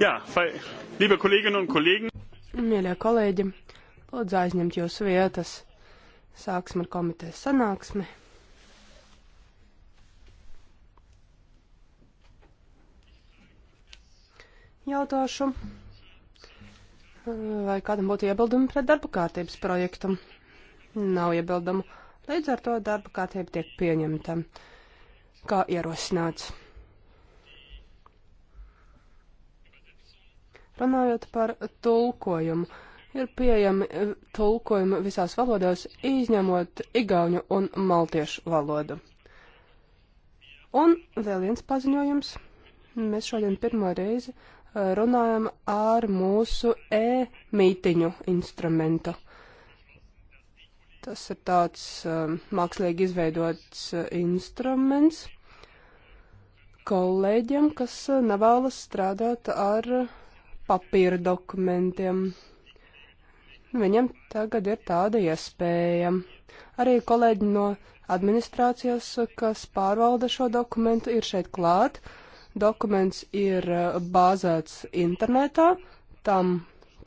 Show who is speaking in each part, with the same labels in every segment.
Speaker 1: Jā, vai, liebe kolēģin un kolēģi.
Speaker 2: Mīļie kolēģi, lūdzu aizņemt jūsu vietas. Sāksim ar komitejas sanāksmi. Jautāšu, vai kādam būtu iebildumi pret darba kārtības projektu? Nav iebildumu. Līdz ar to darba kārtība tiek pieņemta, kā ierosināts. Runājot par tulkojumu, ir pieejami e, tulkojumi visās valodās, izņemot igauņu un maltiešu valodu. Un vēl viens paziņojums. Mēs šodien pirmo reizi e, runājam ar mūsu e-mītiņu instrumentu. Tas ir tāds um, mākslīgi izveidots uh, instruments kolēģiem, kas nevēlas strādāt ar uh, papīra dokumentiem. Viņam tagad ir tāda iespēja. Arī kolēģi no administrācijas, kas pārvalda šo dokumentu, ir šeit klāt. Dokuments ir uh, bāzēts internetā, tam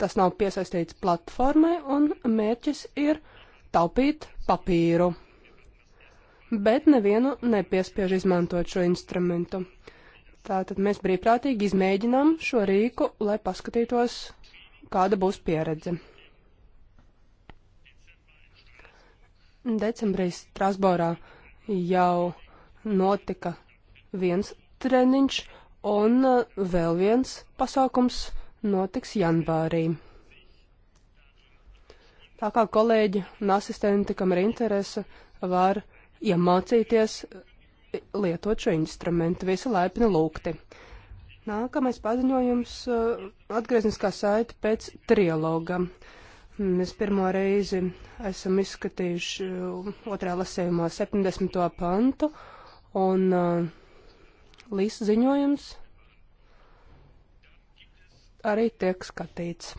Speaker 2: tas nav piesaistīts platformai un mērķis ir taupīt papīru. Bet nevienu nepiespiež izmantot šo instrumentu. Tātad mēs brīvprātīgi izmēģinām šo rīku, lai paskatītos, kāda būs pieredze. Decembrī Strasbūrā jau notika viens treniņš, un uh, vēl viens pasākums notiks janvārī. Tā kā kolēģi un asistenti, kam ir interese, var iemācīties lietot šo instrumentu. Visi laipni lūgti. Nākamais paziņojums uh, - atgriezniskā saite pēc trialoga. Mēs pirmo reizi esam izskatījuši uh, otrā lasējumā 70. pantu un uh, līdz ziņojums arī tiek skatīts.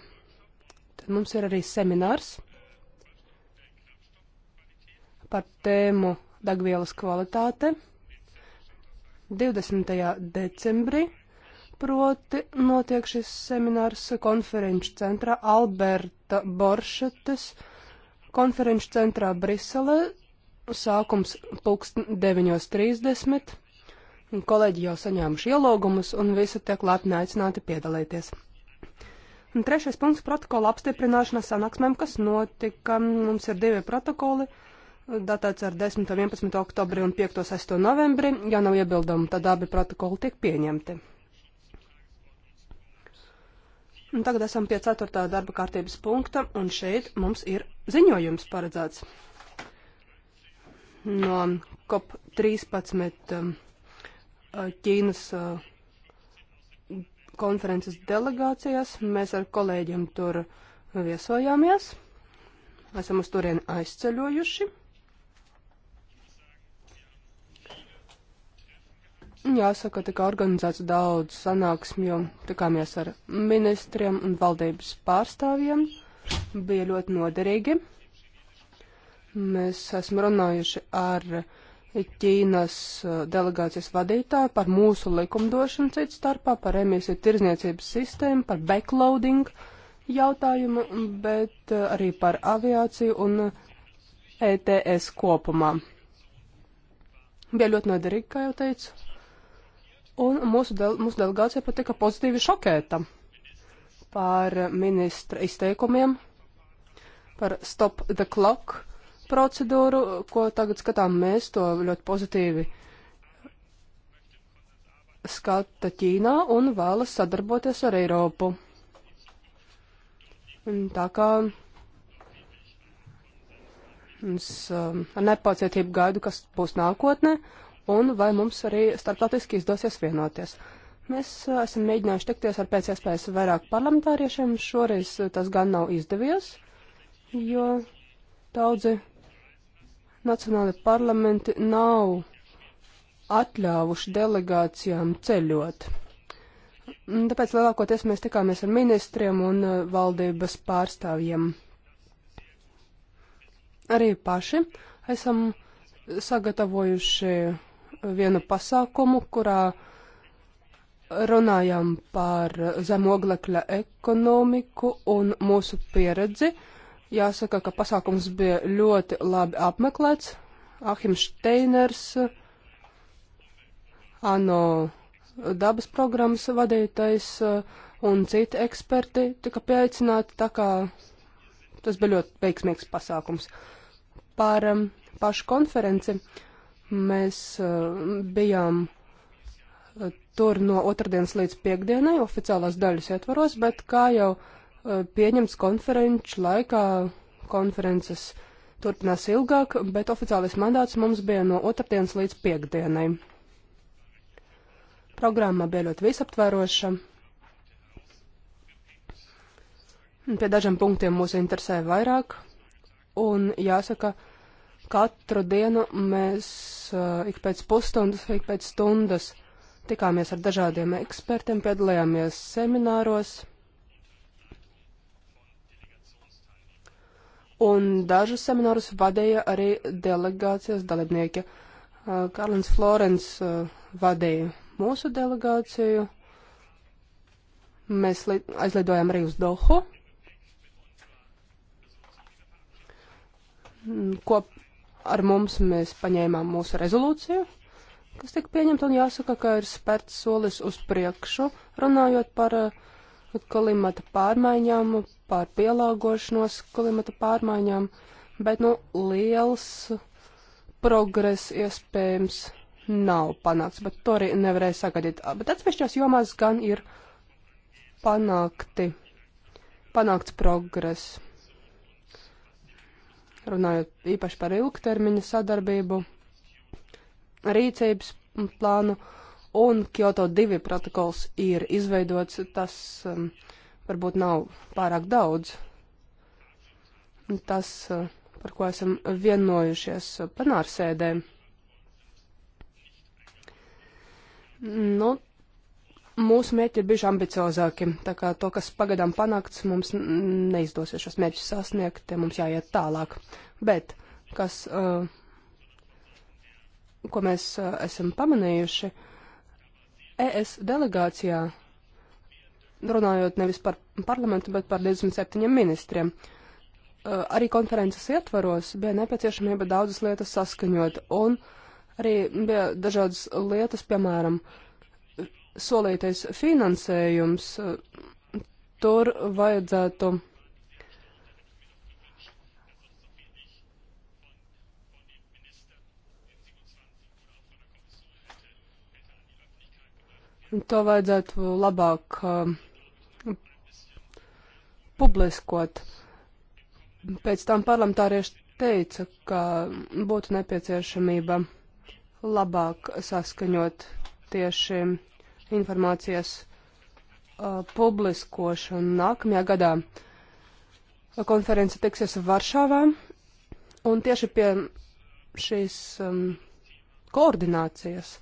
Speaker 2: Tad mums ir arī seminārs par tēmu degvielas kvalitāte. 20. decembrī. Proti notiek šis seminārs konferenču centrā Alberta Boršates konferenču centrā Briselē. Sākums pulksten 9.30. Kolēģi jau saņēmuši ielūgumus un visi tiek lepni aicināti piedalīties. Un trešais punkts - protokola apstiprināšana sanāksmēm, kas notika. Mums ir divi protokoli. Uh, datēts ar 10. un 11. oktobri un 5. un 6. novembri. Ja nav iebildumu, tad abi protokoli tiek pieņemti. Un tagad esam pie 4. darba kārtības punkta, un šeit mums ir ziņojums paredzēts no COP13 um, uh, Ķīnas uh, konferences delegācijas. Mēs ar kolēģiem tur viesojāmies esam uz turieni aizceļojuši. Jāsaka, tika organizēts daudz sanāksmju, tikāmies ar ministriem un valdības pārstāvjiem. Bija ļoti noderīgi. Mēs esam runājuši ar Ķīnas uh, delegācijas vadītāju par mūsu likumdošanu citu starpā, par emisiju tirzniecības sistēmu, par backloading jautājumu, bet uh, arī par aviāciju un uh, ETS kopumā. Bija ļoti noderīgi, kā jau teicu un mūsu, del mūsu delegācija pat tika pozitīvi šokēta par ministra izteikumiem, par stop the clock procedūru, ko tagad skatām mēs, to ļoti pozitīvi skata Ķīnā un vēlas sadarboties ar Eiropu. Un tā kā es um, ar nepacietību gaidu, kas būs nākotnē, un vai mums arī starptautiski izdosies vienoties. Mēs uh, esam mēģinājuši tikties ar pēc iespējas vairāk parlamentāriešiem. Šoreiz uh, tas gan nav izdevies, jo daudzi nacionāli parlamenti nav atļāvuši delegācijām ceļot. Tāpēc lielākoties mēs tikāmies ar ministriem un uh, valdības pārstāvjiem. Arī paši esam sagatavojuši vienu pasākumu, kurā runājām par zemoglekļa ekonomiku un mūsu pieredzi. Jāsaka, ka pasākums bija ļoti labi apmeklēts. Ahims Steiners, ANO dabas programmas vadītais un citi eksperti tika pieaicināti, tā kā tas bija ļoti veiksmīgs pasākums. Par um, pašu konferenci Mēs eh, bijām eh, tur no otrdienas līdz piekdienai oficiālās daļas ietvaros, bet kā jau eh, pieņemts konferenču laikā, konferences turpinās ilgāk, bet oficiālais mandāts mums bija no otrdienas līdz piekdienai. Programma bija ļoti visaptvēroša. Pie dažiem punktiem mūs interesē vairāk, un jāsaka, ka Katru dienu mēs uh, ik pēc pusstundas, ik pēc stundas tikāmies ar dažādiem ekspertiem, piedalījāmies semināros. Un dažus seminārus vadīja arī delegācijas dalībnieki. Uh, Karlins Florens uh, eh, vadīja mūsu delegāciju. Mēs aizlidojām arī uz Dohu. Mm, kop ar mums mēs paņēmām mūsu rezolūciju, kas tika pieņemta, un jāsaka, ka ir spērts solis uz priekšu, runājot par uh, klimata pārmaiņām, par pielāgošanos klimata pārmaiņām, bet, nu, liels progress iespējams nav panāks, bet to arī nevarēja sagadīt. Bet atsevišķās jomās gan ir panākti, panākts progress runājot īpaši par ilgtermiņa sadarbību, rīcības plānu, un Kyoto 2 protokols ir izveidots. Tas um, varbūt nav pārāk daudz. Tas, uh, par ko esam vienojušies plenārsēdē. Nu, Mūsu mērķi ir bijuši ambiciozāki, tā kā to, kas pagadām panākts, mums neizdosies šos mērķus sasniegt, te mums jāiet tālāk. Bet, kas, uh, ko mēs uh, esam pamanījuši, ES delegācijā, runājot nevis par parlamentu, bet par 27 ministriem, uh, arī konferences ietvaros bija nepieciešamība daudzas lietas saskaņot, un arī bija dažādas lietas, piemēram, uh, solītais finansējums, tur vajadzētu. To vajadzētu labāk uh, publiskot. Pēc tam parlamentārieši teica, ka būtu nepieciešamība labāk saskaņot tieši informācijas uh, publiskošanu nākamajā gadā. Konference tiksies Varšāvā, un tieši pie šīs um, koordinācijas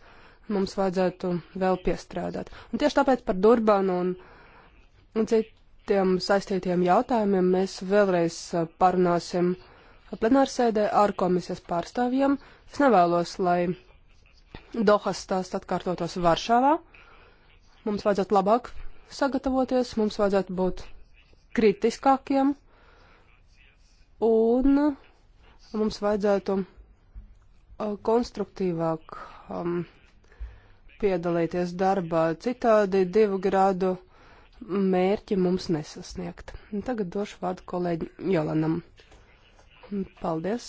Speaker 2: mums vajadzētu vēl piestrādāt. Un tieši tāpēc par Durbanu un, un citiem saistītiem jautājumiem mēs vēlreiz uh, parunāsim plenārsēdē ar komisijas pārstāvjiem. Es nevēlos, lai Dohas stāsts atkārtotos Varšāvā. Mums vajadzētu labāk sagatavoties, mums vajadzētu būt kritiskākiem un mums vajadzētu konstruktīvāk um, piedalīties darbā. Citādi divu grādu mērķi mums nesasniegt. Tagad došu vārdu kolēģi Jolanam. Paldies!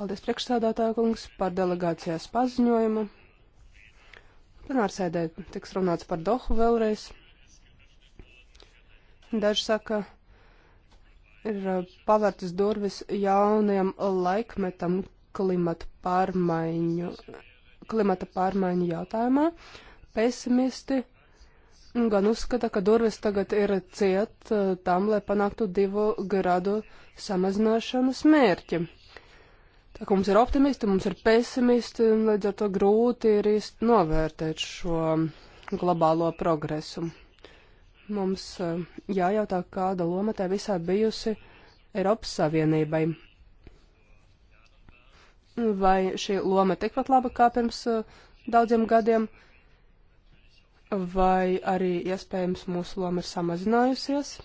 Speaker 2: Paldies priekšstādātāja kungs par delegācijas paziņojumu. Plenārsēdē tiks runāts par Dohu vēlreiz. Daži saka, ir uh, pavērtas durvis jaunajam laikmetam klimata pārmaiņu, klimata pārmaiņu jautājumā. Pesimisti gan uzskata, ka durvis tagad ir ciet uh, tam, lai panāktu divu gradu samazināšanas mērķi. Tā kā mums ir optimisti, mums ir pesimisti, un līdz ar to grūti ir īsti novērtēt šo globālo progresu. Mums eh, jājautā, kāda loma tā visā bijusi Eiropas Savienībai. Vai šī loma tikpat laba kā pirms eh, daudziem gadiem, vai arī iespējams mūsu loma ir samazinājusies?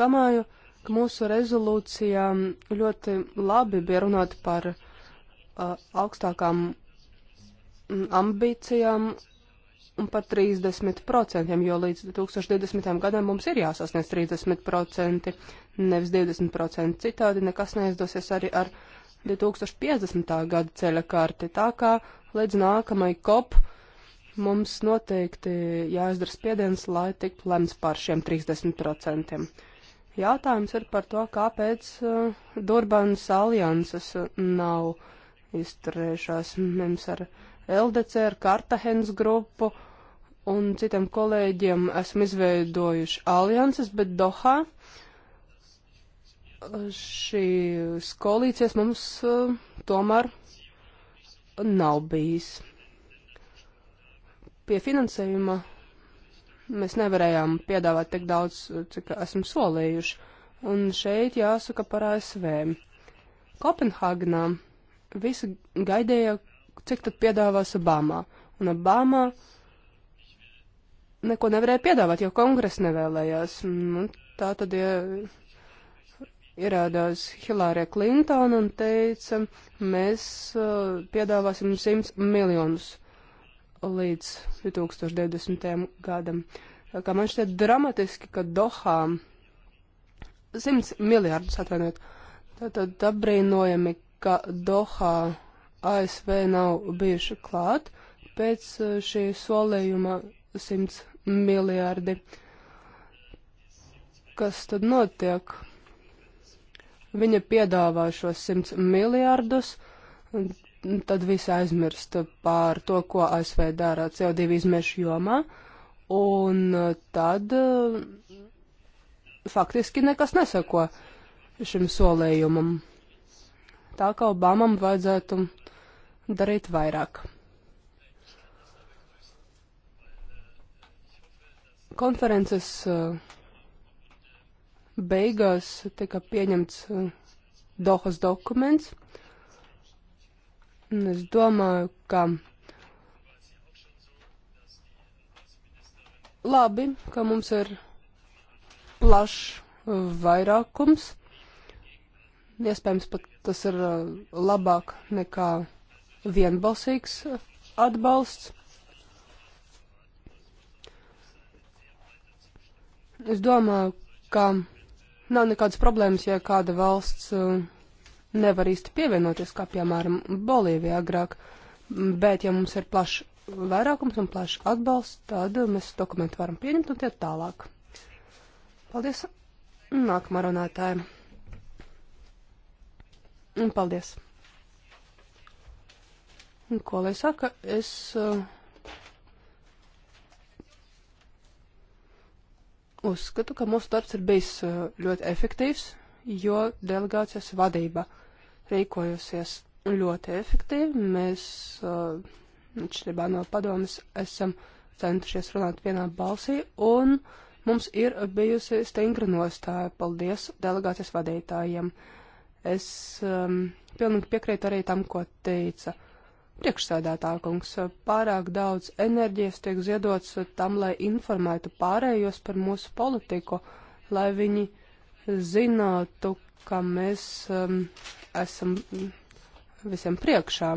Speaker 2: Domāju, ka mūsu rezolūcijā ļoti labi bija runāt par uh, augstākām ambīcijām un par 30%, jo līdz 2020. gadam mums ir jāsasniedz 30%, nevis 20%. Citādi nekas neizdosies arī ar 2050. gada ceļa karti. Tā kā līdz nākamai kop mums noteikti jāizdara spiediens, lai tiktu lemts par šiem 30%. Jautājums ir par to, kāpēc uh, Durbanas alianses eh, nav izturējušās. Mums ar LDC, ar Kartahens grupu un citiem kolēģiem esam izveidojuši alianses, bet Dohā eh, šīs koalīcijas mums uh, tomēr nav bijis. Pie finansējuma Mēs nevarējām piedāvāt tik daudz, cik esam solījuši. Un šeit jāsaka par ASV. Kopenhāgenā visi gaidīja, cik tad piedāvās Obamā. Un Obamā neko nevarēja piedāvāt, jo kongres nevēlējās. Nu, tā tad ja ierādās Hilārija Klintona un teica, mēs uh, piedāvāsim 100 miljonus līdz 2020. gadam. Kā man šķiet dramatiski, ka Dohā 100 miljārdus atvainot. Tātad apbrīnojami, ka Dohā ASV nav bijuši klāt pēc e, šī solījuma 100 miljārdi. Kas tad notiek? Viņa piedāvā šos 100 miljārdus, tad visi aizmirst par to, ko ASV dara CO2 izmešu jomā, un tad eh, faktiski nekas neseko šim solējumam. Tā kā Obamam vajadzētu darīt vairāk. Konferences eh, beigās tika pieņemts eh, Dohas dokuments, Un es domāju, ka
Speaker 3: labi, ka
Speaker 2: mums ir plašs uh, vairākums. Iespējams, pat tas ir uh, labāk nekā vienbalsīgs atbalsts. Es domāju, ka nav nekādas problēmas, ja kāda valsts uh, nevar īsti pievienoties, kā piemēram Bolīvija agrāk, bet ja mums ir plašs vairākums un plašs atbalsts, tad mēs dokumentu varam pieņemt un iet tālāk. Paldies! Nākamā runātāja. Un paldies! Un ko lai saka, es uh, uzskatu, ka mūsu darbs ir bijis uh, ļoti efektīvs, jo delegācijas vadība uh, rīkojusies ļoti efektīvi. Mēs, uh, atšķirībā no padomas, esam centušies runāt vienā balsī, un mums ir bijusi stingra nostāja. Paldies delegācijas vadītājiem. Es um, pilnīgi piekrītu arī tam, ko teica priekšsēdētākungs. Pārāk daudz enerģijas tiek ziedots tam, lai informētu pārējos par mūsu politiku, lai viņi zinātu, kam mēs um, esam visiem priekšā,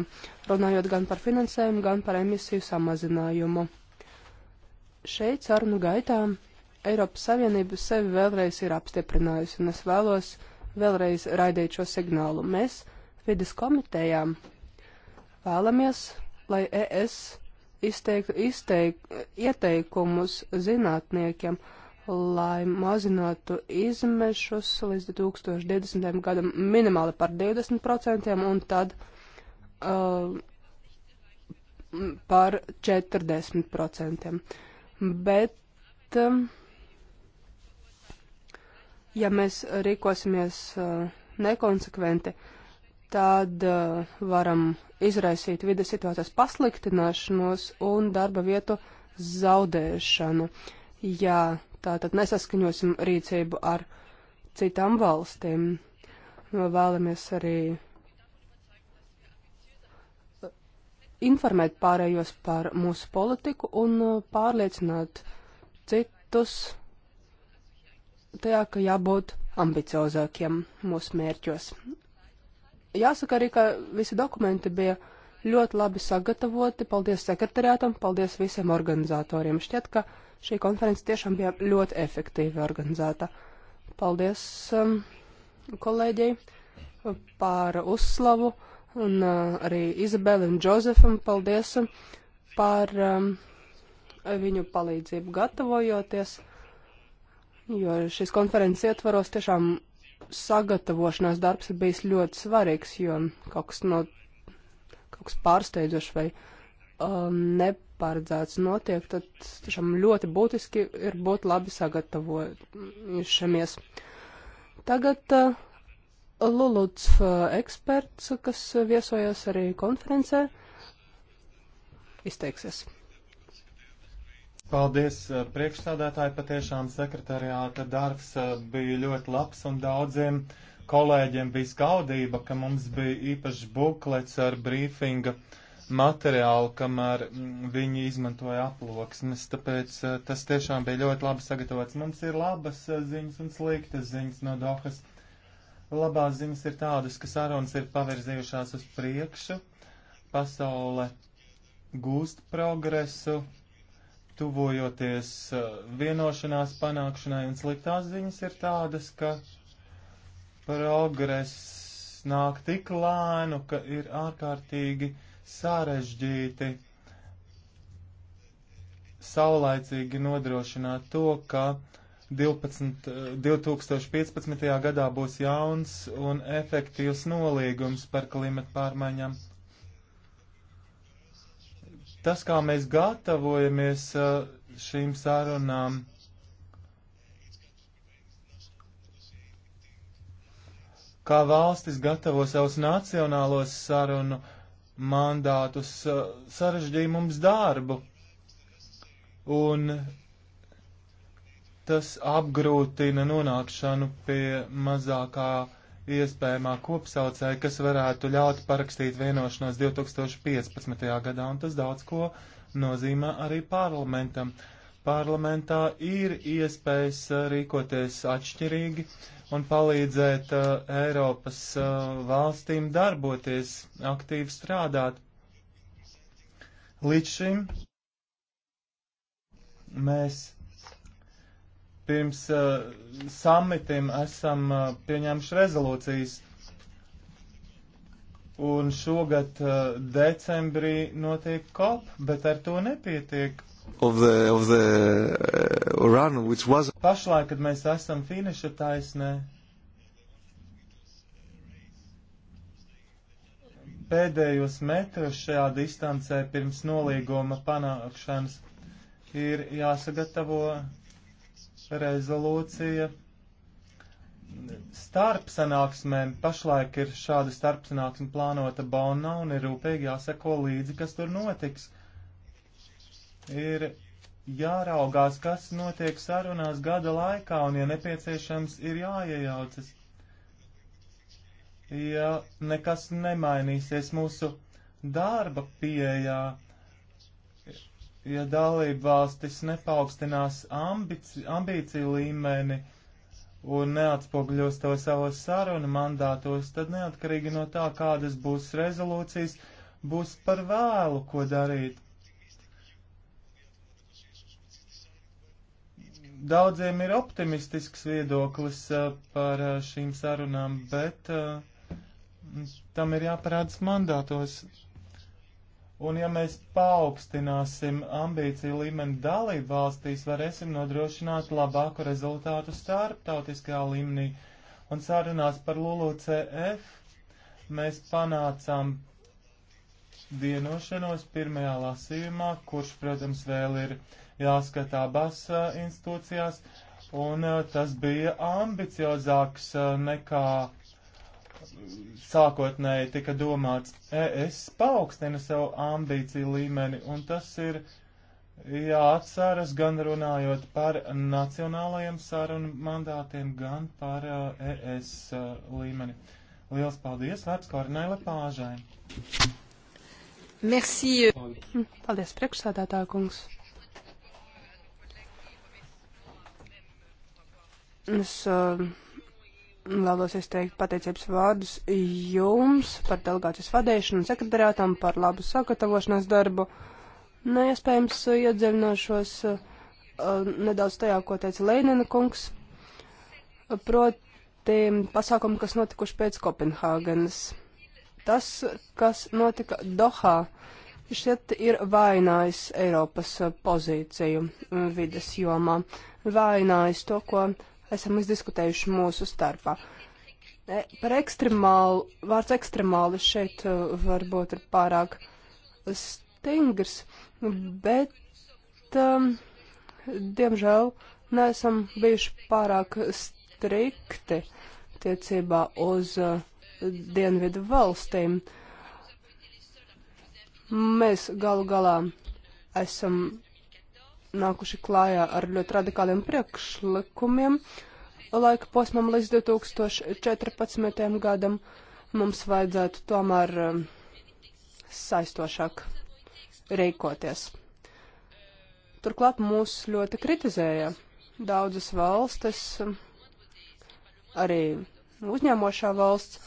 Speaker 2: runājot gan par finansējumu, gan par emisiju samazinājumu. Šeit sarunu gaitā Eiropas Savienība sevi vēlreiz ir apstiprinājusi, un es vēlos vēlreiz raidīt šo signālu. Mēs vidas komitejām vēlamies, lai ES izteiktu izteik, ieteikumus zinātniekiem, lai mazinātu izmešus līdz 2020. gadam minimāli par 20% un tad uh, par 40%. Bet, um, ja mēs rīkosimies uh, nekonsekventi, tad uh, varam izraisīt vides situācijas pasliktināšanos un darba vietu zaudēšanu. Ja Tātad nesaskaņosim rīcību ar citām valstīm. Vēlamies arī uh, informēt pārējos par mūsu politiku un uh, pārliecināt citus tajā, ka jābūt ambiciozākiem mūsu mērķos. Jāsaka arī, ka visi dokumenti bija ļoti labi sagatavoti. Paldies sekretariātam, paldies visiem organizatoriem. Šķiet, ka Šī konference tiešām bija ļoti efektīvi organizēta. Paldies um, kolēģei par uzslavu un uh, arī Izabeli un Džozefam paldies par um, viņu palīdzību gatavojoties, jo šīs konferences ietvaros tiešām sagatavošanās darbs ir bijis ļoti svarīgs, jo kaut kas, no, kaut kas pārsteidzošs vai uh, um, neparedzēts notiek, tad tiešām ļoti būtiski ir būt labi sagatavojušamies. Tagad uh, Luluds uh, eksperts, kas viesojas arī konferencē, izteiksies.
Speaker 1: Paldies, uh, priekšstādātāji, patiešām sekretariāta darbs uh, bija ļoti labs un daudziem kolēģiem bija skaudība, ka mums bija īpašs buklets ar brīfinga uh, materiālu, kamēr mm, viņi izmantoja aploksnes, tāpēc eh, tas tiešām bija ļoti labi sagatavots. Mums ir labas eh, ziņas un sliktas ziņas no Dohas. Labās ziņas ir tādas, ka sarunas ir pavirzījušās uz priekšu, pasaule gūst progresu, tuvojoties eh, vienošanās panākšanai, un sliktās ziņas ir tādas, ka progress nāk tik lēnu, ka ir ārkārtīgi sarežģīti saulaicīgi nodrošināt to, ka 12, 2015. gadā būs jauns un efektīvs nolīgums par klimatu pārmaiņām. Tas, kā mēs gatavojamies uh, šīm sarunām, kā valstis gatavo savus nacionālos sarunu mandātus uh, sarežģīja mums darbu, un tas apgrūtina nonākšanu pie mazākā iespējamā kopsaucēja, kas varētu ļaut parakstīt vienošanos 2015. gadā, un tas daudz ko nozīmē arī parlamentam. Parlamentā ir iespējas rīkoties atšķirīgi, uh, un palīdzēt uh, Eiropas uh, valstīm darboties, aktīvi strādāt. Līdz šim mēs pirms uh, samitiem esam uh, pieņēmuši rezolūcijas Un šogad uh, decembrī notiek kop, bet ar to nepietiek. Of the, of the, uh, run, which was... Pašlaik, kad mēs esam finiša taisnē, pēdējos metros šajā distancē pirms nolīguma panākšanas ir jāsagatavo rezolūcija starpsanāksmēm pašlaik ir šāda starpsanāksme plānota Bonā un ir rūpīgi jāseko līdzi, kas tur notiks. Ir jāraugās, kas notiek sarunās gada laikā un, ja nepieciešams, ir jāiejaucas. Ja nekas nemainīsies mūsu darba pieejā, ja dalība valstis nepaukstinās ambici, ambīciju līmeni, un neatspoguļos to savos sarunu mandātos, tad neatkarīgi no tā, kādas būs rezolūcijas, būs par vēlu, ko darīt. Daudziem ir optimistisks viedoklis par šīm sarunām, bet tam ir jāparādas mandātos. Un ja mēs paaugstināsim ambīciju līmeni dalību valstīs, varēsim nodrošināt labāku rezultātu starptautiskajā līmenī. Un sarunās par LULUCF mēs panācām vienošanos pirmajā lasījumā, kurš, protams, vēl ir jāskatā abās institūcijās, un tas bija ambiciozāks nekā sākotnēji tika domāts, e, es paaugstina savu ambīciju līmeni, un tas ir jāatceras gan runājot par nacionālajiem sarunu mandātiem, gan par uh, ES uh, līmeni. Liels paldies, vērts Kornai Lepāžai. Merci. Paldies,
Speaker 2: priekšsēdētā kungs. Es uh, Vēlos izteikt pateicības vārdus jums par delegācijas vadīšanu un sekretariātam par labu sagatavošanās darbu. Neiespējams nu, iedziļināšos uh, nedaudz tajā, ko teica Leinina kungs, proti pasākumu, kas notikuši pēc Kopenhāgenes. Tas, kas notika Dohā, šeit ir vainājis Eiropas pozīciju vides jomā, vainājis to, ko esam izdiskutējuši mūsu starpā. E, par ekstremālu, vārds ekstremāli šeit e, varbūt ir pārāk stingrs, bet um, diemžēl neesam bijuši pārāk strikti tiecībā uz uh, dienvidu valstīm. Mēs galu galā esam nākuši klājā ar ļoti radikāliem priekšlikumiem laika posmam līdz 2014. gadam. Mums vajadzētu tomēr um, saistošāk rīkoties. Turklāt mūs ļoti kritizēja daudzas valstis, arī uzņēmošā valsts,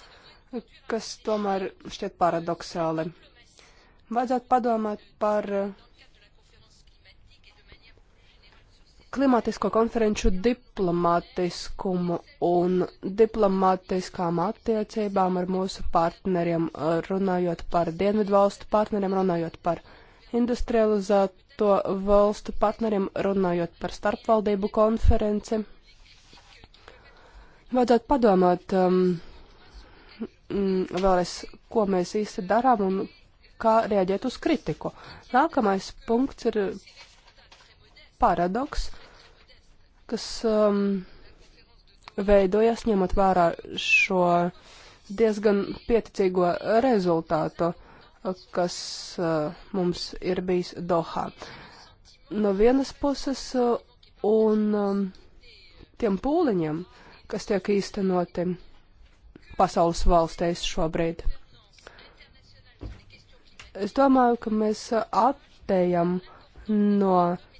Speaker 2: kas tomēr šķiet paradoxāli. Vajadzētu padomāt par uh, klimatisko konferenču diplomātiskumu un diplomātiskām attiecībām ar mūsu partneriem, runājot par dienvidu valstu partneriem, runājot par industrializēto valstu partneriem, runājot par starpvaldību konferenci. Vajadzētu padomāt um, mm, vēlreiz, ko mēs īsti darām un kā rēģēt uz kritiku. Nākamais punkts ir paradoks, kas um, veidojas ņemot vērā šo diezgan pieticīgo rezultātu, kas uh, mums ir bijis Dohā. No vienas puses uh, un um, tiem pūliņiem, kas tiek īstenoti pasaules valstīs šobrīd. Es domāju, ka mēs attējam no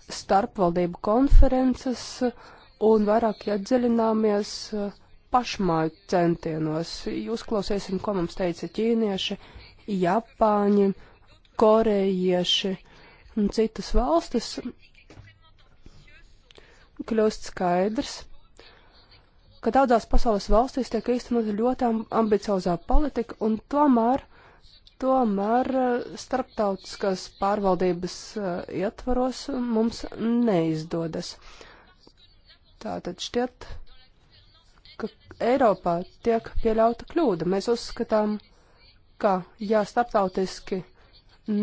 Speaker 2: starpvaldību konferences un vairāk iedziļināmies eh, pašmāju centienos. Jūs klausiesim, ko mums teica ķīnieši, japāņi, korejieši un citas valstis. Kļūst skaidrs, ka daudzās pasaules valstīs tiek īstenot ļoti ambiciozā politika un tomēr uh, Tomēr eh, starptautiskās pārvaldības eh, ietvaros mums neizdodas. Tātad šķiet, ka Eiropā tiek pieļauta kļūda. Mēs uzskatām, ka ja starptautiski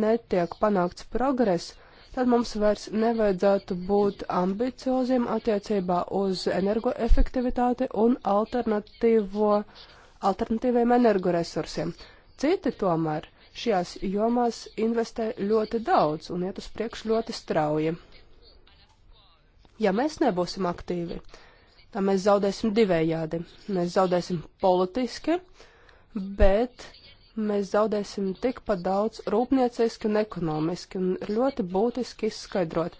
Speaker 2: netiek panākts progress, tad mums vairs nevajadzētu būt ambicioziem attiecībā uz energoefektivitāti un alternatīvo, alternatīviem energoresursiem. Citi tomēr šajās jomās investē ļoti daudz un iet uz priekšu ļoti strauji. Ja mēs nebūsim aktīvi, tad mēs zaudēsim divējādi. Mēs zaudēsim politiski, bet mēs zaudēsim tikpat daudz rūpnieciski un ekonomiski, un ir ļoti būtiski izskaidrot.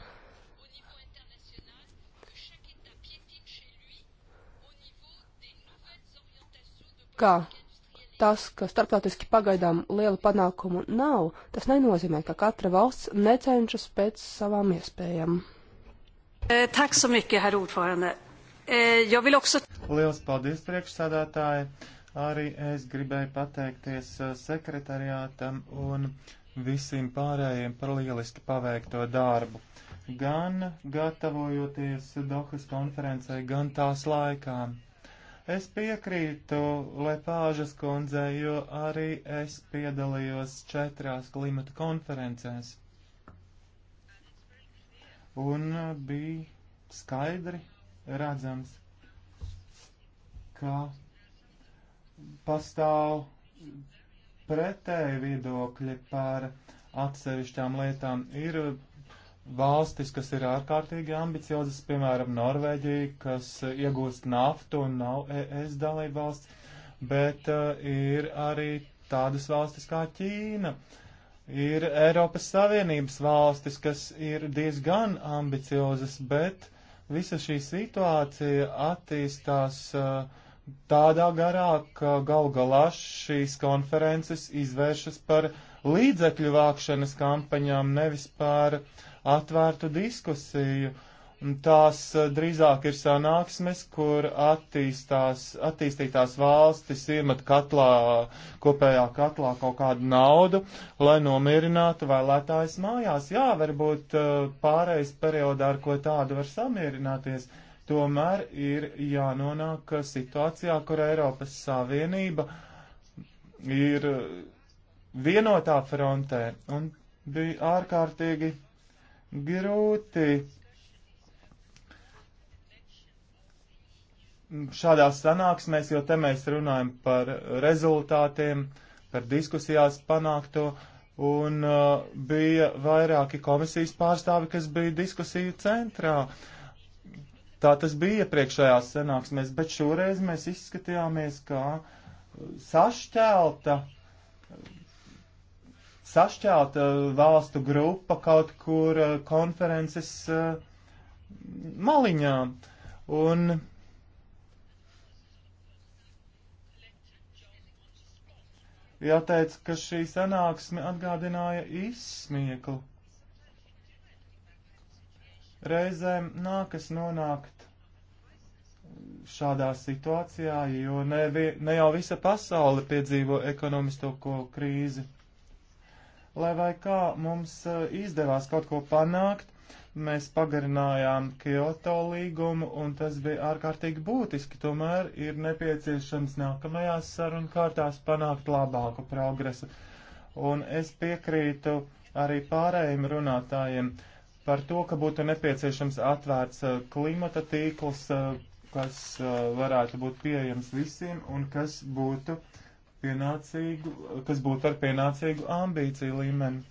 Speaker 2: Kā tas, ka starptautiski pagaidām liela panākumu nav, tas nenozīmē, ka katra valsts necenšas pēc savām iespējām.
Speaker 4: Eh,
Speaker 1: eh, Lielas paldies, priekšsādātāji! Arī es gribēju pateikties eh, sekretariātam un visiem pārējiem par lieliski paveikto darbu. Gan gatavojoties Dohas konferencei, gan tās laikām. Es piekrītu Lepāžas kundzei, jo arī es piedalījos četrās klimata konferencēs. Un uh, bija skaidri redzams, ka pastāv pretēji viedokļi par atsevišķām lietām. Ir valstis, kas ir ārkārtīgi ambiciozas, piemēram, Norvēģija, kas iegūst naftu un nav ES dalība valsts, bet uh, ir arī tādas valstis kā Ķīna. Ir Eiropas Savienības valstis, kas ir diezgan ambiciozas, bet visa šī situācija attīstās uh, tādā garā, ka gal galā šīs konferences izvēršas par līdzekļu vākšanas kampaņām, nevis par uh, atvērtu diskusiju. Tās eh, drīzāk ir sanāksmes, kur attīstītās valstis iemet katlā, kopējā katlā kaut kādu naudu, lai nomierinātu vēlētājs mājās. Jā, varbūt eh, pārējais periodā ar ko tādu var samierināties. Tomēr ir jānonāk situācijā, kur Eiropas Savienība ir vienotā frontē un bija ārkārtīgi grūti šādās sanāksmēs, jo te mēs runājam par rezultātiem, par diskusijās panākto, un uh, bija vairāki komisijas pārstāvi, kas bija diskusiju centrā. Tā tas bija iepriekšējās sanāksmēs, bet šoreiz mēs izskatījāmies kā sašķelta sašķelta eh, valstu grupa kaut kur eh, konferences eh, maliņā. Un jāteic, ka šī sanāksme atgādināja izsmieklu. Reizēm nākas nonākt šādā situācijā, jo ne, ne jau visa pasaule piedzīvo ekonomisko krīzi. Lai vai kā mums eh, izdevās kaut ko panākt, mēs pagarinājām Kyoto līgumu, un tas bija ārkārtīgi būtiski. Tomēr ir nepieciešams nākamajās sarunu kārtās panākt labāku progresu. Un es piekrītu arī pārējiem runātājiem par to, ka būtu nepieciešams atvērts eh, klimata tīkls, eh, kas varētu būt pieejams visiem un kas būtu uh, pienācīgu, kas būtu ar pienācīgu ambīciju līmeni.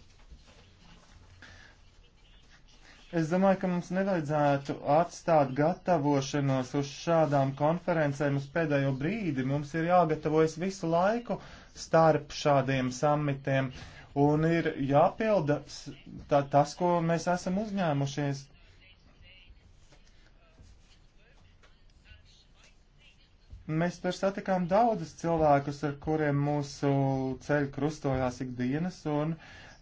Speaker 1: Es domāju, ka mums nevajadzētu atstāt gatavošanos uz šādām konferencēm uz pēdējo brīdi. Mums ir jāgatavojas visu laiku starp šādiem samitiem un ir jāpilda tā, tas, ko mēs esam uzņēmušies. Mēs tur satikām daudzus cilvēkus, ar kuriem mūsu ceļi krustojās ikdienas, un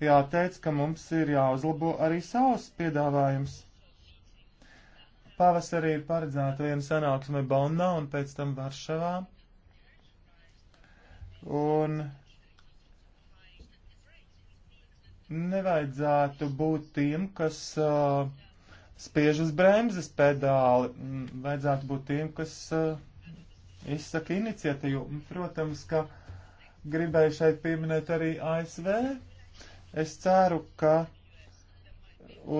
Speaker 1: jāteic, ka mums ir jāuzlabo arī savs piedāvājums. Pavasarī ir paredzēta viena sanāksme Bonnā un pēc tam Varšavā. Un nevajadzētu būt tiem, kas uh, spiež uz bremzes pedāli, mm, vajadzētu būt tiem, kas uh, izsaka iniciatīvu. Protams, ka gribēju šeit pieminēt arī ASV. Es ceru, ka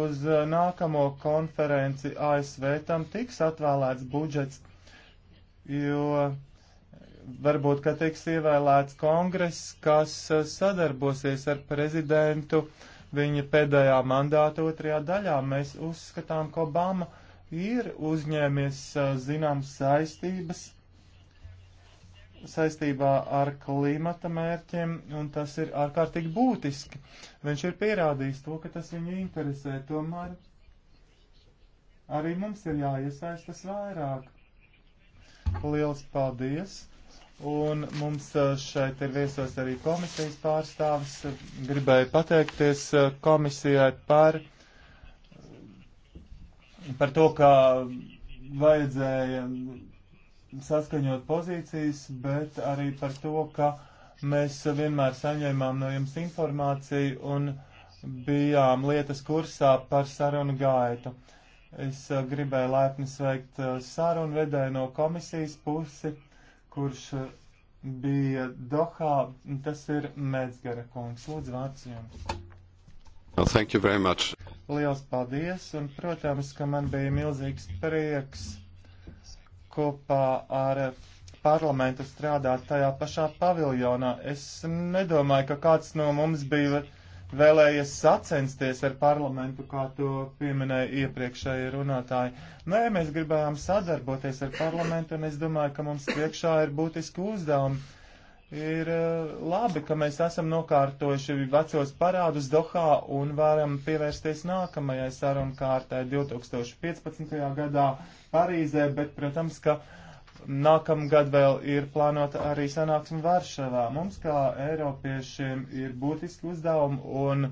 Speaker 1: uz nākamo konferenci ASV tam tiks atvēlēts budžets, jo varbūt, ka tiks ievēlēts kongress, kas sadarbosies ar prezidentu viņa pēdējā mandāta otrajā daļā. Mēs uzskatām, ka Obama ir uzņēmies zināmas saistības saistībā ar klimata mērķiem, un tas ir ārkārtīgi būtiski. Viņš ir pierādījis to, ka tas viņu interesē. Tomēr arī mums ir jāiesaistas vairāk. Liels paldies! Un mums uh, šeit ir viesos arī komisijas pārstāvis. Gribēju pateikties uh, komisijai par, par to, ka vajadzēja saskaņot pozīcijas, bet arī par to, ka mēs vienmēr saņēmām no jums informāciju un bijām lietas kursā par sarunu gaitu. Es eh, gribēju laipni sveikt eh, sarunu vedēju no komisijas pusi, kurš eh, bija Dohā, tas ir Metzgara kungs. Lūdzu, vārds jums.
Speaker 3: Well, thank you very much.
Speaker 1: Liels paldies, un, protams, ka man bija milzīgs prieks kopā ar parlamentu strādāt tajā pašā paviljonā. Es nedomāju, ka kāds no mums bija vēlējies sacensties ar parlamentu, kā to pieminēja iepriekšēji runātāji. Nē, mēs gribējām sadarboties ar parlamentu, un es domāju, ka mums priekšā ir būtiski uzdevumi Ir e, labi, ka mēs esam nokārtojuši vecos parādus Dohā un varam pievērsties nākamajai sarunu kārtai 2015. gadā Parīzē, bet, protams, ka nākamgad vēl ir plānota arī sanāksme Varšavā. Mums kā Eiropiešiem ir būtiski uzdevumi un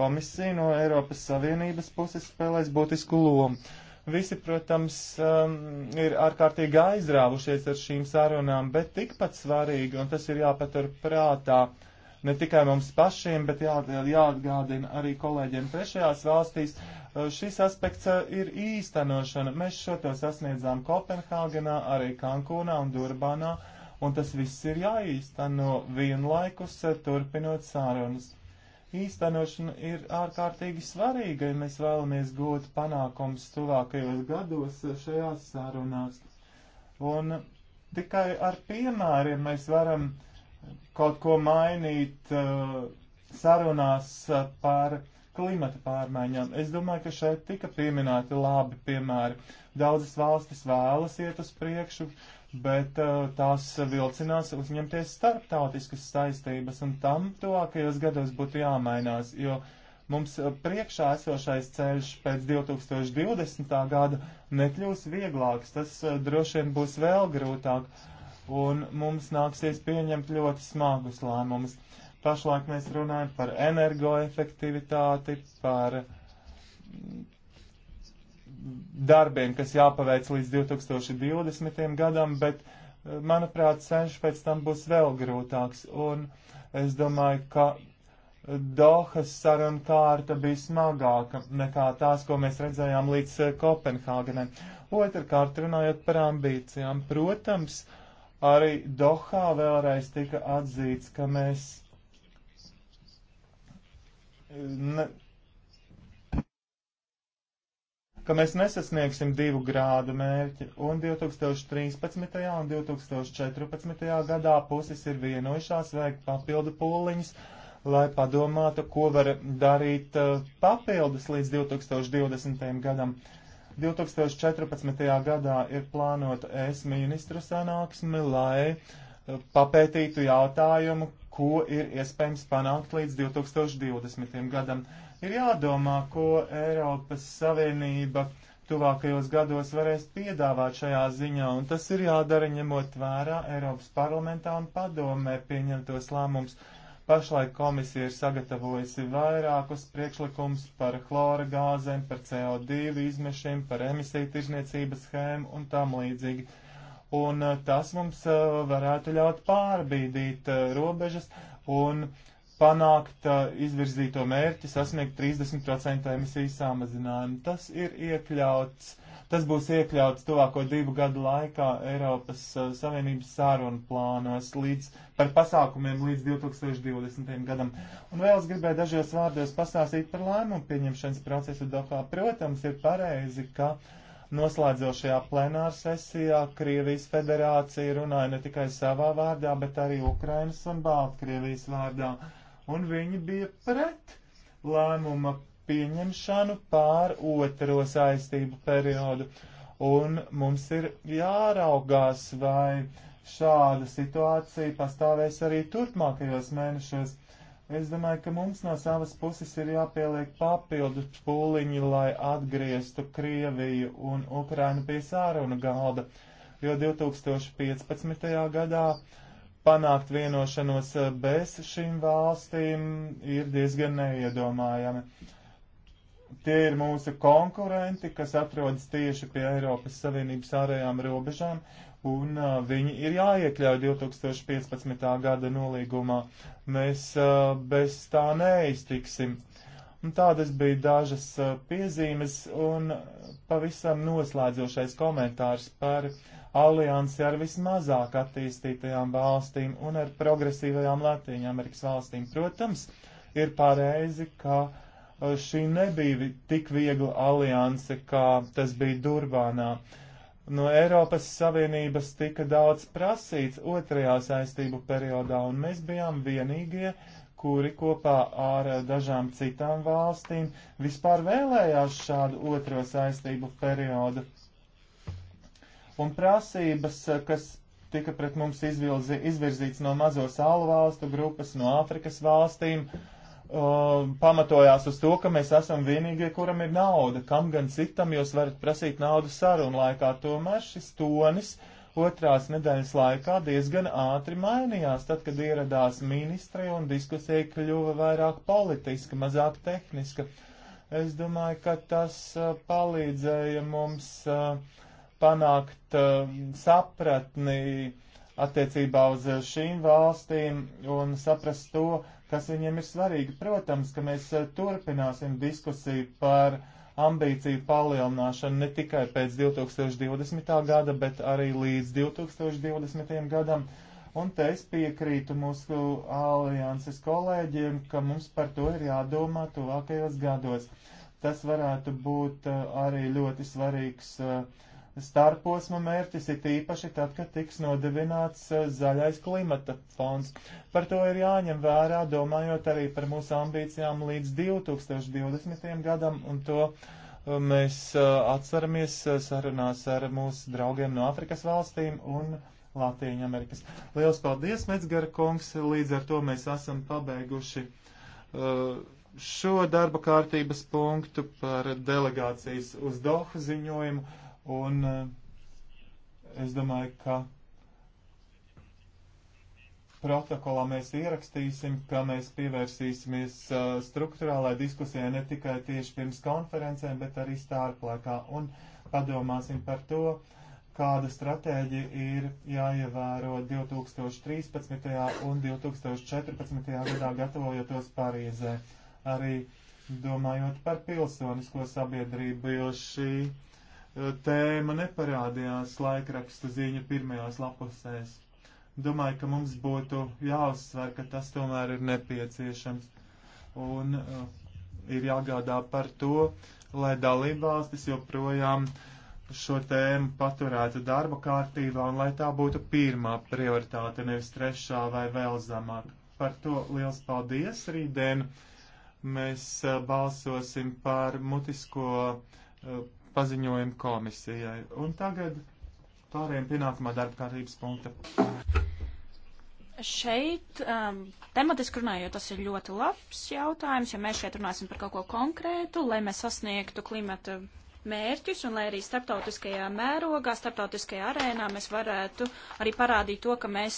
Speaker 1: komisija no Eiropas Savienības puses spēlēs būtisku lomu. Visi, protams, um, ir ārkārtīgi aizrāvušies ar šīm sarunām, bet tikpat svarīgi, un tas ir jāpatur prātā, ne tikai mums pašiem, bet jā, jāatgādina arī kolēģiem trešajās valstīs, uh, šis aspekts uh, ir īstenošana. Mēs šo to sasniedzām Kopenhāgenā, arī Kankūnā un Durbanā, un tas viss ir jāīsteno vienlaikus uh, turpinot sarunas īstenošana ir ārkārtīgi svarīga, ja mēs vēlamies gūt panākums tuvākajos gados šajās sarunās. Un tikai ar piemēriem mēs varam kaut ko mainīt uh, sarunās par klimata pārmaiņām. Es domāju, ka šeit tika pieminēti labi piemēri. Daudzas valstis vēlas iet uz priekšu, uh, bet uh, tās vilcinās uzņemties starptautiskas saistības, un tam tuvākajos gados būtu jāmainās, jo mums priekšā esošais ceļš pēc 2020. gada nekļūs vieglāks, tas uh, droši vien būs vēl grūtāk, un mums nāksies pieņemt ļoti smagus lēmumus. Pašlaik mēs runājam par energoefektivitāti, par darbiem, kas jāpaveic līdz 2020. gadam, bet, eh, manuprāt, ceļš pēc tam būs vēl grūtāks. Un es domāju, ka Dohas saruna kārta bija smagāka nekā tās, ko mēs redzējām līdz eh, Kopenhāgenē. Otrakārt, runājot par ambīcijām, protams, arī Dohā vēlreiz tika atzīts, ka mēs eh, ne, ka mēs nesasniegsim divu grādu mērķi, un 2013. un 2014. gadā puses ir vienojušās veikt papildu pūliņus, lai padomātu, ko var darīt uh, papildus līdz 2020. gadam. 2014. gadā ir plānota es ministru sanāksme, lai uh, papētītu jautājumu, ko ir iespējams panākt līdz 2020. gadam. Ir jādomā, ko Eiropas Savienība tuvākajos gados varēs piedāvāt šajā ziņā, un tas ir jādara ņemot vērā Eiropas parlamentā un padomē pieņemtos lēmumus. Pašlaik komisija ir sagatavojusi vairākus priekšlikumus par chlora gāzēm, par CO2 izmešiem, par emisiju tirzniecības schēmu un tam līdzīgi. Un eh, tas mums eh, varētu ļaut pārbīdīt eh, robežas un uh, panākt uh, izvirzīto mērķi, sasniegt 30% emisiju samazinājumu. Tas ir iekļauts, tas būs iekļauts tuvāko divu gadu laikā Eiropas uh, Savienības sārunu plānos līdz, par pasākumiem līdz 2020. gadam. Un vēl es gribēju dažos vārdos pastāstīt par lēmumu pieņemšanas procesu Dohā. Protams, ir pareizi, ka noslēdzošajā plenāra sesijā Krievijas federācija runāja ne tikai savā vārdā, bet arī Ukrainas un Baltkrievijas vārdā. Mm un viņi bija pret lēmuma pieņemšanu pār otro saistību periodu. Un mums ir jāraugās, vai šāda situācija pastāvēs arī turpmākajos mēnešos. Es domāju, ka mums no savas puses ir jāpieliek papildu pūliņi, lai atgrieztu Krieviju un Ukrainu pie sāruna galda, jo 2015. gadā panākt vienošanos eh, bez šīm valstīm ir diezgan neiedomājami. Tie ir mūsu konkurenti, kas atrodas tieši pie Eiropas Savienības ārējām robežām, un uh, viņi ir jāiekļauj 2015. gada nolīgumā. Mēs uh, bez tā neiztiksim. Un tādas bija dažas uh, piezīmes un pavisam noslēdzošais komentārs par uh, aliansi ar vismazāk attīstītajām valstīm un ar progresīvajām Latvijas-Amerikas valstīm. Protams, ir pareizi, ka uh, šī nebija tik viegla alianse, kā tas bija Durbānā. No Eiropas Savienības tika daudz prasīts otrajā saistību periodā, un mēs bijām vienīgie, kuri kopā ar uh, dažām citām valstīm vispār vēlējās šādu otro saistību periodu un prasības, eh, kas tika pret mums izvilzi, izvirzīts no mazo salu valstu grupas, no Āfrikas valstīm, uh, pamatojās uz to, ka mēs esam vienīgie, kuram ir nauda. Kam gan citam jūs varat prasīt naudu sarunu laikā? Tomēr šis tonis otrās nedēļas laikā diezgan ātri mainījās, tad, kad ieradās ministri un diskusija kļuva vairāk politiska, mazāk tehniska. Es domāju, ka tas uh, palīdzēja mums uh, panākt uh, sapratni attiecībā uz šīm valstīm un saprast to, kas viņiem ir svarīgi. Protams, ka mēs uh, turpināsim diskusiju par ambīciju palielināšanu ne tikai pēc 2020. gada, bet arī līdz 2020. gadam. Un te es piekrītu mūsu alianses kolēģiem, ka mums par to ir jādomā tuvākajos gados. Tas varētu būt uh, arī ļoti svarīgs uh, starposma mērķis, it īpaši tad, kad tiks nodevināts eh, zaļais klimata fonds. Par to ir jāņem vērā, domājot arī par mūsu ambīcijām līdz 2020. gadam, un to eh, mēs eh, atceramies sarunās ar mūsu draugiem no Afrikas valstīm un Latvijas Amerikas. Lielas paldies, Metsgara kungs! Līdz ar to mēs esam pabeiguši. Uh, šo darba kārtības punktu par delegācijas uz Doha ziņojumu. Un e, es domāju, ka protokolā mēs ierakstīsim, ka mēs pievērsīsimies e, struktūrālai diskusijai ne tikai tieši pirms konferencēm, bet arī stārplaikā. Un padomāsim par to, kāda stratēģija ir jāievēro 2013. un 2014. gadā gatavojoties Parīzē. Arī domājot par pilsonisko sabiedrību, jo šī tēma neparādījās laikraksta ziņu pirmajās lapusēs. Domāju, ka mums būtu jāuzsver, ka tas tomēr ir nepieciešams. Un uh, ir jāgādā par to, lai dalībvalstis joprojām šo tēmu paturētu darba kārtībā un lai tā būtu pirmā prioritāte, nevis trešā vai vēl zemāk. Par to liels paldies rītdien! Mēs uh, balsosim par mutisko uh, paziņojumu komisijai. Un tagad pārējiem pie nākamā darba kārtības punkta.
Speaker 4: Šeit um, tematiski runājot, tas ir ļoti labs jautājums, ja mēs šeit runāsim par kaut ko konkrētu, lai mēs sasniegtu klimata mērķus un lai arī starptautiskajā mērogā, starptautiskajā arēnā mēs varētu arī parādīt to, ka mēs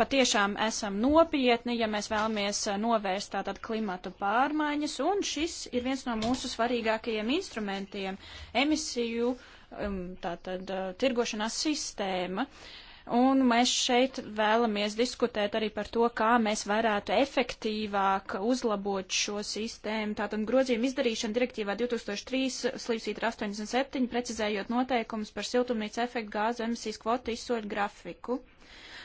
Speaker 4: patiešām esam nopietni, ja mēs vēlamies novērst tātad klimatu pārmaiņas un šis ir viens no mūsu svarīgākajiem instrumentiem - emisiju, um, tātad uh, tirgošanās sistēma. Uh, Un mēs šeit vēlamies diskutēt arī par to, kā mēs varētu efektīvāk uzlabot šo sistēmu. Tātad grozījuma izdarīšana direktīvā 2003 slīpsīt 87, precizējot noteikumus par siltumnīca efektu gāzu emisijas kvotu izsoļu grafiku.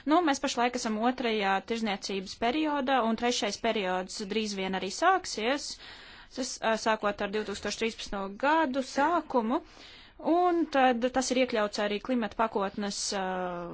Speaker 4: Nu, mēs pašlaik esam otrajā tirzniecības periodā, un trešais periods drīz vien arī sāksies, sākot ar 2013. gadu sākumu. Uh, Un tad tas ir iekļauts arī klimata pakotnes uh,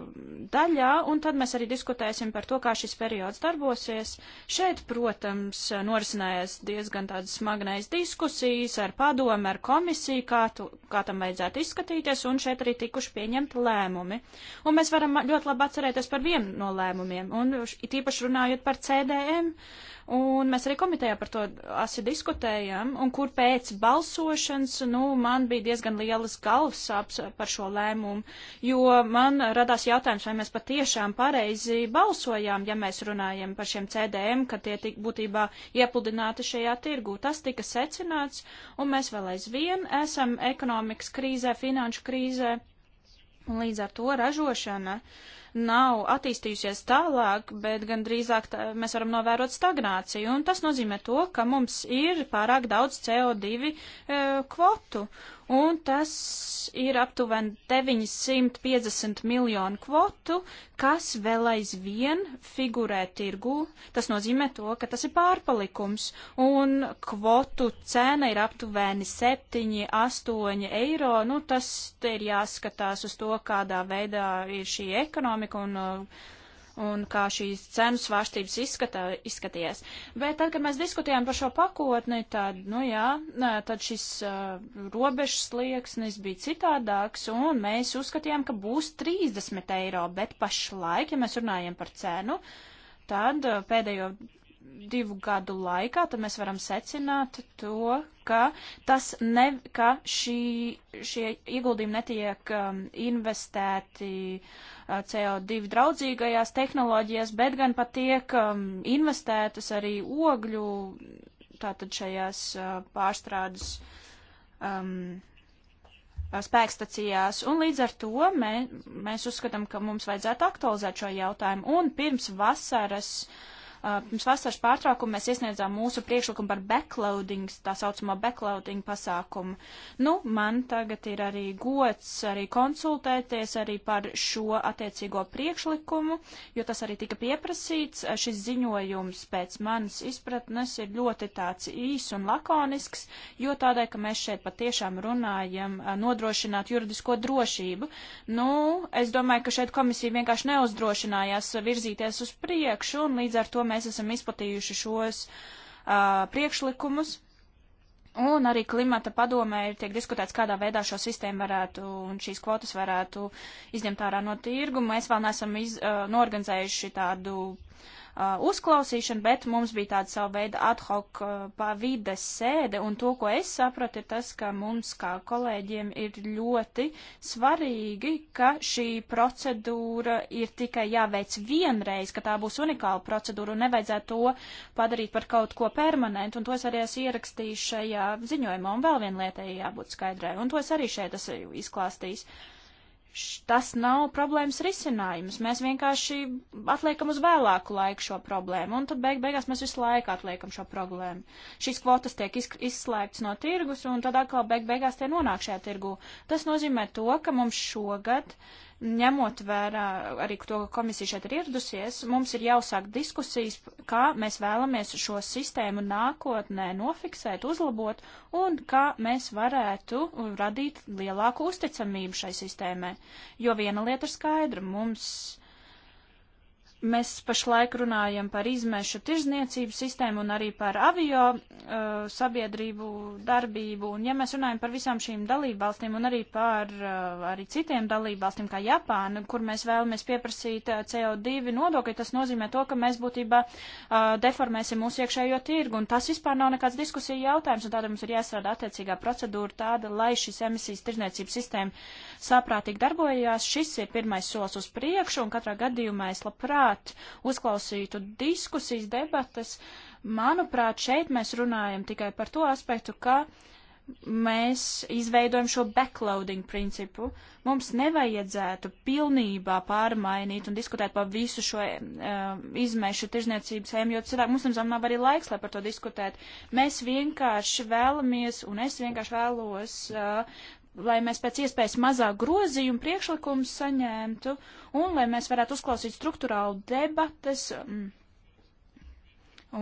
Speaker 4: daļā, un tad mēs arī diskutēsim par to, kā šis periods darbosies. Šeit, protams, norisinājās diezgan tādas smagnējas diskusijas ar padomu, ar komisiju, kā, tu, kā tam vajadzētu izskatīties, un šeit arī tikuši pieņemti lēmumi. Un mēs varam ļoti labi atcerēties par vienu no lēmumiem, un it īpaši runājot par CDM. Uh, Un mēs arī komitejā par to asi diskutējam, un kur pēc balsošanas, nu, man bija diezgan lielas galvas sāps par šo lēmumu, jo man radās jautājums, vai mēs patiešām pareizi balsojām, ja mēs runājam par šiem CDM, ka tie tik būtībā iepludināti šajā tirgū. Tas tika secināts, un mēs vēl aizvien esam ekonomikas krīzē, finanšu krīzē, un līdz ar to ražošana. Uh, nav attīstījusies tālāk, bet gan drīzāk tā, mēs varam novērot stagnāciju. Un tas nozīmē to, ka mums ir pārāk daudz CO2 e, eh, kvotu un tas ir aptuveni 950 miljonu kvotu, kas vēl aizvien figurē tirgu. Tas nozīmē to, ka tas ir pārpalikums, un kvotu cena ir aptuveni 7-8 eiro. Nu, tas ir jāskatās uz to, kādā veidā ir šī ekonomika un uh, un kā šīs cenu svārstības izskatā, izskatījies. Bet tad, kad mēs diskutējām par šo pakotni, tad, nu jā, tad šis uh, robežas slieksnis bija citādāks, un mēs uzskatījām, ka būs 30 eiro, bet pašlaik, ja mēs runājam par cenu, tad uh, pēdējo divu gadu laikā, tad mēs varam secināt to, ka, tas ne, ka šī, šie ieguldījumi netiek um, investēti uh, CO2 draudzīgajās tehnoloģijās, bet gan pat tiek um, investētas arī ogļu, tātad šajās uh, pārstrādes. Um, spēkstacijās, un līdz ar to mē, mēs uzskatām, ka mums vajadzētu aktualizēt šo jautājumu. Un pirms vasaras uh, Uh, pirms vasaras pārtraukuma mēs iesniedzām mūsu priekšlikumu par backloading, tā saucamo backloading pasākumu. Nu, man tagad ir arī gods arī konsultēties arī par šo attiecīgo priekšlikumu, jo tas arī tika pieprasīts. Uh, šis ziņojums pēc manas izpratnes ir ļoti tāds īs un lakonisks, jo tādēļ, ka mēs šeit patiešām runājam uh, nodrošināt juridisko drošību. Nu, es domāju, ka šeit komisija vienkārši neuzdrošinājās virzīties uz priekšu, un līdz ar to mēs esam izplatījuši šos uh, priekšlikumus. Un arī klimata padomē ir tiek diskutēts, kādā veidā šo sistēmu varētu un šīs kvotas varētu izņemt ārā no tirgu. Mēs vēl neesam iz, uh, norganizējuši tādu uh, uzklausīšana, bet mums bija tāda sava veida ad hoc uh, pavides sēde, un to, ko es sapratu, ir tas, ka mums kā kolēģiem ir ļoti svarīgi, ka šī procedūra ir tikai jāveic vienreiz, ka tā būs unikāla procedūra un nevajadzētu to padarīt par kaut ko permanentu, un to es arī esmu ierakstījis šajā ziņojumā, un vēl viena lieta jābūt skaidrai, un to es arī šeit esmu izklāstījis. Uh, tas nav problēmas risinājums. Mēs vienkārši atliekam uz vēlāku laiku šo problēmu, un tad beig beigās mēs visu laiku atliekam šo problēmu. Šīs kvotas tiek izslēgts no tirgus, un tad atkal beig beigās tie nonāk šajā tirgu. Tas nozīmē to, ka mums šogad uh, ņemot vērā arī to, ka komisija šeit ir ieradusies, mums ir jāuzsāk diskusijas, kā mēs vēlamies šo sistēmu nākotnē nofiksēt, uzlabot un kā mēs varētu radīt lielāku uzticamību šai sistēmai. Jo viena lieta ir skaidra, mums Mēs pašlaik runājam par izmešu tirzniecību sistēmu un arī par avio uh, sabiedrību darbību. Un ja mēs runājam par visām šīm dalībvalstīm un arī par uh, arī citiem dalībvalstīm kā Japāna, kur mēs vēlamies pieprasīt uh, CO2 nodokli, tas nozīmē to, ka mēs būtībā uh, deformēsim mūsu iekšējo tirgu. Un tas vispār nav nekāds diskusija jautājums, un tādēļ mums ir jāstrādā attiecīgā procedūra tāda, lai šis emisijas tirzniecības sistēma uh, saprātīgi darbojās. Šis ir pirmais solis uz priekšu, un katrā gadījumā es labprāt uzklausītu diskusijas, debatas. Manuprāt, šeit mēs runājam tikai par to aspektu, ka mēs izveidojam šo backloading principu. Mums nevajadzētu pilnībā pārmainīt un diskutēt par visu šo uh, izmešu tirzniecības ēmu, jo cilvēki mums nav arī laiks, lai par to diskutēt. Mēs vienkārši vēlamies, un es vienkārši vēlos uh, lai mēs pēc iespējas mazāk grozījumu priekšlikumu saņemtu un lai mēs varētu uzklausīt struktūrālu debates, mm,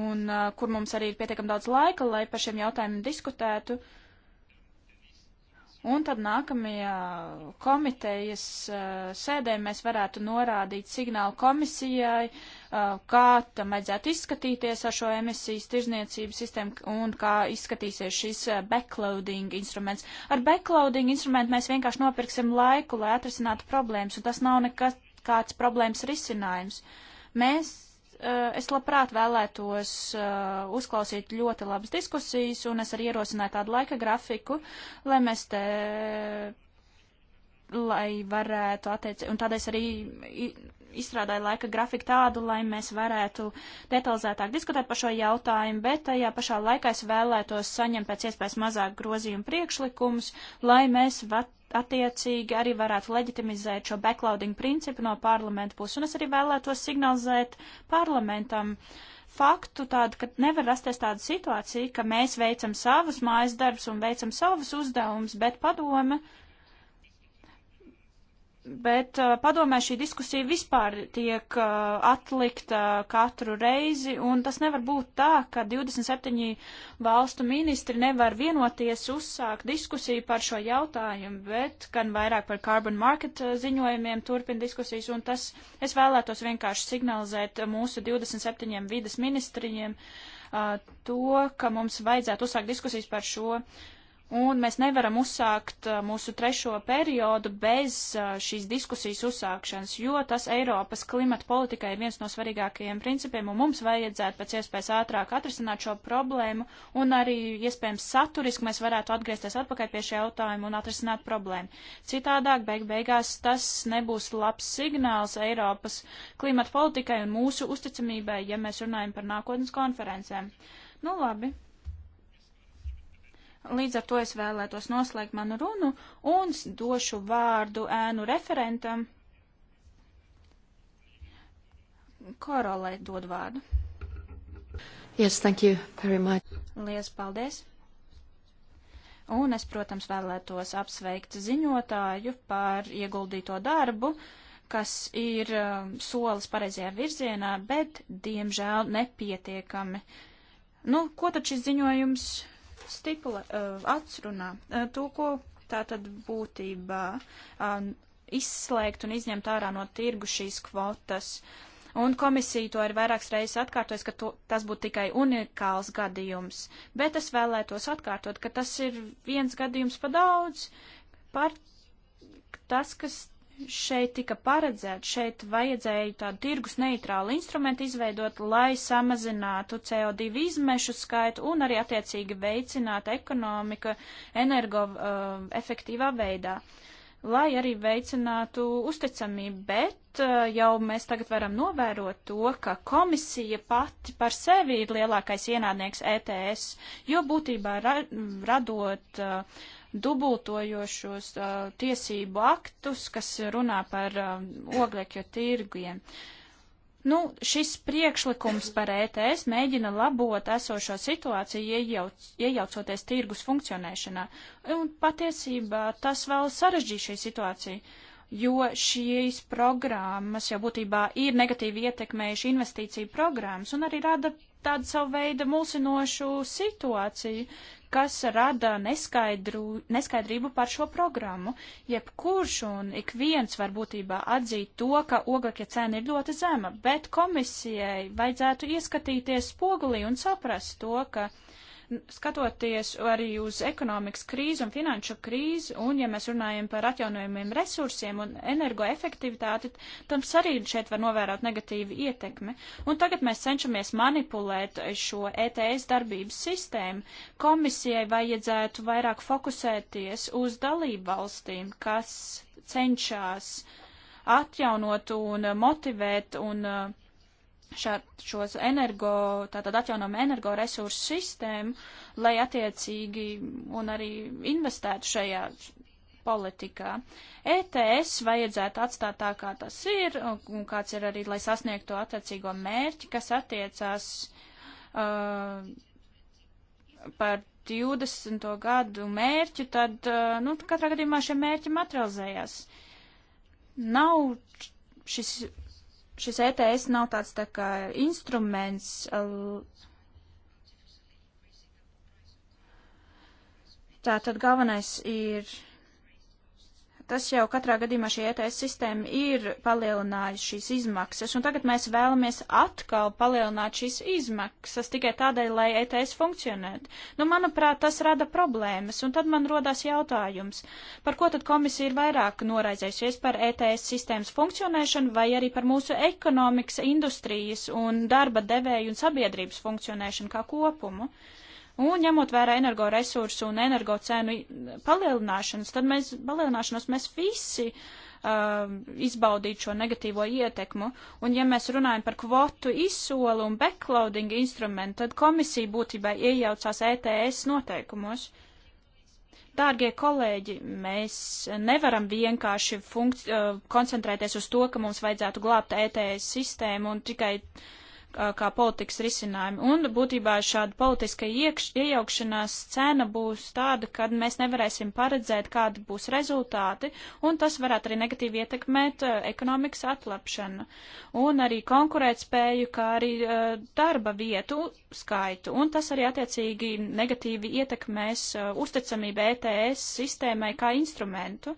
Speaker 4: un uh, kur mums arī ir pietiekam daudz laika, lai par šiem jautājumiem diskutētu. Uh, Un tad nākamajā komitejas uh, sēdē mēs varētu norādīt signālu komisijai, uh, kā tam vajadzētu izskatīties ar šo emisijas tirzniecības sistēmu un kā izskatīsies šis uh, backloading instruments. Ar backloading instrumentu mēs vienkārši nopirksim laiku, lai atrisinātu problēmas, un tas nav nekas kāds problēmas risinājums. Mēs Eh, es labprāt vēlētos eh, uzklausīt ļoti labas diskusijas, un es arī ierosināju tādu laika grafiku, lai mēs te, lai varētu attiecīt, un tādēļ es arī izstrādāju laika grafiku tādu, lai mēs varētu detalizētāk diskutēt par šo jautājumu, bet tajā pašā laikā es vēlētos saņemt pēc iespējas mazāk grozījumu priekšlikumus, lai mēs vat, attiecīgi arī varētu leģitimizēt šo backloading principu no parlamenta puses. Un es arī vēlētos signalizēt parlamentam faktu tādu, ka nevar rasties tāda situācija, ka mēs veicam savus mājas darbus un veicam savus uzdevumus, bet padome uh, Bet eh, padomē šī diskusija vispār tiek eh, atlikta katru reizi, un tas nevar būt tā, ka 27 valstu ministri nevar vienoties uzsākt diskusiju par šo jautājumu, bet gan vairāk par carbon market eh, ziņojumiem turpina diskusijas, un tas es vēlētos vienkārši signalizēt mūsu 27 vides ministriem to, ka mums vajadzētu uzsākt diskusijas par šo jautājumu Un mēs nevaram uzsākt uh, mūsu trešo periodu bez uh, šīs diskusijas uzsākšanas, jo tas Eiropas klimata politikai ir viens no svarīgākajiem principiem, un mums vajadzētu pēc iespējas ātrāk atrisināt šo problēmu, un arī iespējams saturiski mēs varētu atgriezties atpakaļ pie šī jautājuma un atrisināt problēmu. Citādāk, beig beigās tas nebūs labs signāls Eiropas klimata politikai un mūsu uzticamībai, ja mēs runājam par nākotnes konferencēm. Nu labi. Līdz ar to es vēlētos noslēgt manu runu un došu vārdu ēnu referentam. Korolai dod vārdu. Yes, thank you very much. Lielas paldies. Un es, protams, vēlētos apsveikt ziņotāju par ieguldīto darbu, kas ir um, solis pareizajā virzienā, bet, diemžēl, nepietiekami. Nu, ko tad šis ziņojums stipula, eh, atrunā eh, to, ko tā tad būtībā eh, izslēgt un izņemt ārā no tirgu šīs kvotas. Un komisija to ir vairākas reizes atkārtojusi, ka to, tas būtu tikai unikāls gadījums. Bet es vēlētos atkārtot, ka tas ir viens gadījums pa daudz par tas, kas šeit tika paredzēts, šeit vajadzēja tādu tirgus neitrālu instrumentu izveidot, lai samazinātu CO2 izmešu skaitu un arī attiecīgi veicinātu ekonomiku energoefektīvā uh, veidā, lai arī veicinātu uzticamību, bet uh, jau mēs tagad varam novērot to, ka komisija pati par sevi ir lielākais ienādnieks ETS, jo būtībā ra radot uh, dubultojošos uh, tiesību aktus, kas runā par uh, oglekļa tirgiem. Nu, šis priekšlikums par ETS mēģina labot esošo situāciju, iejauc, iejaucoties tirgus funkcionēšanā. Un patiesībā tas vēl sarežģīja šī situācija. Uh, jo šīs programmas jau būtībā ir negatīvi ietekmējuši investīciju programmas un arī rada tādu savu veidu mulsinošu situāciju, kas rada neskaidru, neskaidrību par šo programmu. Jebkurš un ik viens var būtībā atzīt to, ka ogakļa cena ir ļoti zema, bet komisijai vajadzētu ieskatīties spogulī un saprast to, ka uh, skatoties arī uz ekonomikas krīzi un finanšu krīzi, un ja mēs runājam par atjaunojumiem resursiem un energoefektivitāti, tam arī šeit var novērot negatīvu ietekmi. Un tagad mēs cenšamies manipulēt šo ETS darbības sistēmu. Komisijai vajadzētu vairāk fokusēties uz dalību valstīm, kas cenšas atjaunot un motivēt un uh, šād, šos energo, tātad atjaunojumu energoresursu sistēmu, lai attiecīgi un arī investētu šajā politikā. ETS vajadzētu atstāt tā, kā tas ir, un kāds ir arī, lai sasniegtu attiecīgo mērķi, kas attiecās uh, par 20. gadu mērķu, tad, uh, nu, katrā gadījumā šie mērķi materializējās. Nav šis šis ETS nav tāds tā kā instruments. Tā tad galvenais ir tas jau katrā gadījumā šī ETS sistēma ir palielinājusi šīs izmaksas, un tagad mēs vēlamies atkal palielināt šīs izmaksas tikai tādēļ, lai ETS funkcionētu. Nu, manuprāt, tas rada problēmas, un tad man rodās jautājums, par ko tad komisija ir vairāk noraizējusies par ETS sistēmas funkcionēšanu vai arī par mūsu ekonomikas, industrijas un darba devēju un sabiedrības funkcionēšanu kā kopumu. Uh, Un ņemot vērā energoresursu un energocēnu palielināšanas, tad mēs, palielināšanos mēs visi uh, um, izbaudīt šo negatīvo ietekmu. Un ja mēs runājam par kvotu izsolu un backloading instrumentu, tad komisija būtībā iejaucās ETS noteikumos. Dārgie kolēģi, mēs nevaram vienkārši funkci, uh, koncentrēties uz to, ka mums vajadzētu glābt ETS sistēmu un tikai uh, kā politikas risinājumi. Un būtībā šāda politiska iekš, iejaukšanās cena būs tāda, kad mēs nevarēsim paredzēt, kādi būs rezultāti, un tas varētu arī negatīvi ietekmēt eh, ekonomikas atlapšanu. Un arī konkurētspēju, kā arī eh, darba vietu skaitu. Un tas arī attiecīgi negatīvi ietekmēs eh, uzticamību ETS sistēmai kā instrumentu.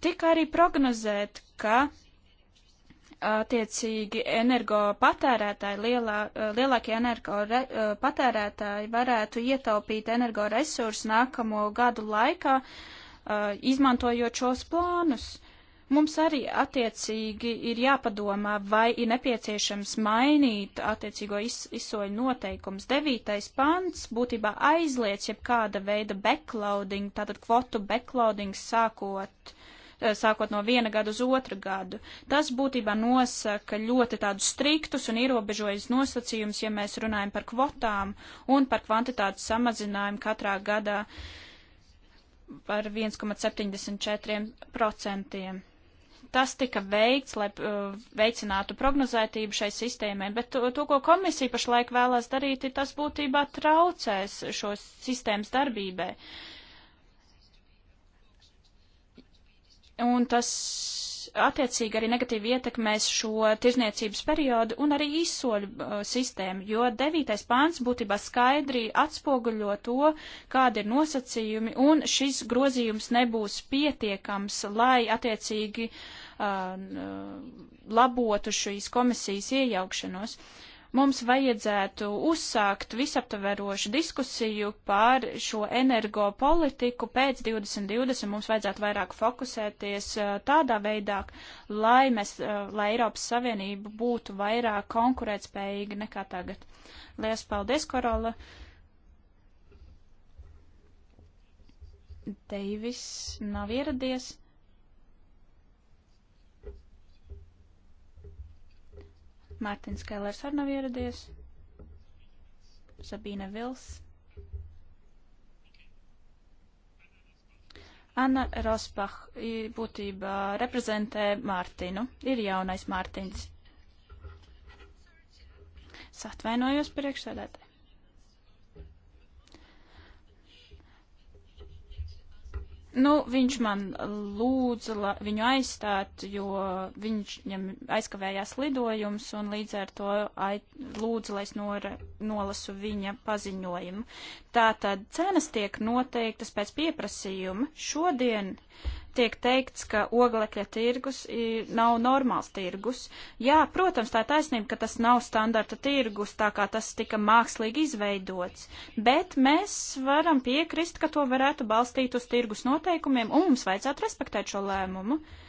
Speaker 4: Tik arī prognozēt, ka attiecīgi energopatērētāji, lielā, eh, lielākie energopatērētāji eh, varētu ietaupīt energoresursus nākamo gadu laikā, eh, izmantojot šos plānus. Mums arī attiecīgi ir jāpadomā, vai ir nepieciešams mainīt attiecīgo iz, izsoļu noteikums. Devītais pants būtībā aizliedz jebkāda veida backloading, tātad kvotu backloading sākot Eh, sākot no viena gada uz otru gadu. Tas būtībā nosaka ļoti tādus striktus un ierobežojas nosacījumus, ja mēs runājam par kvotām un par kvantitātes samazinājumu katrā gadā par 1,74%. Tas tika veikts, lai uh, veicinātu prognozētību šai sistēmai, bet to, to, ko komisija pašlaik vēlās darīt, tas būtībā traucēs šos sistēmas darbībai. Uh, un tas attiecīgi arī negatīvi ietekmēs šo tirzniecības periodu un arī izsoļu uh, sistēmu, jo devītais pāns būtībā skaidri atspoguļo to, kādi ir nosacījumi, un šis grozījums nebūs pietiekams, lai attiecīgi uh, uh labotu šīs komisijas iejaukšanos. Uh, mums vajadzētu uzsākt visaptverošu diskusiju par šo energopolitiku pēc 2020. Mums vajadzētu vairāk fokusēties tādā veidā, lai, mēs, lai Eiropas Savienība būtu vairāk konkurētspējīga nekā tagad. Lielas paldies, Korola! Deivis nav ieradies. Mārtiņš Kēlers arī nav ieradies. Sabīna Vils. Anna Rospach būtībā reprezentē Mārtinu. Ir jaunais Mārtiņš. Satvainojos priekšsēdētāji. Nu, viņš man lūdza la, viņu aizstāt, jo viņš viņam aizkavējās lidojums un līdz ar to ai, lūdza, lai es nora, nolasu viņa paziņojumu. Tātad cenas tiek noteiktas pēc pieprasījuma. Šodien tiek teikts, ka oglekļa tirgus nav normāls tirgus. Jā, protams, tā ir taisnība, ka tas nav standarta tirgus, tā kā tas tika mākslīgi izveidots, bet mēs varam piekrist, ka to varētu balstīt uz tirgus noteikumiem, un mums vajadzētu respektēt šo lēmumu. Uh,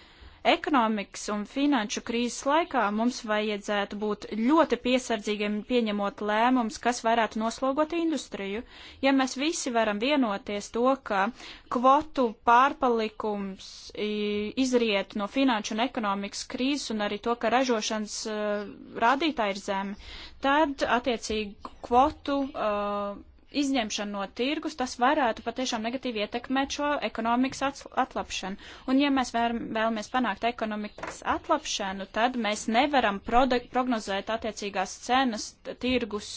Speaker 4: Ekonomikas un finanšu krīzes laikā mums vajadzētu būt ļoti piesardzīgiem pieņemot lēmums, kas varētu noslogot industriju. Ja mēs visi varam vienoties to, ka kvotu pārpalikums izriet no finanšu un ekonomikas krīzes un arī to, ka ražošanas uh, rādītāji ir zemi, tad attiecīgi kvotu uh, izņemšana no tirgus, tas varētu patiešām negatīvi ietekmēt šo ekonomikas atlapšanu. Un ja mēs vēr, vēlamies panākt ekonomikas atlapšanu, tad mēs nevaram prognozēt attiecīgās cenas tirgus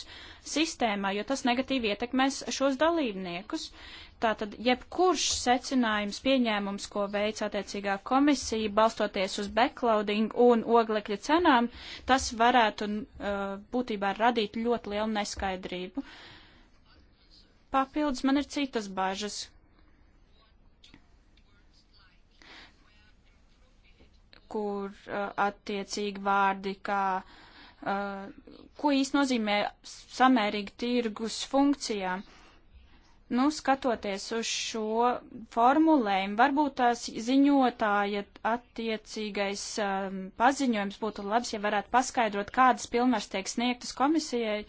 Speaker 4: sistēmā, jo tas negatīvi ietekmēs šos dalībniekus. Tātad jebkurš secinājums, pieņēmums, ko veic attiecīgā komisija, balstoties uz backloading un oglekļa cenām, tas varētu uh, būtībā radīt ļoti lielu neskaidrību. Uh, Papildus man ir citas bažas. kur uh, attiecīgi vārdi, kā, uh, ko īsti nozīmē samērīgi tirgus funkcijā. Nu, skatoties uz šo formulējumu, varbūt tās ziņotāja attiecīgais um, paziņojums būtu labs, ja varētu paskaidrot, kādas pilnvars tiek sniegtas komisijai,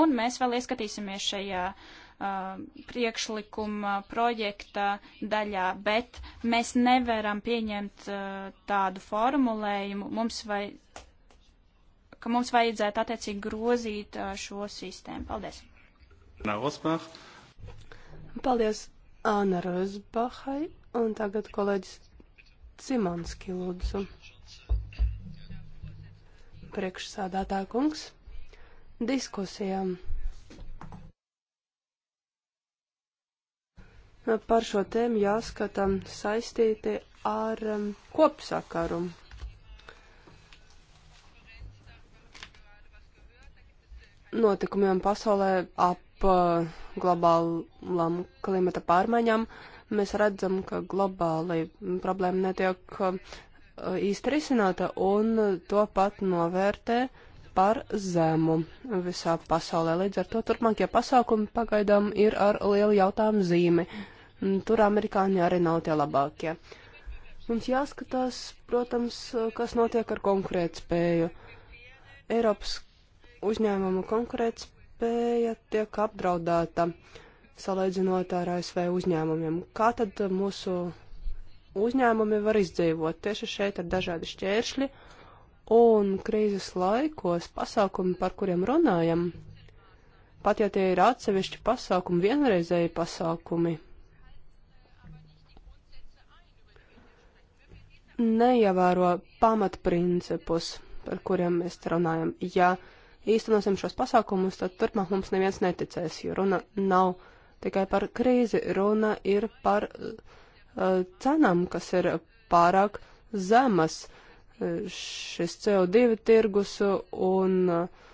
Speaker 4: un mēs vēl ieskatīsimies šajā uh, priekšlikuma projekta daļā, bet mēs nevaram pieņemt tādu formulējumu, mums vai, ka mums vajadzētu attiecīgi grozīt šo sistēmu. Paldies! Rosbach. Paldies
Speaker 2: Āna Rozbahai un tagad kolēģis Cimanski lūdzu. Priekšsādātā kungs diskusijām par šo tēmu jāskata saistīti ar um, kopsakaru. Notikumiem pasaulē ap uh, globālām klimata pārmaiņām mēs redzam, ka globāli problēma netiek uh, īsti risināta un to pat novērtē par zemu visā pasaulē. Līdz ar to turpmākie pasākumi pagaidām ir ar lielu jautājumu zīmi. Uh, Tur amerikāņi arī nav tie labākie. Mums jāskatās, protams, kas notiek ar konkurētspēju. Eiropas uzņēmumu konkurētspēja tiek apdraudēta salīdzinot ar ASV uzņēmumiem. Kā tad mūsu uzņēmumi var izdzīvot? Tieši šeit ir dažādi šķēršļi un krīzes laikos pasākumi, par kuriem runājam, pat ja tie ir atsevišķi pasākumi, vienreizēji pasākumi, neievēro pamatprincipus, par kuriem mēs runājam. Ja īstenosim šos pasākumus, tad turpmāk mums neviens neticēs, jo runa nav tikai par krīzi, runa ir par uh, cenām, kas ir pārāk zemas. Uh, šis CO2 tirgus un uh,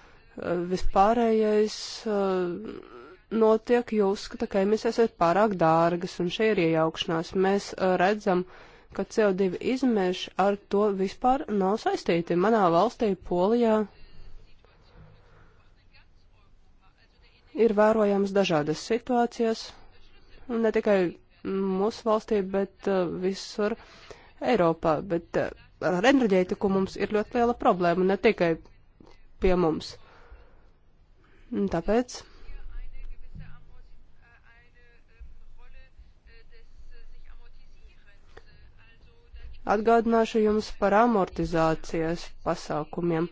Speaker 2: vispārējais uh, notiek, jo uzskata, ka emisijas ir pārāk dārgas, un šeit ir iejaukšanās. Mēs uh, redzam, uh, ka CO2 izmeši ar to vispār nav saistīti. Manā valstī, Polijā, ir vērojams dažādas situācijas, ne tikai mūsu valstī, bet uh, visur Eiropā. Bet uh, ar enerģētiku mums ir ļoti liela problēma, ne tikai pie mums. Tāpēc Atgādināšu jums par amortizācijas pasākumiem.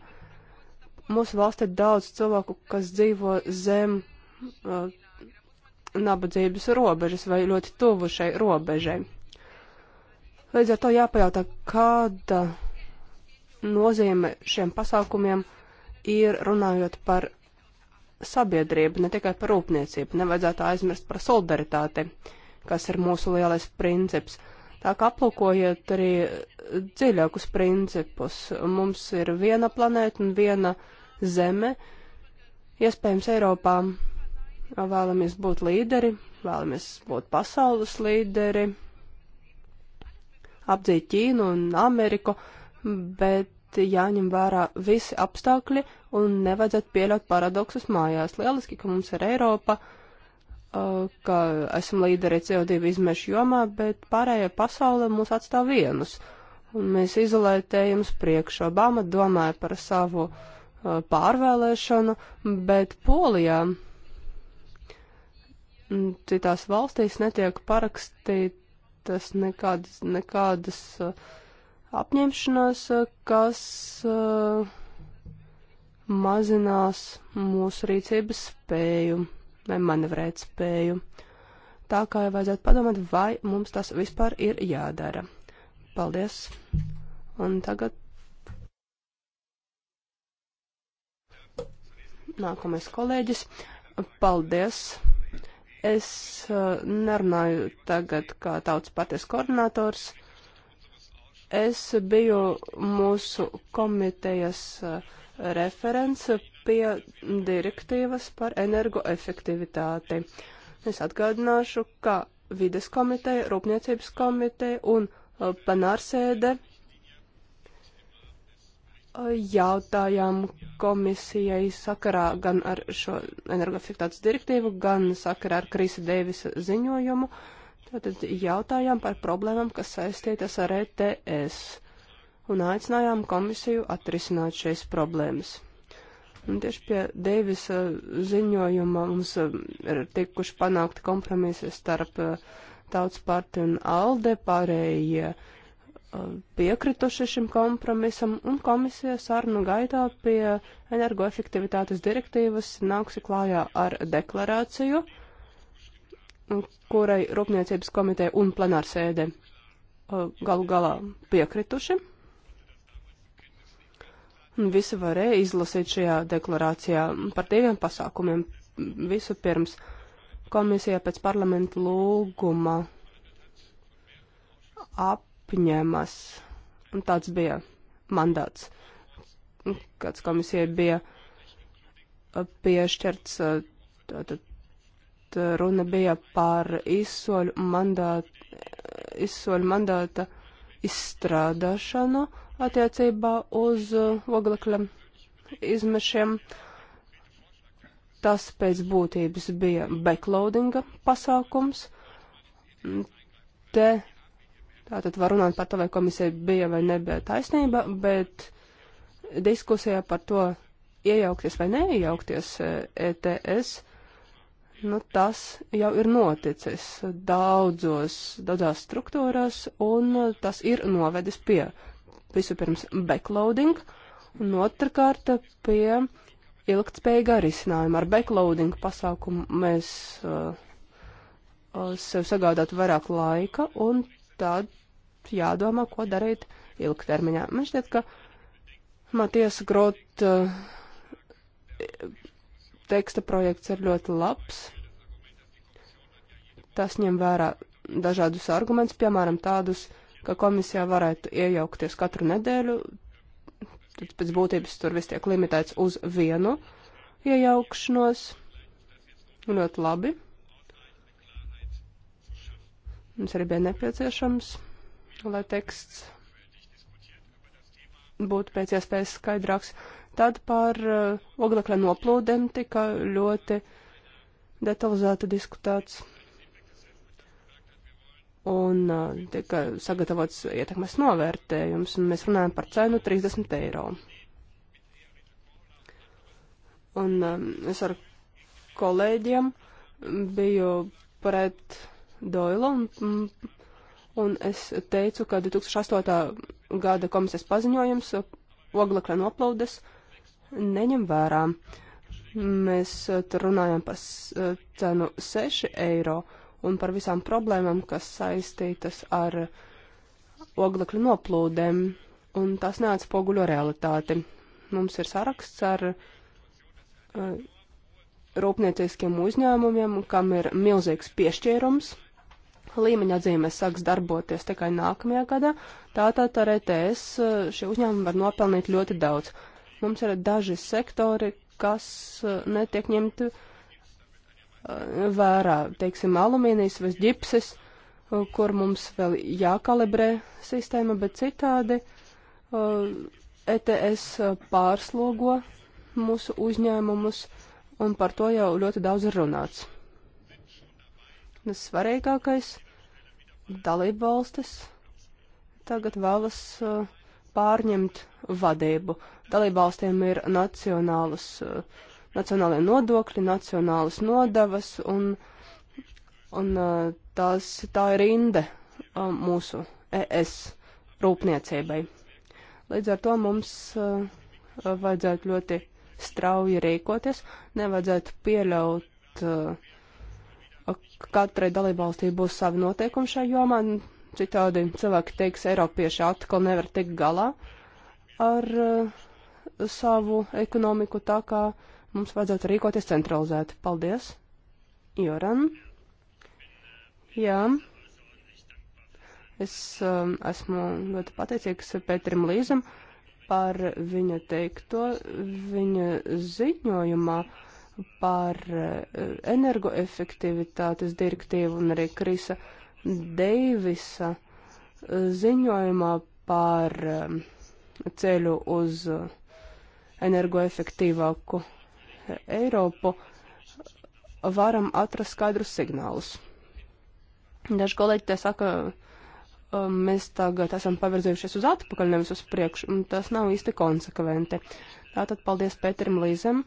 Speaker 2: Mūsu valstī ir daudz cilvēku, kas dzīvo zem uh, nabadzības robežas vai ļoti tuvu šai robežai. Līdz ar to jāpajautā, kāda nozīme šiem pasākumiem ir runājot par sabiedrību, ne tikai par rūpniecību. Nevajadzētu aizmirst par solidaritāti, kas ir mūsu lielais princips. Tā kā aplūkojiet arī dziļākus principus. Mums ir viena planēta un viena zeme. Iespējams, Eiropā vēlamies būt līderi, vēlamies būt pasaules līderi, apdzīt Ķīnu un Ameriku, bet jāņem vērā visi apstākļi un nevajadzētu pieļaut paradoksus mājās. Lieliski, ka mums ir Eiropa, uh, Uh, ka esam līderi CO2 izmešu jomā, bet pārējā pasaule mūs atstāv vienus. Un mēs izolētējam priekš. Obama domāja par savu uh, pārvēlēšanu, bet Polijā mm, citās valstīs netiek parakstītas nekādas, nekādas uh, apņemšanās, uh, kas uh, mazinās mūsu rīcības spējumu vai manevrēt spēju. Tā kā jau vajadzētu padomāt, vai mums tas vispār ir jādara. Paldies! Un tagad nākamais kolēģis. Paldies! Es uh, nerunāju tagad kā tautas paties koordinators. Es biju mūsu komitejas uh, referents pie direktīvas par energoefektivitāti. Es atgādināšu, ka vides komiteja, rūpniecības komiteja un uh, panārsēde uh, jautājām komisijai sakarā gan ar šo energoefektivitātes direktīvu, gan sakarā ar Krisa Deivisa ziņojumu. Tātad jautājām par problēmām, kas saistītas ar ETS un aicinājām komisiju atrisināt šīs problēmas. Un tieši pie Deivisa uh, ziņojuma mums uh, ir tikuši panākti kompromisi starp uh, Tautas partiju un ALDE, pārējie piekrituši šim kompromisam, un komisija sarunu gaitā pie energoefektivitātes direktīvas nāks klājā ar deklarāciju, kurai Rūpniecības komiteja un plenārsēde galu galā piekrituši. Un visi varēja izlasīt šajā deklarācijā par diviem pasākumiem. Visu pirms komisija pēc parlamenta lūguma apņemas, un tāds bija mandāts, kāds komisijai bija piešķirts, tātad runa bija par izsoļu mandātu, izsoļu mandāta izstrādāšanu attiecībā uz uh, oglekļa izmešiem. Tas pēc būtības bija backloadinga pasākums. Te tātad var runāt par to, vai komisija bija vai nebija taisnība, bet diskusijā par to iejaukties vai neiejaukties uh, ETS, nu tas jau ir noticis daudzos, daudzās struktūrās, un tas ir novedis pie uh, Vispirms backloading, un otrkārt pie ilgtspējīgā risinājuma. Ar backloading pasākumu mēs uh, uh sev sagādātu vairāk laika, un tad jādomā, ko darīt ilgtermiņā. Man šķiet, ka Matiesa Grot uh, teksta projekts ir ļoti labs. Tas ņem vērā dažādus argumentus, piemēram, tādus, uh, ka komisijā varētu iejaukties katru nedēļu, tad pēc būtības tur viss tiek limitēts uz vienu iejaukšanos. Ļoti labi. Mums arī bija nepieciešams, lai teksts būtu pēc iespējas skaidrāks. Tad par uh, oglekļa noplūdēm tika ļoti detalizēti diskutēts un uh, tika sagatavots ietekmes novērtējums, un mēs runājam par cenu 30 eiro. Un um, es ar kolēģiem biju pret Doilu, un, mm, un es teicu, ka 2008. gada komisijas paziņojums oglekļa noplaudes neņem vērā. Mēs uh, tur runājam par uh, cenu 6 eiro. Uh, un par visām problēmām, kas saistītas ar oglekļu noplūdēm, un tas neatspoguļo realitāti. Mums ir saraksts ar uh, rūpnieciskiem uzņēmumiem, kam ir milzīgs piešķīrums. Līmeņa atzīmes sāks darboties tikai nākamajā gadā, tātad ar ETS uh, šie uzņēmumi var nopelnīt ļoti daudz. Mums ir daži sektori, kas uh, netiek ņemti uh, vērā, teiksim, alumīnijas vai ģipses, uh, kur mums vēl jākalibrē sistēma, bet citādi uh, ETS uh, pārslogo mūsu uzņēmumus, un par to jau ļoti daudz ir runāts. Tas svarīgākais - dalību valstis tagad vēlas pārņemt vadību. Dalību valstiem ir nacionālas uh, nacionālajie nodokļi, nacionālas nodavas, un, un tās, tā ir rinde mūsu ES rūpniecībai. Līdz ar to mums vajadzētu ļoti strauji rīkoties, nevajadzētu pieļaut, ka katrai dalībvalstī būs savi noteikumi šajā jomā, citādi cilvēki teiks, Eiropieši atkal nevar tikt galā ar uh, savu ekonomiku tā kā uh, Mums vajadzētu rīkoties centralizēti. Paldies, Joran. Jā. Es um, esmu ļoti pateicīgs Pēterim Līzam par viņa teikto, viņa ziņojumā par uh, energoefektivitātes direktīvu un arī Krisa Deivisa ziņojumā par um, ceļu uz uh, energoefektīvāku Eiropu, varam atrast skaidrus signālus. Daži kolēģi te saka, um, mēs tagad esam pavirzījušies uz atpakaļ, nevis uz priekšu, un tas nav īsti konsekventi. Tātad paldies Pēterim Līzem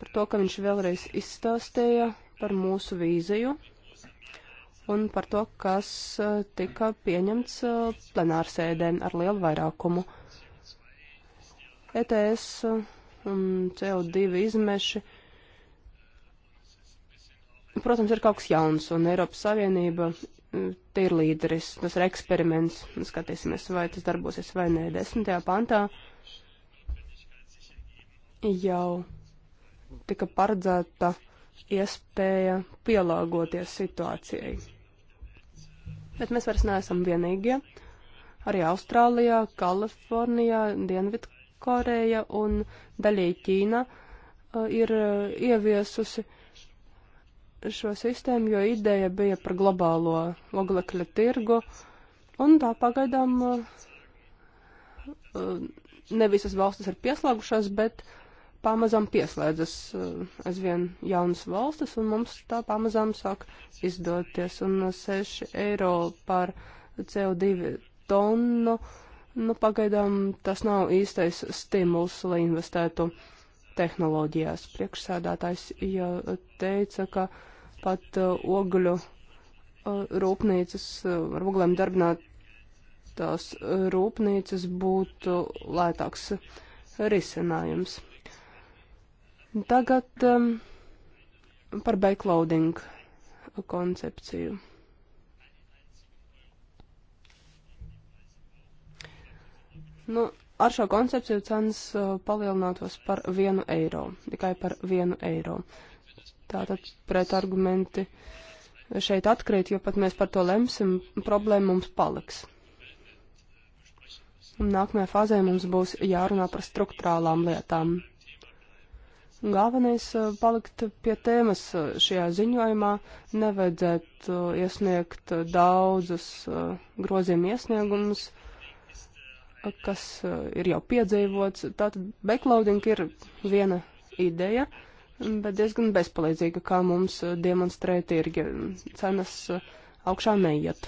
Speaker 2: par to, ka viņš vēlreiz izstāstīja par mūsu vīziju un par to, kas uh, tika pieņemts uh, plenārsēdē ar lielu vairākumu. ETS uh, un CO2 izmeši. Protams, ir kaut kas jauns, un Eiropas Savienība mm, te ir līderis, tas ir eksperiments, skatīsimies, vai tas darbosies vai nē. Desmitajā pantā jau tika paredzēta iespēja pielāgoties situācijai. Bet mēs vairs neesam vienīgie. Arī Austrālijā, Kalifornijā, Dienvidu Koreja un daļēji Ķīna uh, ir uh, ieviesusi šo sistēmu, jo ideja bija par globālo oglekļa tirgu, un tā pagaidām uh, ne visas valstis ir pieslēgušās, bet pamazām pieslēdzas aizvien jaunas valstis, un mums tā pamazām sāk izdoties, un 6 eiro par CO2 tonnu uh, Nu, pagaidām tas nav īstais stimuls, lai investētu tehnoloģijās. Priekšsēdētājs jau teica, ka pat uh, ogļu uh, rūpnīcas, uh, ar oglēm darbinātās uh, rūpnīcas būtu lētāks risinājums. Tagad um, par backloading koncepciju. Nu, ar šo koncepciju cenas uh, palielinātos par vienu eiro, tikai par vienu eiro. Tātad pretargumenti šeit atkrīt, jo pat mēs par to lemsim, problēma mums paliks. Un nākamajā fāzē mums būs jārunā par struktūrālām lietām. Galvenais uh, palikt pie tēmas uh, šajā ziņojumā, nevajadzētu iesniegt daudzus grozījumu iesniegumus. Uh, kas eh, ir jau piedzīvots. Tātad backloading ir viena ideja, bet diezgan bezpalīdzīga, kā mums eh, demonstrē tirgi. Cenas eh, augšā neiet.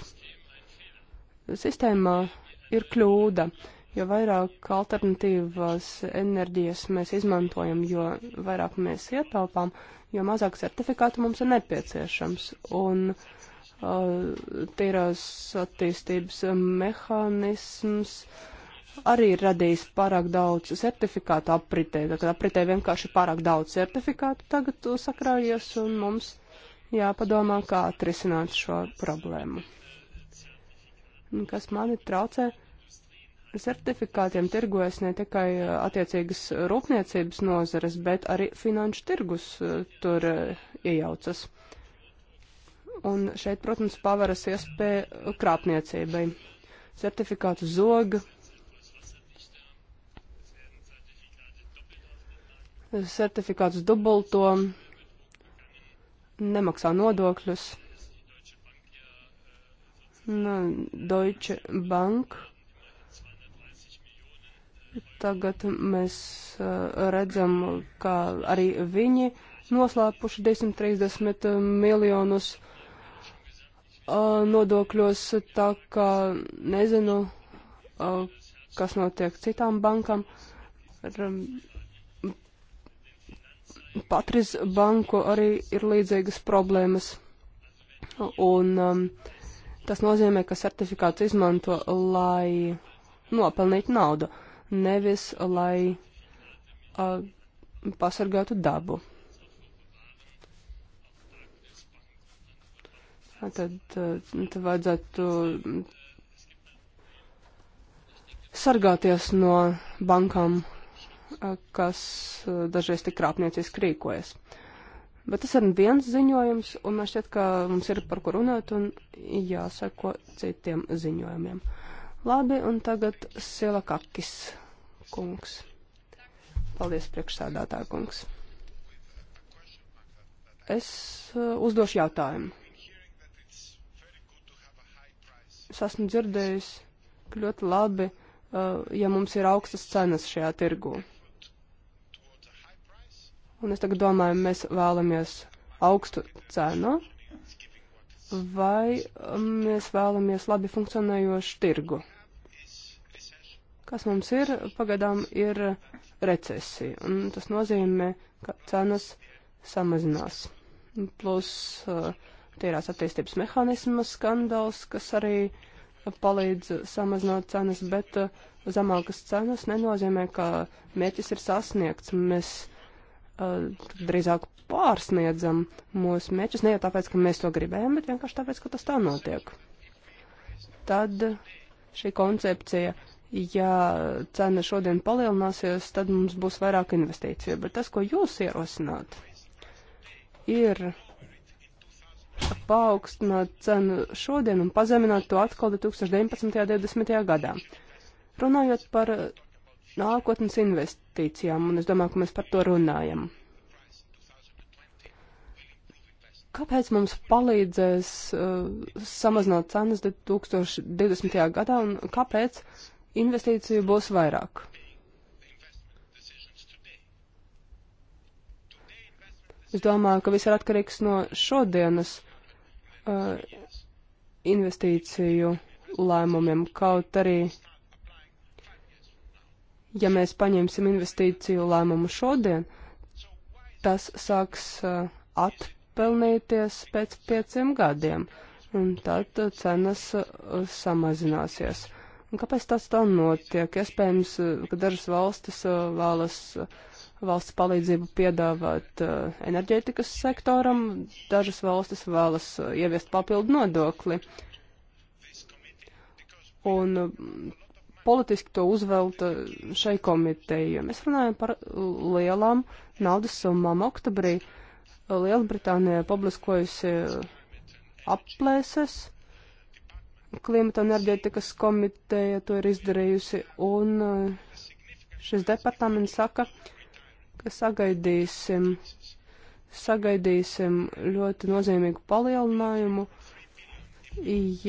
Speaker 2: Sistēmā ir kļūda. Jo vairāk alternatīvās enerģijas mēs izmantojam, jo vairāk mēs ietaupām, jo mazāk certifikātu mums ir nepieciešams. Un uh, tīrās attīstības mehānisms uh, arī ir radījis pārāk daudz certifikātu apritē. Tad apritē vienkārši pārāk daudz certifikātu tagad sakrājies un mums jāpadomā, kā atrisināt šo problēmu. Un kas mani traucē? Certifikātiem tirgojas ne tikai eh, attiecīgas rūpniecības nozares, bet arī finanšu tirgus eh, tur eh, iejaucas. Un šeit, protams, pavaras iespēja krāpniecībai. Certifikātu zoga sertifikātus dubulto, nemaksā nodokļus. Nu, Deutsche Bank. Tagad mēs uh, redzam, ka arī viņi noslēpuši 230 miljonus uh, nodokļos, tā kā nezinu, uh, kas notiek citām bankām. Ar Patris banku arī ir līdzīgas problēmas. Un um, tas nozīmē, ka certifikāts izmanto, lai nopelnītu naudu, nevis lai uh, pasargātu dabu. Tad, uh, tad vajadzētu sargāties no bankām Eh, kas eh, dažreiz tik krāpnieciski rīkojas. Bet tas ir viens ziņojums, un man šķiet, ka mums ir par ko runāt un jāsako citiem ziņojumiem. Labi, un tagad Sila Kakis kungs. Paldies, priekšsādātā kungs. Es eh, uzdošu jautājumu. Es esmu dzirdējis, ka ļoti labi, ja mums ir augstas cenas šajā tirgū. Un es tagad domāju, mēs vēlamies augstu cenu vai um, mēs vēlamies labi funkcionējošu tirgu. Kas mums ir? Pagaidām ir recesija, un tas nozīmē, ka cenas samazinās. Plus uh, tīrās attīstības mehānisma skandāls, kas arī palīdz samazināt cenas, bet uh, zemākas cenas nenozīmē, ka mērķis ir sasniegts. Mēs Uh, drīzāk pārsniedzam mūsu mērķus, ne jau tāpēc, ka mēs to gribējam, bet vienkārši tāpēc, ka tas tā notiek. Tad šī koncepcija, ja cena šodien palielināsies, tad mums būs vairāk investīciju, bet tas, ko jūs ierosināt, ir paaugstināt cenu šodien un pazemināt to atkal 2019. un 2020. gadā. Runājot par nākotnes investīcijām, un es domāju, ka mēs par to runājam. Kāpēc mums palīdzēs uh, samazināt cenas 2020. gadā, un kāpēc investīciju būs vairāk? Es domāju, ka viss ir atkarīgs no šodienas uh, investīciju lēmumiem, kaut arī uh, ja mēs paņemsim investīciju lēmumu šodien, tas sāks uh, atpelnīties pēc pieciem gadiem, un tad uh, cenas uh, samazināsies. Un kāpēc tas tā notiek? Iespējams, ka dažas valstis vēlas valsts palīdzību piedāvāt enerģētikas sektoram, dažas valstis vēlas ieviest papildu nodokli. Un politiski to uzvelt eh, šai komitejai. Mēs runājam par lielām naudas summām. Oktobrī eh, Lielbritānija publiskojusi eh, aplēses. Klimata un enerģētikas komiteja to ir izdarījusi, un šis departaments saka, ka sagaidīsim, sagaidīsim ļoti nozīmīgu palielinājumu,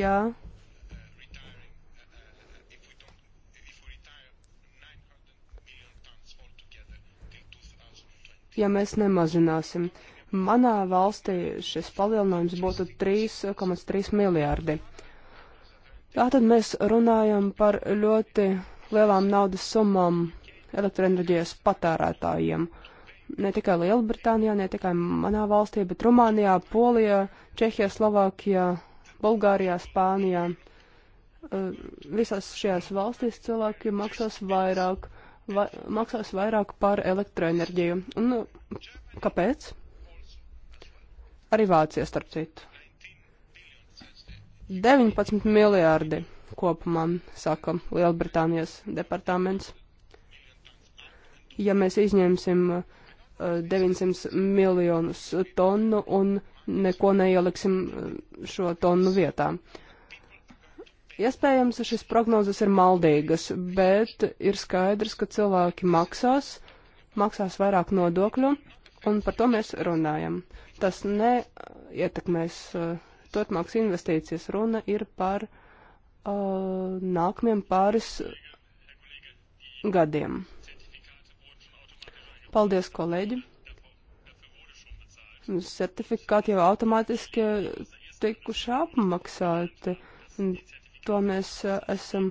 Speaker 2: ja ja mēs nemazināsim. Manā valstī šis palielinājums būtu 3,3 miljārdi. Tātad mēs runājam par ļoti lielām naudas summām elektroenerģijas patērētājiem. Ne tikai Lielbritānijā, ne tikai manā valstī, bet Rumānijā, Polijā, Čehijā, Slovākijā, Bulgārijā, Spānijā. Uh, visās šajās valstīs cilvēki maksās vairāk va maksās vairāk par elektroenerģiju. Un nu, kāpēc? Arī Vācija starp citu. 19 miljārdi kopumā, saka Lielbritānijas departaments. Ja mēs izņemsim uh, 900 miljonus tonu un neko neieliksim uh, šo tonu vietā. Uh, Iespējams, šis prognozes ir maldīgas, bet ir skaidrs, ka cilvēki maksās, maksās vairāk nodokļu, un par to mēs runājam. Tas neietekmēs uh, turpmākas investīcijas. Runa ir par uh, nākamiem pāris gadiem. Paldies, kolēģi! Certifikāti jau automātiski tikuši apmaksāti. To mēs eh, esam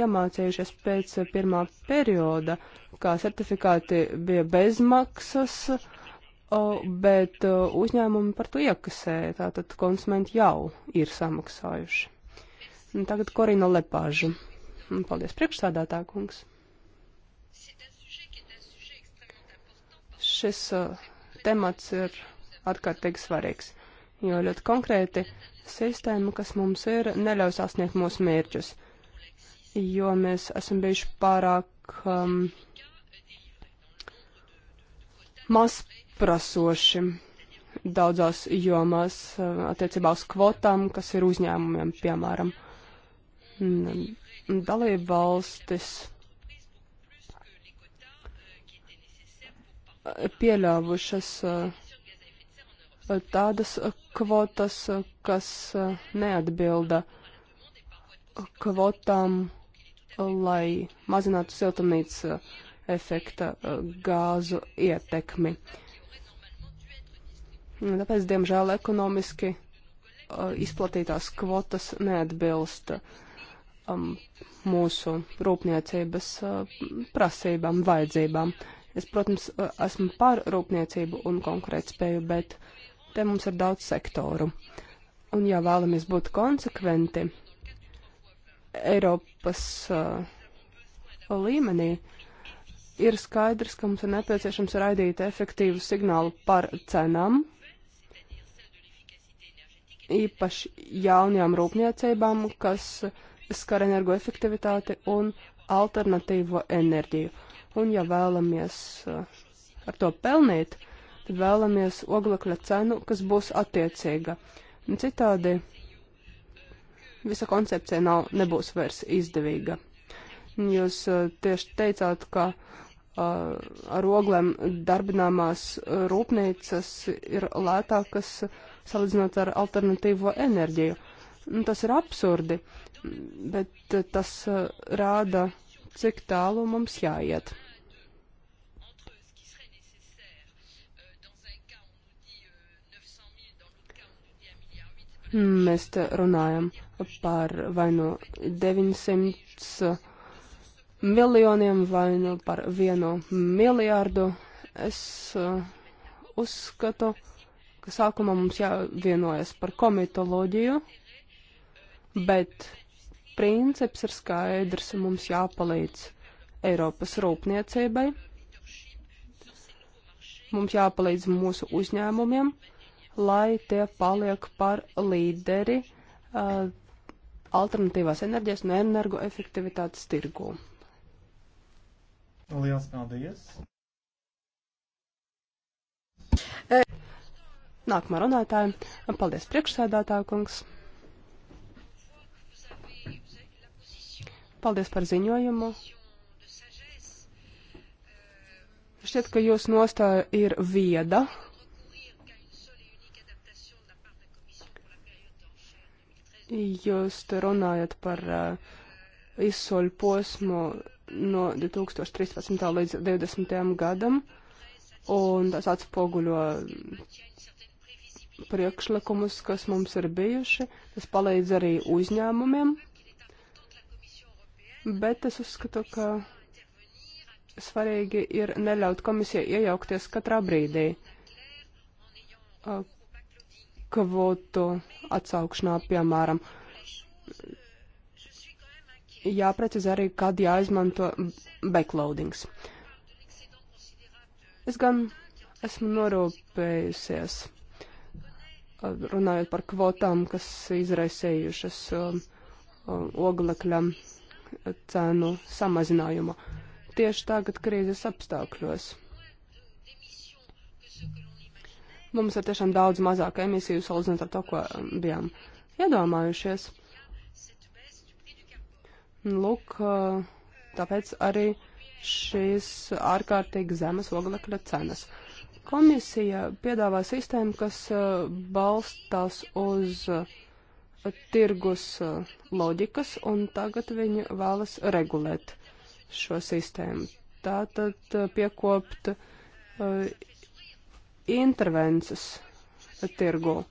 Speaker 2: iemācījušies pēc eh, pirmā perioda, kā certifikāti bija bezmaksas, bet eh, uzņēmumi par to iekasēja, tātad konsumenti jau ir samaksājuši. Tagad Korina Lepāža. Paldies priekšsādātā, kungs. Šis temats ir atkārtīgi svarīgs, jo ļoti konkrēti Sistēma, kas mums ir, neļauj sasniegt mūsu mērķus, jo mēs esam bijuši pārāk um, mazprasoši daudzās jomās uh, attiecībā uz kvotām, kas ir uzņēmumiem, piemēram, mm, dalība valstis pieļāvušas uh, tādas kvotas, kas eh, neatbilda kvotām, lai mazinātu siltumnīca eh, efekta eh, gāzu ietekmi. Tāpēc, diemžēl, ekonomiski izplatītās kvotas neatbilst um, mūsu rūpniecības uh, prasībām, vajadzībām. Es, protams, esmu par rūpniecību un konkurētspēju, bet uh, Te mums ir daudz sektoru. Un ja vēlamies būt konsekventi Eiropas uh, līmenī, ir skaidrs, ka mums ir nepieciešams raidīt efektīvu signālu par cenām, īpaši jaunajām rūpniecībām, kas skar energoefektivitāti un alternatīvo enerģiju. Un ja vēlamies uh, ar to pelnīt, uh, tad vēlamies oglekļa cenu, kas būs attiecīga. Un citādi visa koncepcija nav, nebūs vairs izdevīga. Jūs uh, tieši teicāt, ka uh, ar oglēm darbināmās rūpnīcas ir lētākas salīdzinot ar alternatīvo enerģiju. Tas ir absurdi, bet tas uh, rāda, cik tālu mums jāiet. Mēs te runājam par vai no nu 900 miljoniem vai no nu par vienu miljārdu. Es uh, uzskatu, ka sākumā mums jāvienojas par komitoloģiju, bet princips ir skaidrs, mums jāpalīdz Eiropas rūpniecībai, mums jāpalīdz mūsu uzņēmumiem, lai tie paliek par līderi uh, alternatīvās enerģijas un energoefektivitātes tirgū.
Speaker 1: Liels paldies!
Speaker 2: Nākamā runātāja. Paldies, priekšsēdētāja kungs. Paldies par ziņojumu. Šķiet, ka jūsu nostāja ir vieda. Uh, Jūs runājat par uh, izsoļu posmu no 2013. līdz 2020. gadam, un tas atspoguļo priekšlikumus, kas mums ir bijuši. Tas palīdz arī uzņēmumiem, bet es uzskatu, ka svarīgi ir neļaut komisijai iejaukties katrā brīdī eh, kvotu atsaukšanā, piemēram. Jāprecizē arī, kad jāizmanto backloadings. Es gan esmu norūpējusies, eh, runājot par kvotām, kas izraisējušas um, um, oglekļa eh, cenu samazinājumu tieši tagad krīzes apstākļos. Mums ir tiešām daudz mazāk emisiju salīdzinot ar to, ko um, bijām iedomājušies. Lūk, uh, tāpēc arī šīs ārkārtīgi zemes oglekļa cenas. Komisija piedāvā sistēmu, kas uh, balstās uz uh, tirgus loģikas, un tagad viņi vēlas regulēt šo sistēmu. Tātad piekopt intervences tirgu.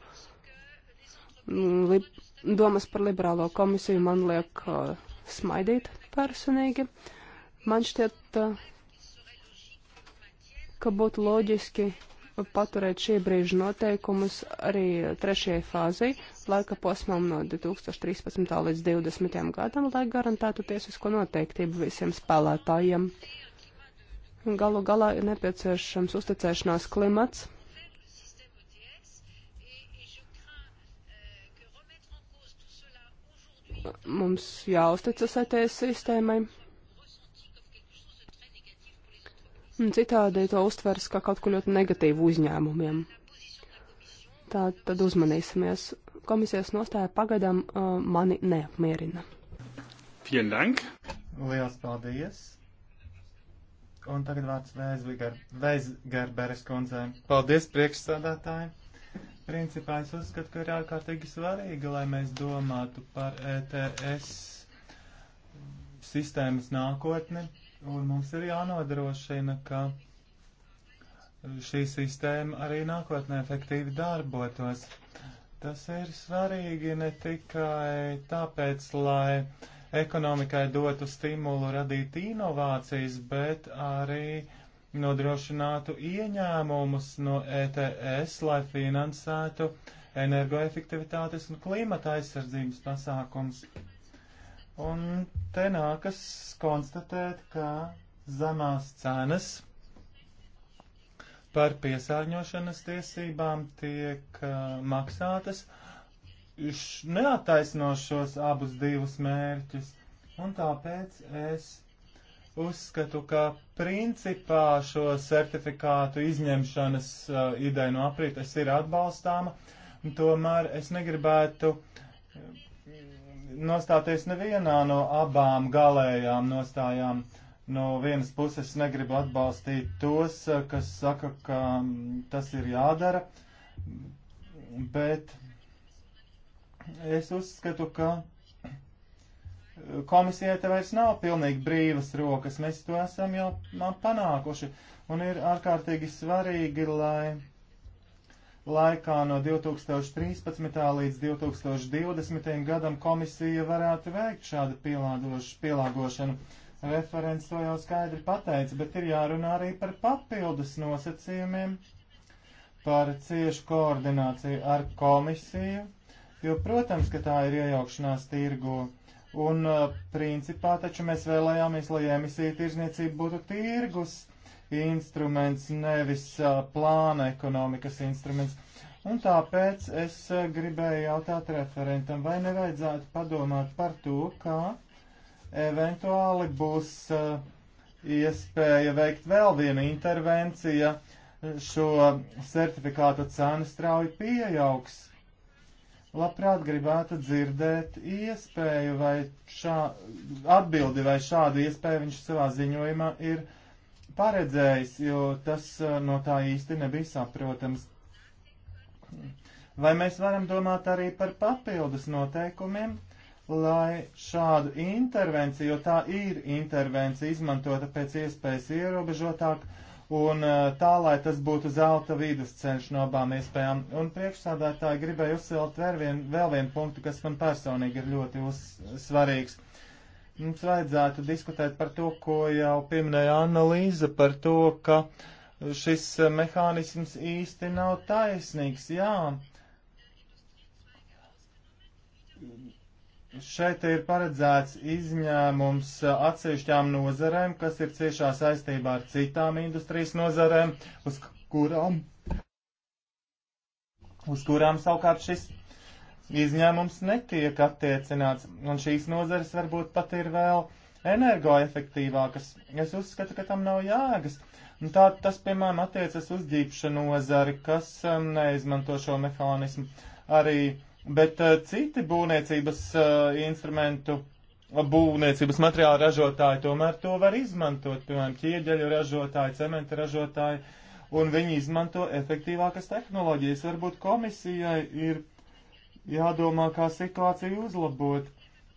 Speaker 2: Lib domas par liberālo komisiju man liek uh, smaidīt personīgi. Man šķiet, uh, ka būtu loģiski paturēt šī brīža noteikumus arī trešajai fāzei, laika posmam no 2013. līdz 2020. gadam, lai garantētu tiesisko noteiktību visiem spēlētājiem. Uh, Galu galā ir nepieciešams uzticēšanās klimats. Mums jāuzticas ETS sistēmai. Citādi to uztvers kā kaut ko ļoti negatīvu uzņēmumiem. Tā tad uzmanīsimies. Komisijas nostāja pagaidām uh, mani neapmierina.
Speaker 1: Vielen Dank! Lielas paldies! Un tagad vārds Veisgerberes kundzē. Paldies, priekšsādātāji! Principā es uzskatu, ka ir ārkārtīgi svarīgi, lai mēs domātu par ETS sistēmas nākotni, un mums ir jānodrošina, ka šī sistēma arī nākotnē efektīvi darbotos. Tas ir svarīgi ne tikai tāpēc, lai ekonomikai dotu stimulu radīt inovācijas, bet arī nodrošinātu ieņēmumus no ETS, lai finansētu energoefektivitātes un klimata aizsardzības pasākums. Un te nākas konstatēt, ka zemās cenas par piesārņošanas tiesībām tiek uh, maksātas uh, neataisno šos abus divus mērķus. Un tāpēc es uzskatu, ka principā šo certifikātu izņemšanas uh, ideja no aprītes ir atbalstāma. Tomēr es negribētu mm, nostāties nevienā no abām galējām nostājām. No vienas puses negribu atbalstīt tos, uh, kas saka, ka mm, tas ir jādara, bet es uzskatu, ka eh, komisijai te vairs nav pilnīgi brīvas rokas. Mēs to esam jau nu, panākuši. Un ir ārkārtīgi svarīgi, lai laikā no 2013. līdz 2020. gadam komisija varētu veikt šādu pielāgošanu. Referents to jau skaidri pateica, bet ir jārunā arī par papildus nosacījumiem, par ciešu koordināciju ar komisiju Jo, protams, ka tā ir iejaukšanās tirgu. Un uh, principā taču mēs vēlējāmies, lai emisija tirzniecība būtu tirgus instruments, nevis uh, plāna ekonomikas instruments. Un tāpēc es uh, gribēju jautāt referentam, vai nevajadzētu padomāt par to, kā eventuāli būs iespēja veikt vēl vienu intervenciju, šo certifikātu cenu strauji pieaugs labprāt gribētu dzirdēt iespēju vai šā, atbildi, vai šādu iespēju viņš savā ziņojumā ir paredzējis, jo tas eh, no tā īsti nebija saprotams. Vai mēs varam domāt arī par papildus noteikumiem, lai šādu intervenciju, jo tā ir intervencija, izmantota pēc iespējas ierobežotāk, uh, un eh, tā, lai tas būtu zelta vidusceļš no abām iespējām. Un priekšsādātāji gribēja uzsvērt vēl vienu vēl vien punktu, kas man personīgi ir ļoti uz, svarīgs. Mums vajadzētu diskutēt par to, ko jau pieminēja analīze, par to, ka šis eh, mehānisms īsti nav taisnīgs. Jā. Šeit ir paredzēts izņēmums atsevišķām nozarēm, kas ir ciešā saistībā ar citām industrijas nozarēm, uz kurām, uz kurām savukārt šis izņēmums netiek attiecināts, un šīs nozares varbūt pat ir vēl energoefektīvākas. Es uzskatu, ka tam nav jēgas. Un tā tas, piemēram, attiecas uz ģipšu nozari, kas um, neizmanto šo mehānismu. Arī uh, bet uh, citi būvniecības uh, instrumentu, būvniecības materiāla ražotāji tomēr to var izmantot, piemēram, ķieģeļu ražotāji, cementa ražotāji, un viņi izmanto efektīvākas tehnoloģijas. Varbūt komisijai ir jādomā, kā situāciju uzlabot.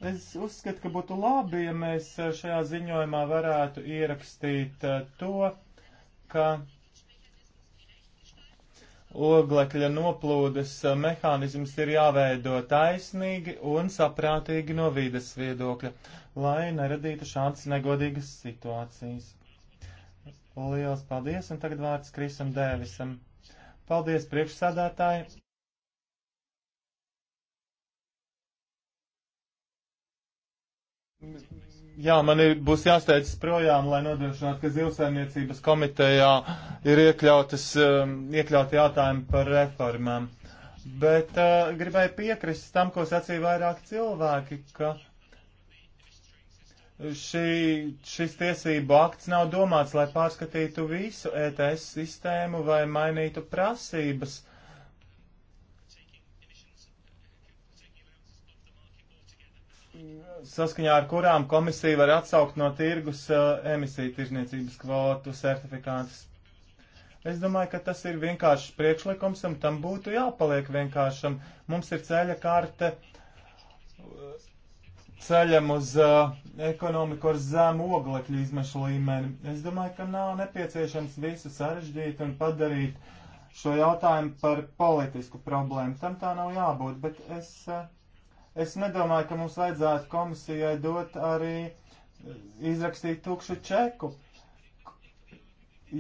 Speaker 1: Es uzskatu, ka būtu labi, ja mēs eh, šajā ziņojumā varētu ierakstīt uh, to, ka oglekļa noplūdes eh, mehānisms ir jāveido taisnīgi un saprātīgi no vīdes viedokļa, lai neradītu šādas negodīgas situācijas. Lielas paldies, un tagad vārds Krisam Dēvisam. Paldies, priekšsādātāji! Thank you. Jā, man ir, būs jāsteidzas projām, lai nodrošinātu, ka zivsaimniecības komitejā ir iekļautas, um, iekļauti jautājumi par reformām. Bet uh, gribēju piekrist tam, ko sacīja vairāk cilvēki, ka šī, šis tiesību akts nav domāts, lai pārskatītu visu ETS sistēmu vai mainītu prasības saskaņā ar kurām komisija var atsaukt no tirgus uh, emisiju tirzniecības kvotu certifikātus. Es domāju, ka tas ir vienkāršs priekšlikums, un tam būtu jāpaliek vienkāršam. Mums ir ceļa karte ceļam uz uh, ekonomiku ar zemu oglekļu izmešu līmeni. Es domāju, ka nav nepieciešams visu sarežģīt un padarīt šo jautājumu par politisku problēmu. Tam tā nav jābūt, bet es uh, Es nedomāju, ka mums vajadzētu komisijai dot arī izrakstīt tukšu čeku.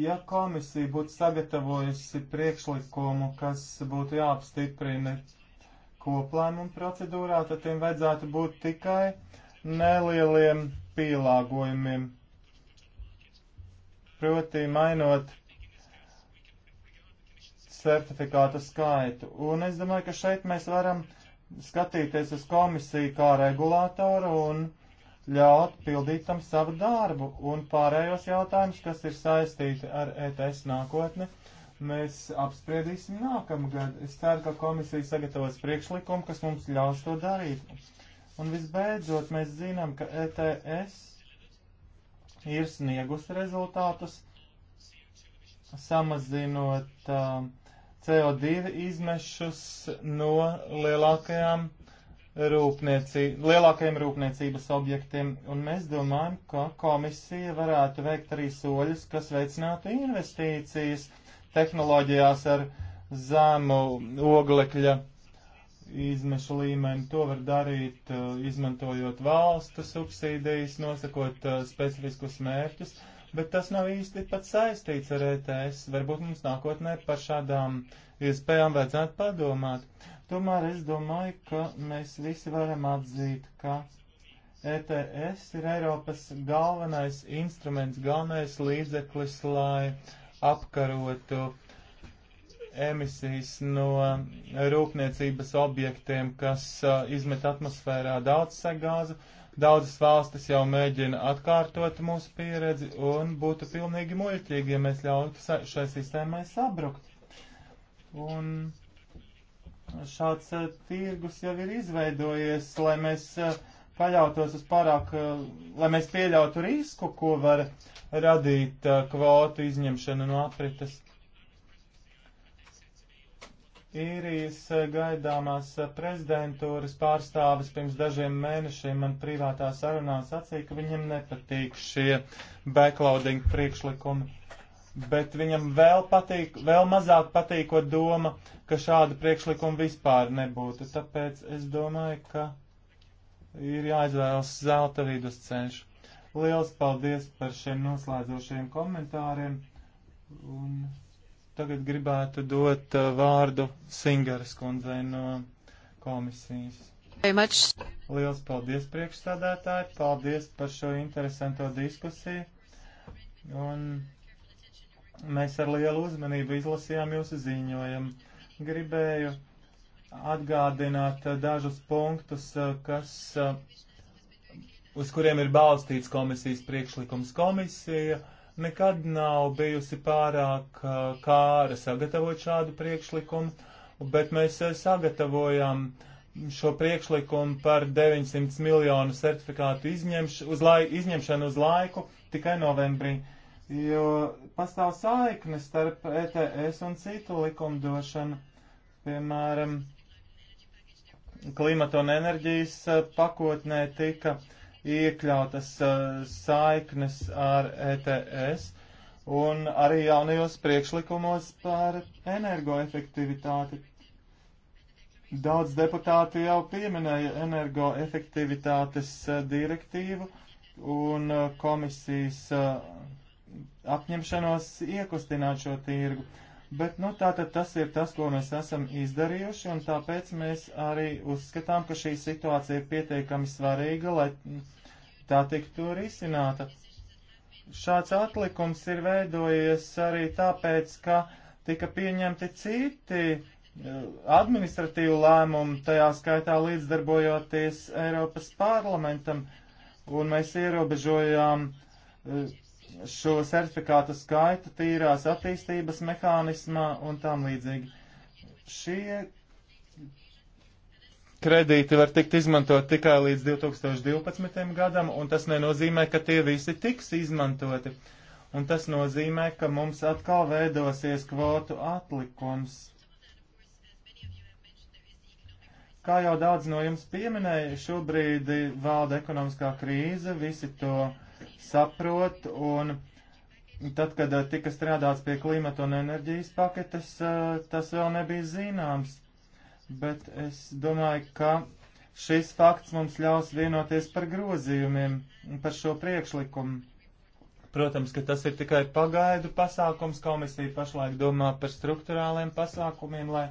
Speaker 1: Ja komisija būtu sagatavojusi priekšlikumu, kas būtu jāapstiprina koplēmuma procedūrā, tad tiem vajadzētu būt tikai nelieliem pielāgojumiem. Proti, mainot certifikātu skaitu. Un es domāju, ka šeit mēs varam skatīties uz komisiju kā regulātoru un ļaut pildīt tam savu darbu. Un pārējos jautājumus, kas ir saistīti ar ETS nākotni, mēs apspriedīsim nākamgad. Es ceru, ka komisija sagatavos priekšlikumu, kas mums ļaus to darīt. Un visbeidzot, mēs zinām, ka ETS ir sniegusi rezultātus, samazinot uh, CO2 izmešus no lielākajām rūpniecī, lielākajiem rūpniecības objektiem, un mēs domājam, ka komisija varētu veikt arī soļus, kas veicinātu investīcijas tehnoloģijās ar zemu oglekļa izmešu līmeni. To var darīt, uh, izmantojot valstu subsīdijas, nosakot uh, specifiskus mērķus. Uh, bet tas nav īsti pat saistīts ar ETS. Varbūt mums nākotnē par šādām iespējām vajadzētu padomāt. Tomēr es domāju, ka mēs visi varam atzīt, ka ETS ir Eiropas galvenais instruments, galvenais līdzeklis, lai apkarotu emisijas no rūpniecības objektiem, kas uh, izmet atmosfērā daudz sagāzu, Daudzas valstis jau mēģina atkārtot mūsu pieredzi un būtu pilnīgi muļķīgi, ja mēs ļautu šai sistēmai sabrukt. Un šāds uh, tirgus jau ir izveidojies, lai mēs uh, paļautos uz pārāk, uh, lai mēs pieļautu risku, ko var radīt kvotu izņemšana no aprites īrijas eh, gaidāmās eh, prezidentūras pārstāvis pirms dažiem mēnešiem man privātā sarunā sacīja, ka viņam nepatīk šie backloading priekšlikumi. Bet viņam vēl, patīk, vēl mazāk patīko doma, ka šāda priekšlikuma vispār nebūtu. Tāpēc es domāju, ka ir jāizvēlas zelta vidusceļš. Liels paldies par šiem noslēdzošiem komentāriem. Un... Tagad gribētu dot uh, vārdu Singaras kundzei no komisijas. Liels paldies priekšstādātāji, paldies par šo interesanto diskusiju. Un mēs ar lielu uzmanību izlasījām jūsu ziņojumu. Gribēju atgādināt uh, dažus punktus, uh, kas uz kuriem ir balstīts komisijas priekšlikums komisija nekad nav bijusi pārāk kāra sagatavot šādu priekšlikumu, bet mēs sagatavojam šo priekšlikumu par 900 miljonu certifikātu izņemš, uz lai, izņemšanu uz laiku tikai novembrī, jo pastāv saikne starp ETS un citu likumdošanu, piemēram, klimata un enerģijas pakotnē tika uh, iekļautas uh, saiknes ar ETS un arī jaunajos priekšlikumos par energoefektivitāti. Daudz deputāti jau pieminēja energoefektivitātes uh, direktīvu un uh, komisijas apņemšanos iekustināt šo tirgu. Bet, nu, tātad tas ir tas, ko mēs esam izdarījuši, un tāpēc mēs arī uzskatām, ka šī situācija ir pietiekami svarīga, lai tā tiktu risināta. Šāds atlikums ir veidojies arī tāpēc, ka tika pieņemti citi eh, administratīvu lēmumu, tajā skaitā līdzdarbojoties Eiropas parlamentam, un mēs ierobežojām eh, šo certifikātu skaitu tīrās attīstības mehānismā un tam līdzīgi. Šie kredīti var tikt izmantot tikai līdz 2012. gadam, un tas nenozīmē, ka tie visi tiks izmantoti. Un tas nozīmē, ka mums atkal veidosies kvotu atlikums. Kā jau daudz no jums pieminēja, šobrīd valda ekonomiskā krīze, visi to saprot, un tad, kad tika strādāts pie klimata un enerģijas paketes, tas vēl nebija zināms bet es domāju, ka šis fakts mums ļaus vienoties par grozījumiem un par šo priekšlikumu. Protams, ka tas ir tikai pagaidu pasākums. Komisija pašlaik domā par struktūrāliem pasākumiem, lai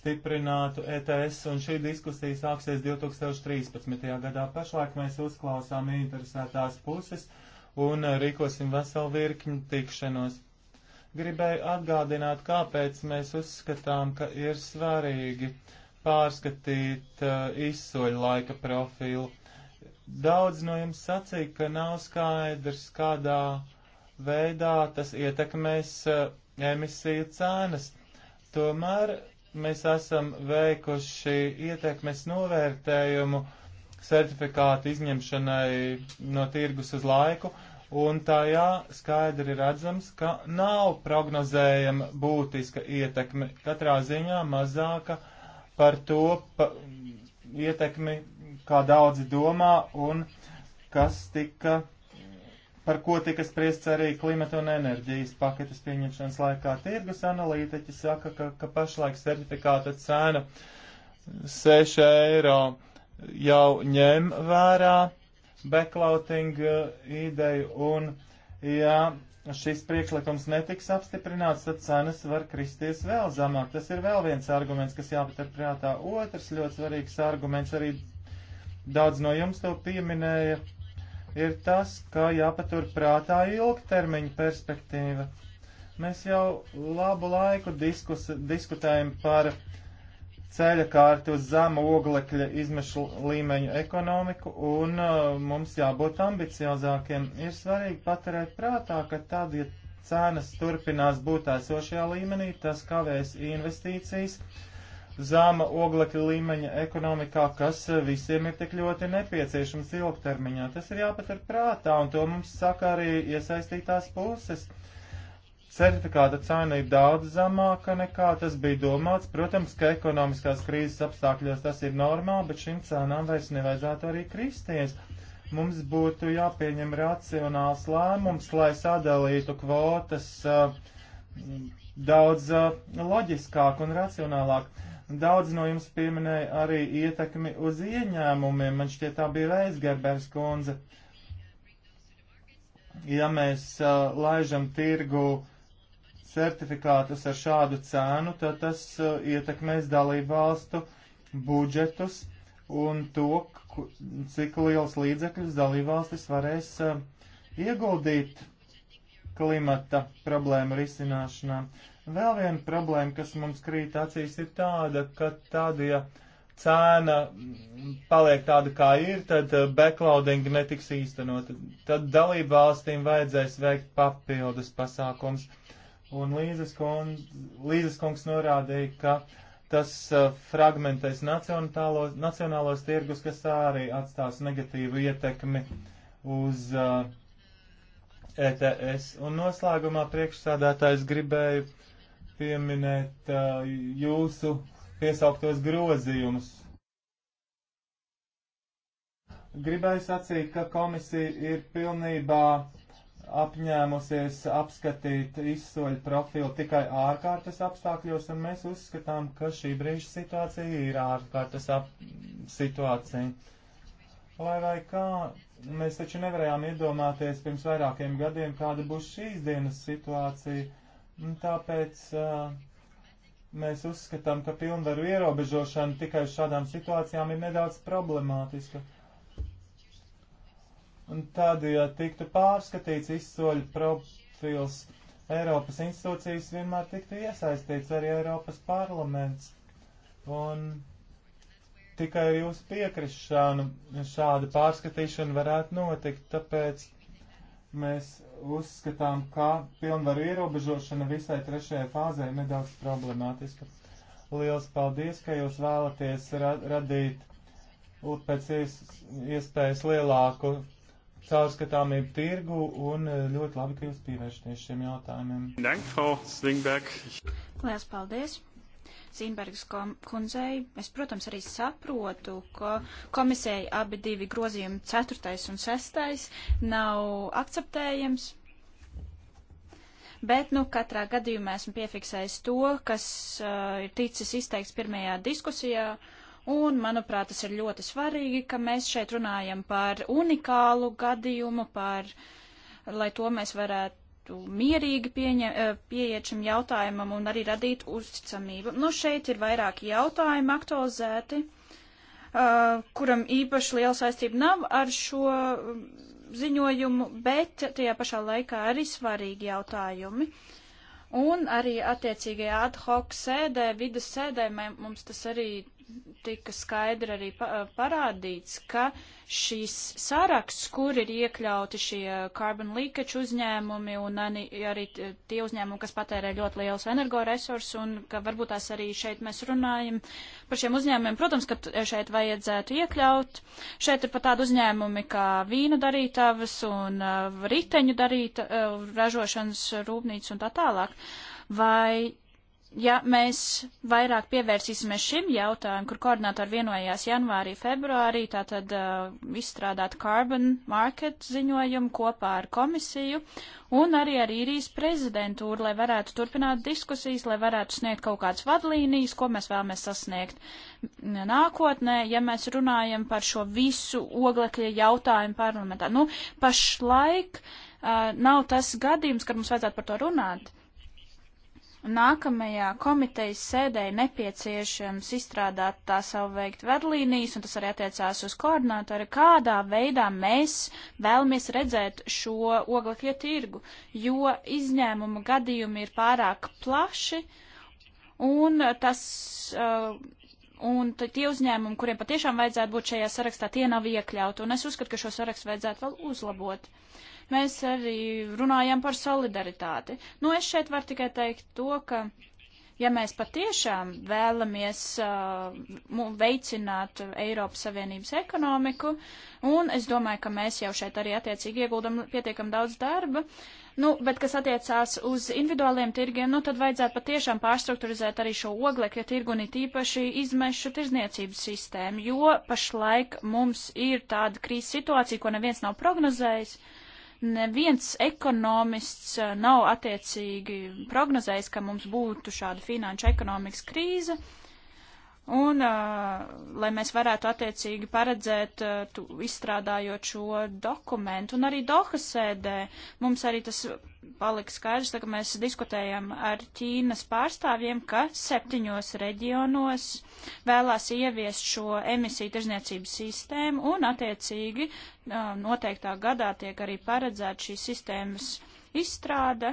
Speaker 1: stiprinātu ETS, un šī diskusija sāksies 2013. gadā. Pašlaik mēs uzklausām interesētās puses un rīkosim veselu virkni tikšanos. Gribēju atgādināt, kāpēc mēs uzskatām, ka ir svarīgi pārskatīt uh, izsoļu laika profilu. Daudz no jums sacīja, ka nav skaidrs, kādā veidā tas ietekmēs uh, emisiju cenas. Tomēr mēs esam veikuši ietekmes novērtējumu certifikātu izņemšanai no tirgus uz laiku, un tajā skaidri redzams, ka nav prognozējama būtiska ietekme, katrā ziņā mazāka par to pa, ietekmi, kā daudzi domā, un kas tika, par ko tika spriests arī klimata un enerģijas paketes pieņemšanas laikā. Tirgus analītiķi saka, ka, ka pašlaik certifikāta cena 6 eiro jau ņem vērā backlouting uh, ideju un, ja šis priekšlikums netiks apstiprināts, tad cenas var kristies vēl zemāk. Tas ir vēl viens arguments, kas jāpatur prātā. Otrs ļoti svarīgs arguments, arī daudz no jums to pieminēja, ir tas, ka jāpatur prātā ilgtermiņa perspektīva. Mēs jau labu laiku diskus, diskutējam par ceļa kārti uz zemu oglekļa izmešu līmeņu ekonomiku, un uh, mums jābūt ambiciozākiem. Ir svarīgi paturēt prātā, ka tad, ja cenas turpinās būt esošajā līmenī, tas kavēs investīcijas zema oglekļa līmeņa ekonomikā, kas visiem ir tik ļoti nepieciešams ilgtermiņā. Tas ir jāpatur prātā, un to mums saka arī iesaistītās puses. Uh, Certifikāta cena ir daudz zemāka nekā tas bija domāts. Protams, ka ekonomiskās krīzes apstākļos tas ir normāli, bet šīm cenām vairs nevajadzētu arī kristies. Mums būtu jāpieņem racionāls lēmums, lai sadalītu kvotas uh, daudz uh, loģiskāk un racionālāk. Daudz no jums pieminēja arī ietekmi uz ieņēmumiem. Man šķiet, tā bija Reisgerbers kundze. Ja mēs uh, laižam tirgu certifikātus ar šādu cēnu, tad tas uh, ietekmēs dalību valstu budžetus un to, cik liels līdzekļus dalību valstis varēs uh, ieguldīt klimata problēmu risināšanā. Vēl viena problēma, kas mums krīt acīs, ir tāda, ka tāda, ja cēna paliek tāda, kā ir, tad uh, backloading netiks īstenot. Tad dalību valstīm vajadzēs veikt papildus pasākums. Uh, un Līzes, kun, Līzes kungs norādīja, ka tas uh, fragmentēs nacionālos, nacionālos tirgus, kas arī atstās negatīvu ietekmi uz uh, ETS. Un noslēgumā priekšsādātājs gribēju pieminēt uh, jūsu piesauktos grozījumus. Gribēju sacīt, ka komisija ir pilnībā apņēmusies apskatīt izsoļu profilu tikai ārkārtas apstākļos, un mēs uzskatām, ka šī brīža situācija ir ārkārtas ap situācija. Lai vai kā, mēs taču nevarējām iedomāties pirms vairākiem gadiem, kāda būs šīs dienas situācija, un tāpēc uh, mēs uzskatām, ka pilnvaru ierobežošana tikai šādām situācijām ir nedaudz problemātiska. Uh, Un tad, ja tiktu pārskatīts izsoļu profils, Eiropas institūcijas vienmēr tiktu iesaistīts arī Eiropas parlaments. Un tikai ar jūsu piekrišanu šāda pārskatīšana varētu notikt, tāpēc mēs uzskatām, ka pilnvaru ierobežošana visai trešajai fāzē ir nedaudz problemātiska. Liels paldies, ka jūs vēlaties ra radīt pēc iespējas lielāku caurskatāmību tirgu un eh, ļoti labi, ka jūs pievēršaties šiem jautājumiem. Dank,
Speaker 3: Frau Slingberg.
Speaker 4: Lielas paldies. Zīmbergas kundzei. Es, protams, arī saprotu, ka komisēji abi divi grozījumi, ceturtais un sestais, nav akceptējams. Bet, nu, katrā gadījumā esmu piefiksējis to, kas uh, ir ticis izteikts pirmajā diskusijā. Uh, Un, manuprāt, tas ir ļoti svarīgi, ka mēs šeit runājam par unikālu gadījumu, par, lai to mēs varētu mierīgi pieņem, eh, pieiet šim jautājumam un arī radīt uzticamību. Nu, šeit ir vairāki jautājumi aktualizēti, uh, kuram īpaši liela saistība nav ar šo mm, ziņojumu, bet tajā pašā laikā arī svarīgi jautājumi. Un arī attiecīgajā ad hoc sēdē, vidas sēdē mums tas arī tika skaidri arī parādīts, ka šīs saraksts, kur ir iekļauti šie carbon leakage uzņēmumi un arī tie uzņēmumi, kas patērē ļoti liels energoresursus, un ka varbūt tās arī šeit mēs runājam par šiem uzņēmumiem. Protams, ka šeit vajadzētu iekļaut. Šeit ir pat tādi uzņēmumi kā vīnu darītavas un riteņu darīta, ražošanas rūpnīcas un tā tālāk. Vai ja mēs vairāk pievērsīsimies šim jautājumam, kur koordinātori vienojās janvārī, februārī, tātad uh, izstrādāt carbon market ziņojumu kopā ar komisiju un arī ar īrijas prezidentūru, lai varētu turpināt diskusijas, lai varētu sniegt kaut kādas vadlīnijas, ko mēs vēlamies sasniegt nākotnē, ja mēs runājam par šo visu oglekļa jautājumu parlamentā. Nu, pašlaik uh, nav tas gadījums, kad mums vajadzētu par to runāt. Uh, nākamajā komitejas sēdē nepieciešams izstrādāt tā savu veikt vadlīnijas, un tas arī attiecās uz koordinātori, kādā veidā mēs vēlamies redzēt šo oglekļa tirgu, jo izņēmuma gadījumi ir pārāk plaši, un tas. Uh, Un tie uzņēmumi, kuriem patiešām vajadzētu būt šajā sarakstā, tie nav iekļauti. Un es uzskatu, ka šo sarakstu vajadzētu vēl uzlabot. Uh, Mēs arī runājam par solidaritāti. Nu, es šeit varu tikai teikt to, ka ja mēs patiešām vēlamies uh, veicināt Eiropas Savienības ekonomiku, un es domāju, ka mēs jau šeit arī attiecīgi ieguldam pietiekam daudz darba, nu, bet kas attiecās uz individuāliem tirgiem, nu, tad vajadzētu patiešām pārstrukturizēt arī šo oglekļa tirgu un it īpaši izmešu tirzniecības sistēmu, jo pašlaik mums ir tāda krīzes situācija, ko neviens nav prognozējis. Uh, Neviens ekonomists eh, nav attiecīgi prognozējis, ka mums būtu šāda finanšu ekonomikas krīze. Un, uh, lai mēs varētu attiecīgi paredzēt, uh, tu, izstrādājot šo dokumentu, un arī Doha sēdē mums arī tas palika skaidrs, tā, ka mēs diskutējam ar Ķīnas pārstāvjiem, ka septiņos reģionos vēlās ieviest šo emisiju tirzniecības sistēmu un attiecīgi noteiktā gadā tiek arī paredzēta šīs sistēmas izstrāde.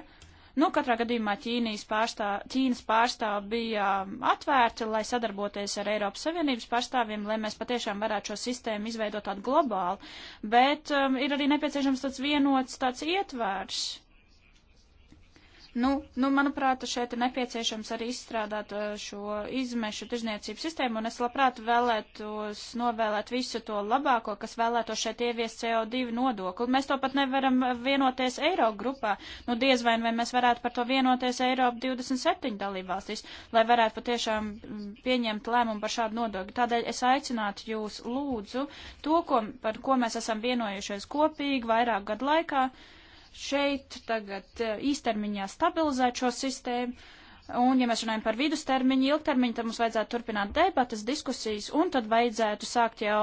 Speaker 4: Nu, katrā gadījumā Ķīnijas pārstāv, Ķīnas pārstāv bija atvērti, lai sadarboties ar Eiropas Savienības pārstāvjiem, lai mēs patiešām varētu šo sistēmu izveidot tādu globālu, bet um, ir arī nepieciešams tāds vienots tāds ietvērs. Nu, nu, manuprāt, šeit ir nepieciešams arī izstrādāt uh, šo izmešu tirzniecības sistēmu, un es labprāt vēlētos novēlēt visu to labāko, kas vēlēto šeit ieviest CO2 nodokli. Mēs to pat nevaram vienoties Eiro grupā. Nu, diez vai, vai nu mēs varētu par to vienoties Eiropa 27 dalībvalstīs, lai varētu patiešām mm, pieņemt lēmumu par šādu nodokli. Tādēļ es aicinātu jūs lūdzu to, ko, par ko mēs esam vienojušies kopīgi vairāk gadu laikā. Uh, šeit tagad eh, īstermiņā stabilizēt šo sistēmu. Un, ja mēs runājam par vidustermiņu, ilgtermiņu, tad mums vajadzētu turpināt debatas, diskusijas, un tad vajadzētu sākt jau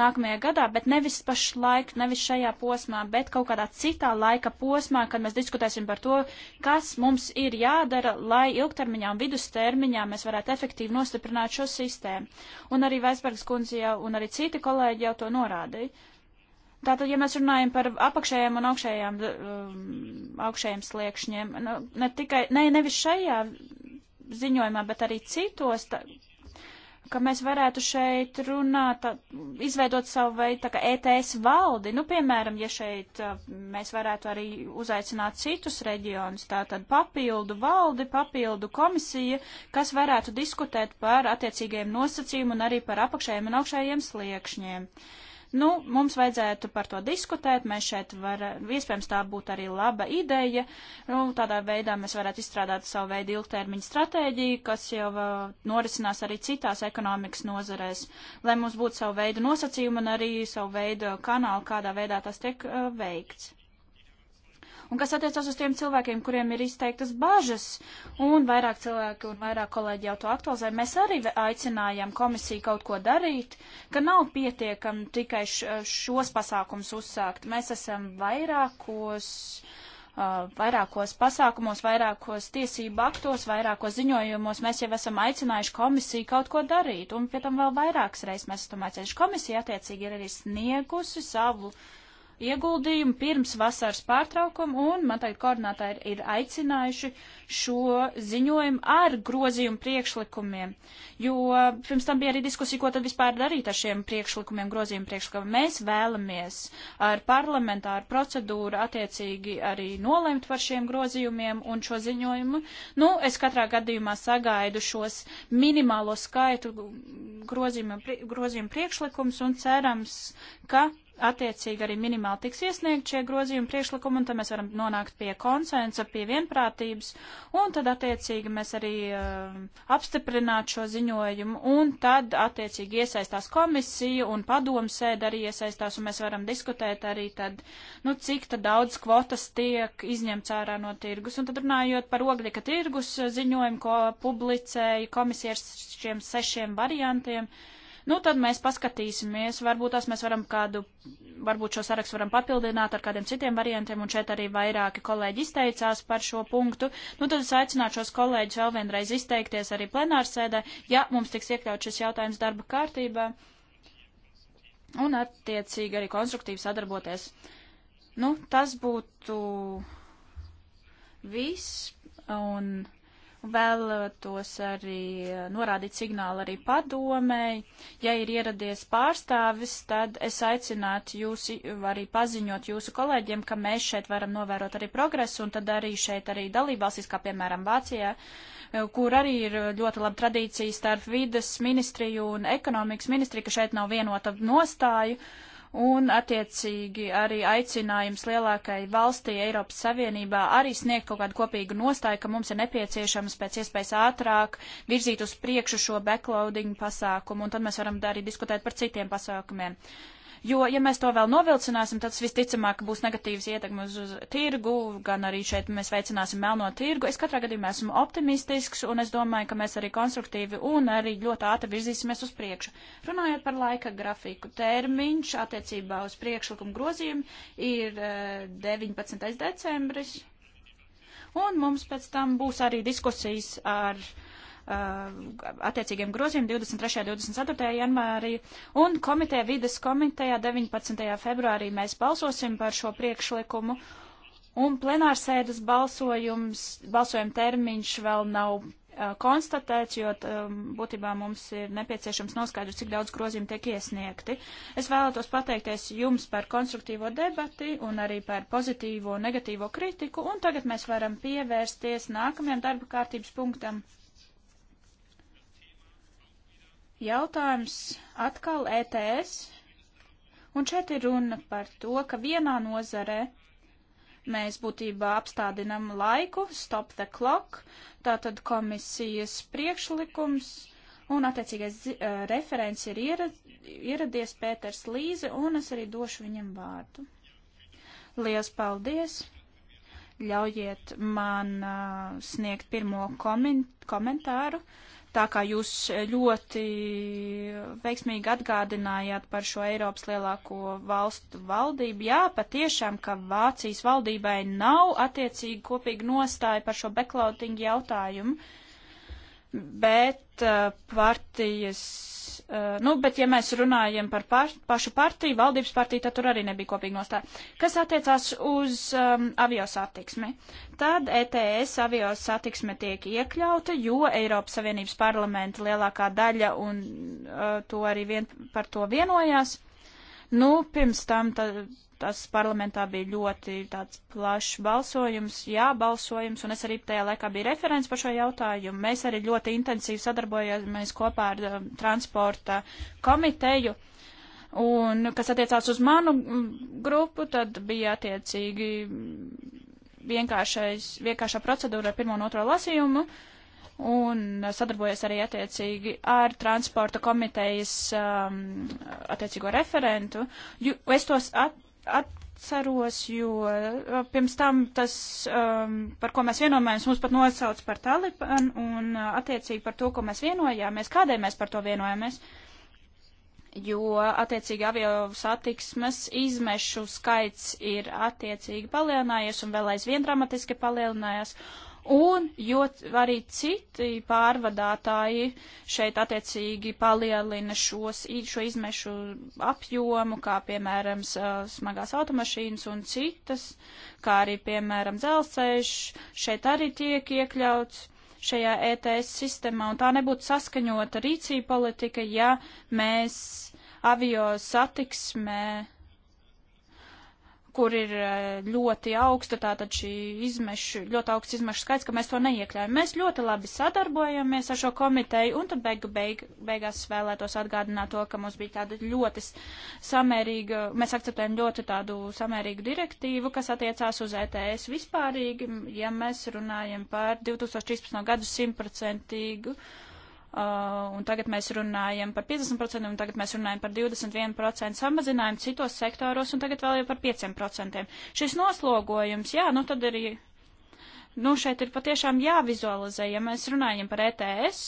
Speaker 4: nākamajā gadā, bet nevis pašlaik, nevis šajā posmā, bet kaut kādā citā laika posmā, kad mēs diskutēsim par to, kas mums ir jādara, lai ilgtermiņā un vidustermiņā mēs varētu efektīvi nostiprināt šo sistēmu. Un arī Vaisbergs kundze jau, un arī citi kolēģi jau to norādīja Tātad, ja mēs runājam par apakšējiem un augšējām, um, augšējiem sliekšņiem, nu, ne tikai, ne, nevis šajā ziņojumā, bet arī citos, tā, ka mēs varētu šeit runāt, tā, izveidot savu veidu tā kā ETS valdi, nu, piemēram, ja šeit uh, mēs varētu arī uzaicināt citus reģionus, tātad papildu valdi, papildu komisija, kas varētu diskutēt par attiecīgajiem nosacījumiem un arī par apakšējiem un augšējiem sliekšņiem. Uh, Nu, mums vajadzētu par to diskutēt, mēs šeit var, iespējams tā būtu arī laba ideja, nu, tādā veidā mēs varētu izstrādāt savu veidu ilgtermiņu stratēģiju, kas jau uh, norisinās arī citās ekonomikas nozarēs, lai mums būtu savu veidu nosacījumi un arī savu veidu uh, kanāli, kādā veidā tas tiek uh, veikts. Un kas attiecās uz tiem cilvēkiem, kuriem ir izteiktas bažas, un vairāk cilvēki un vairāk kolēģi jau to aktualizē, mēs arī aicinājām komisiju kaut ko darīt, ka nav pietiekam tikai šos pasākums uzsākt. Mēs esam vairākos vairākos pasākumos, vairākos tiesību aktos, vairākos ziņojumos mēs jau esam aicinājuši komisiju kaut ko darīt, un pie tam vēl vairākas reizes mēs esam aicinājuši. Komisija attiecīgi ir arī sniegusi savu ieguldījumu pirms vasaras pārtraukuma, un man tagad koordinātāji ir, ir aicinājuši šo ziņojumu ar grozījumu priekšlikumiem, jo pirms tam bija arī diskusija, ko tad vispār darīt ar šiem priekšlikumiem, grozījumu priekšlikumiem. Mēs vēlamies ar parlamentāru procedūru attiecīgi arī nolemt par šiem grozījumiem un šo ziņojumu. Nu, es katrā gadījumā sagaidu šos minimālo skaitu grozījumu, grozījumu priekšlikumus un cerams, ka attiecīgi arī minimāli tiks iesniegt šie grozījumi priekšlikumi, un tad mēs varam nonākt pie konsensa, pie vienprātības, un tad attiecīgi mēs arī uh, apstiprināt šo ziņojumu, un tad attiecīgi iesaistās komisija un padomu sēd arī iesaistās, un mēs varam diskutēt arī tad, nu, cik tad daudz kvotas tiek izņemts ārā no tirgus, un tad runājot par oglika tirgus ziņojumu, ko publicēja komisija ar šiem sešiem variantiem. Uh, Nu, tad mēs paskatīsimies, varbūt tās mēs varam kādu, varbūt šo sarakstu varam papildināt ar kādiem citiem variantiem, un šeit arī vairāki kolēģi izteicās par šo punktu. Nu, tad es aicinātu šos kolēģus vēl vienreiz izteikties arī plenārsēdē, ja mums tiks iekļaut šis jautājums darba kārtībā, un attiecīgi arī konstruktīvi sadarboties. Nu, tas būtu viss, un Vēlētos arī eh, norādīt signālu arī padomēji. Ja ir ieradies pārstāvis, tad es aicinātu jūs arī paziņot jūsu kolēģiem, ka mēs šeit varam novērot arī progresu un tad arī šeit arī dalībvalstīs, kā piemēram Vācijā, eh, kur arī ir ļoti laba tradīcija starp vides ministriju un ekonomikas ministriju, ka šeit nav vienota nostāja. Uh, un attiecīgi arī aicinājums lielākai valstī Eiropas Savienībā arī sniegt kaut kādu kopīgu nostāju, ka mums ir nepieciešams pēc iespējas ātrāk virzīt uz priekšu šo backloading pasākumu, un tad mēs varam arī diskutēt par citiem pasākumiem. Uh, Jo, ja mēs to vēl novilcināsim, tad visticamāk būs negatīvas ietekmes uz tirgu, gan arī šeit mēs veicināsim melno tirgu. Es katrā gadījumā esmu optimistisks, un es domāju, ka mēs arī konstruktīvi un arī ļoti ātri virzīsimies uz priekšu. Runājot par laika grafiku, termiņš attiecībā uz priekšlikumu grozījumu ir 19. Eh, decembris, un mums pēc tam būs arī diskusijas ar. Uh, attiecīgiem grozījumiem 23. un 24. janvārī, un komiteja, vides komitejā 19. februārī mēs balsosim par šo priekšlikumu, un plenārsēdes balsojums, balsojuma termiņš vēl nav konstatēts, jo t, būtībā mums ir nepieciešams noskaidrot, cik daudz grozījumu tiek iesniegti. Es vēlētos pateikties jums par konstruktīvo debati un arī par pozitīvo un negatīvo kritiku, un tagad mēs varam pievērsties nākamajam darba kārtības punktam. Jautājums atkal ETS. Un šeit ir runa par to, ka vienā nozarē mēs būtībā apstādinam laiku, stop the clock, tātad komisijas priekšlikums, un attiecīgais uh, referents ir ierad, ieradies Pēters Līze, un es arī došu viņam vārdu. Lielas paldies! Ļaujiet man uh, sniegt pirmo koment komentāru. Uh, tā kā jūs ļoti veiksmīgi atgādinājāt par šo Eiropas lielāko valstu valdību, jā, patiešām, ka Vācijas valdībai nav attiecīgi kopīgi nostāja par šo backloading jautājumu. Uh, bet eh, partijas, eh, nu, bet ja mēs runājam par par, pašu partiju, valdības partiju, tad tur arī nebija kopīga nostāja. Kas attiecās uz um, aviosatiksmi? Tad ETS aviosatiksme tiek iekļauta, jo Eiropas Savienības parlamenta lielākā daļa un uh, to arī vien, par to vienojās. Nu, pirms tam tā, tas parlamentā bija ļoti tāds plašs balsojums, jā, balsojums, un es arī tajā laikā biju referents par šo jautājumu. Mēs arī ļoti intensīvi sadarbojamies kopā ar um, transporta komiteju. Un, kas attiecās uz manu mm, grupu, tad bija attiecīgi vienkāršais, vienkāršā procedūra ar pirmo un otro lasījumu. Uh, un sadarbojas arī attiecīgi ar transporta komitejas um, attiecīgo referentu. Ju, es tos at, atceros, jo uh, pirms tam tas, um, par ko mēs vienojāmies, mūs pat nosauc par Taliban un uh, attiecīgi par to, ko mēs vienojāmies, kādēļ mēs par to vienojāmies. Jo attiecīgi avio satiksmes izmešu skaits ir attiecīgi palielinājies un vēl aizvien dramatiski palielinājās. Uh, un jo arī citi pārvadātāji šeit attiecīgi palielina šos, šo izmešu apjomu, kā piemēram smagās automašīnas un citas, kā arī piemēram dzelzceļš, šeit arī tiek iekļauts šajā ETS sistēmā, un tā nebūtu saskaņota rīcība politika, ja mēs avio satiksmē kur ir e, ļoti augsta, tātad šī izmešu, ļoti augsts izmešu skaits, ka mēs to neiekļaujam. Mēs ļoti labi sadarbojamies ar šo komiteju, un tad beigu, beig, beigās vēlētos atgādināt to, ka mums bija tāda ļoti samērīga, mēs akceptējam ļoti tādu samērīgu direktīvu, kas attiecās uz ETS vispārīgi, ja mēs runājam par 2013. gadu simtprocentīgu. Uh, Uh, un tagad mēs runājam par 50%, un tagad mēs runājam par 21% samazinājumu citos sektoros, un tagad vēl jau par 5%. Šis noslogojums, jā, nu tad arī, nu šeit ir patiešām jāvizualizē, ja mēs runājam par ETS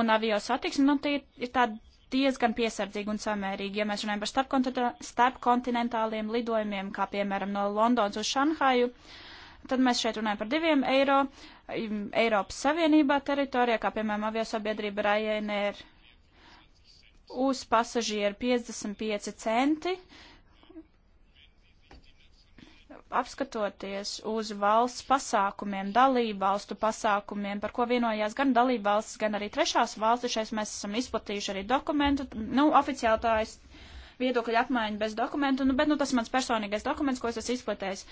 Speaker 4: un avio satiksmi, nu tie ir tādi diezgan piesardzīgi un samērīgi. Ja mēs runājam par starpkontinentāliem starp lidojumiem, kā piemēram no Londonas uz Šanhaju, tad mēs šeit runājam par diviem eiro. Uh, Eiropas Savienībā teritorijā, kā piemēram aviosabiedrība Ryanair, uz pasažieru 55 centi. Apskatoties uz valsts pasākumiem, dalību valstu pasākumiem, par ko vienojās gan dalību valsts, gan arī trešās valstis, šeit mēs esam izplatījuši arī dokumentu, nu, oficiāli tā es viedokļu apmaiņu bez dokumentu, nu, bet, nu, tas mans personīgais dokuments, ko es esmu izplatējis.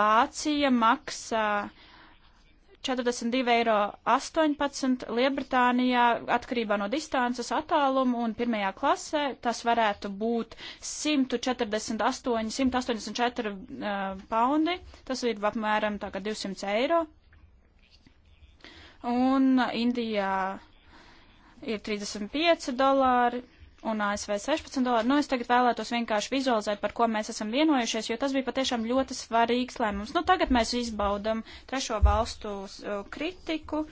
Speaker 4: Vācija maksā uh, 42,18 eiro Liebritānijā, atkarībā no distances attālumu un pirmajā klasē, tas varētu būt 148, 184 uh, paundi, tas ir apmēram tā kā 200 eiro. Un Indijā ir 35 dolāri un ASV 16 dolāri. Nu, es tagad vēlētos vienkārši vizualizēt, par ko mēs esam vienojušies, jo tas bija patiešām ļoti svarīgs lēmums. Nu, tagad mēs izbaudam trešo valstu uh, kritiku,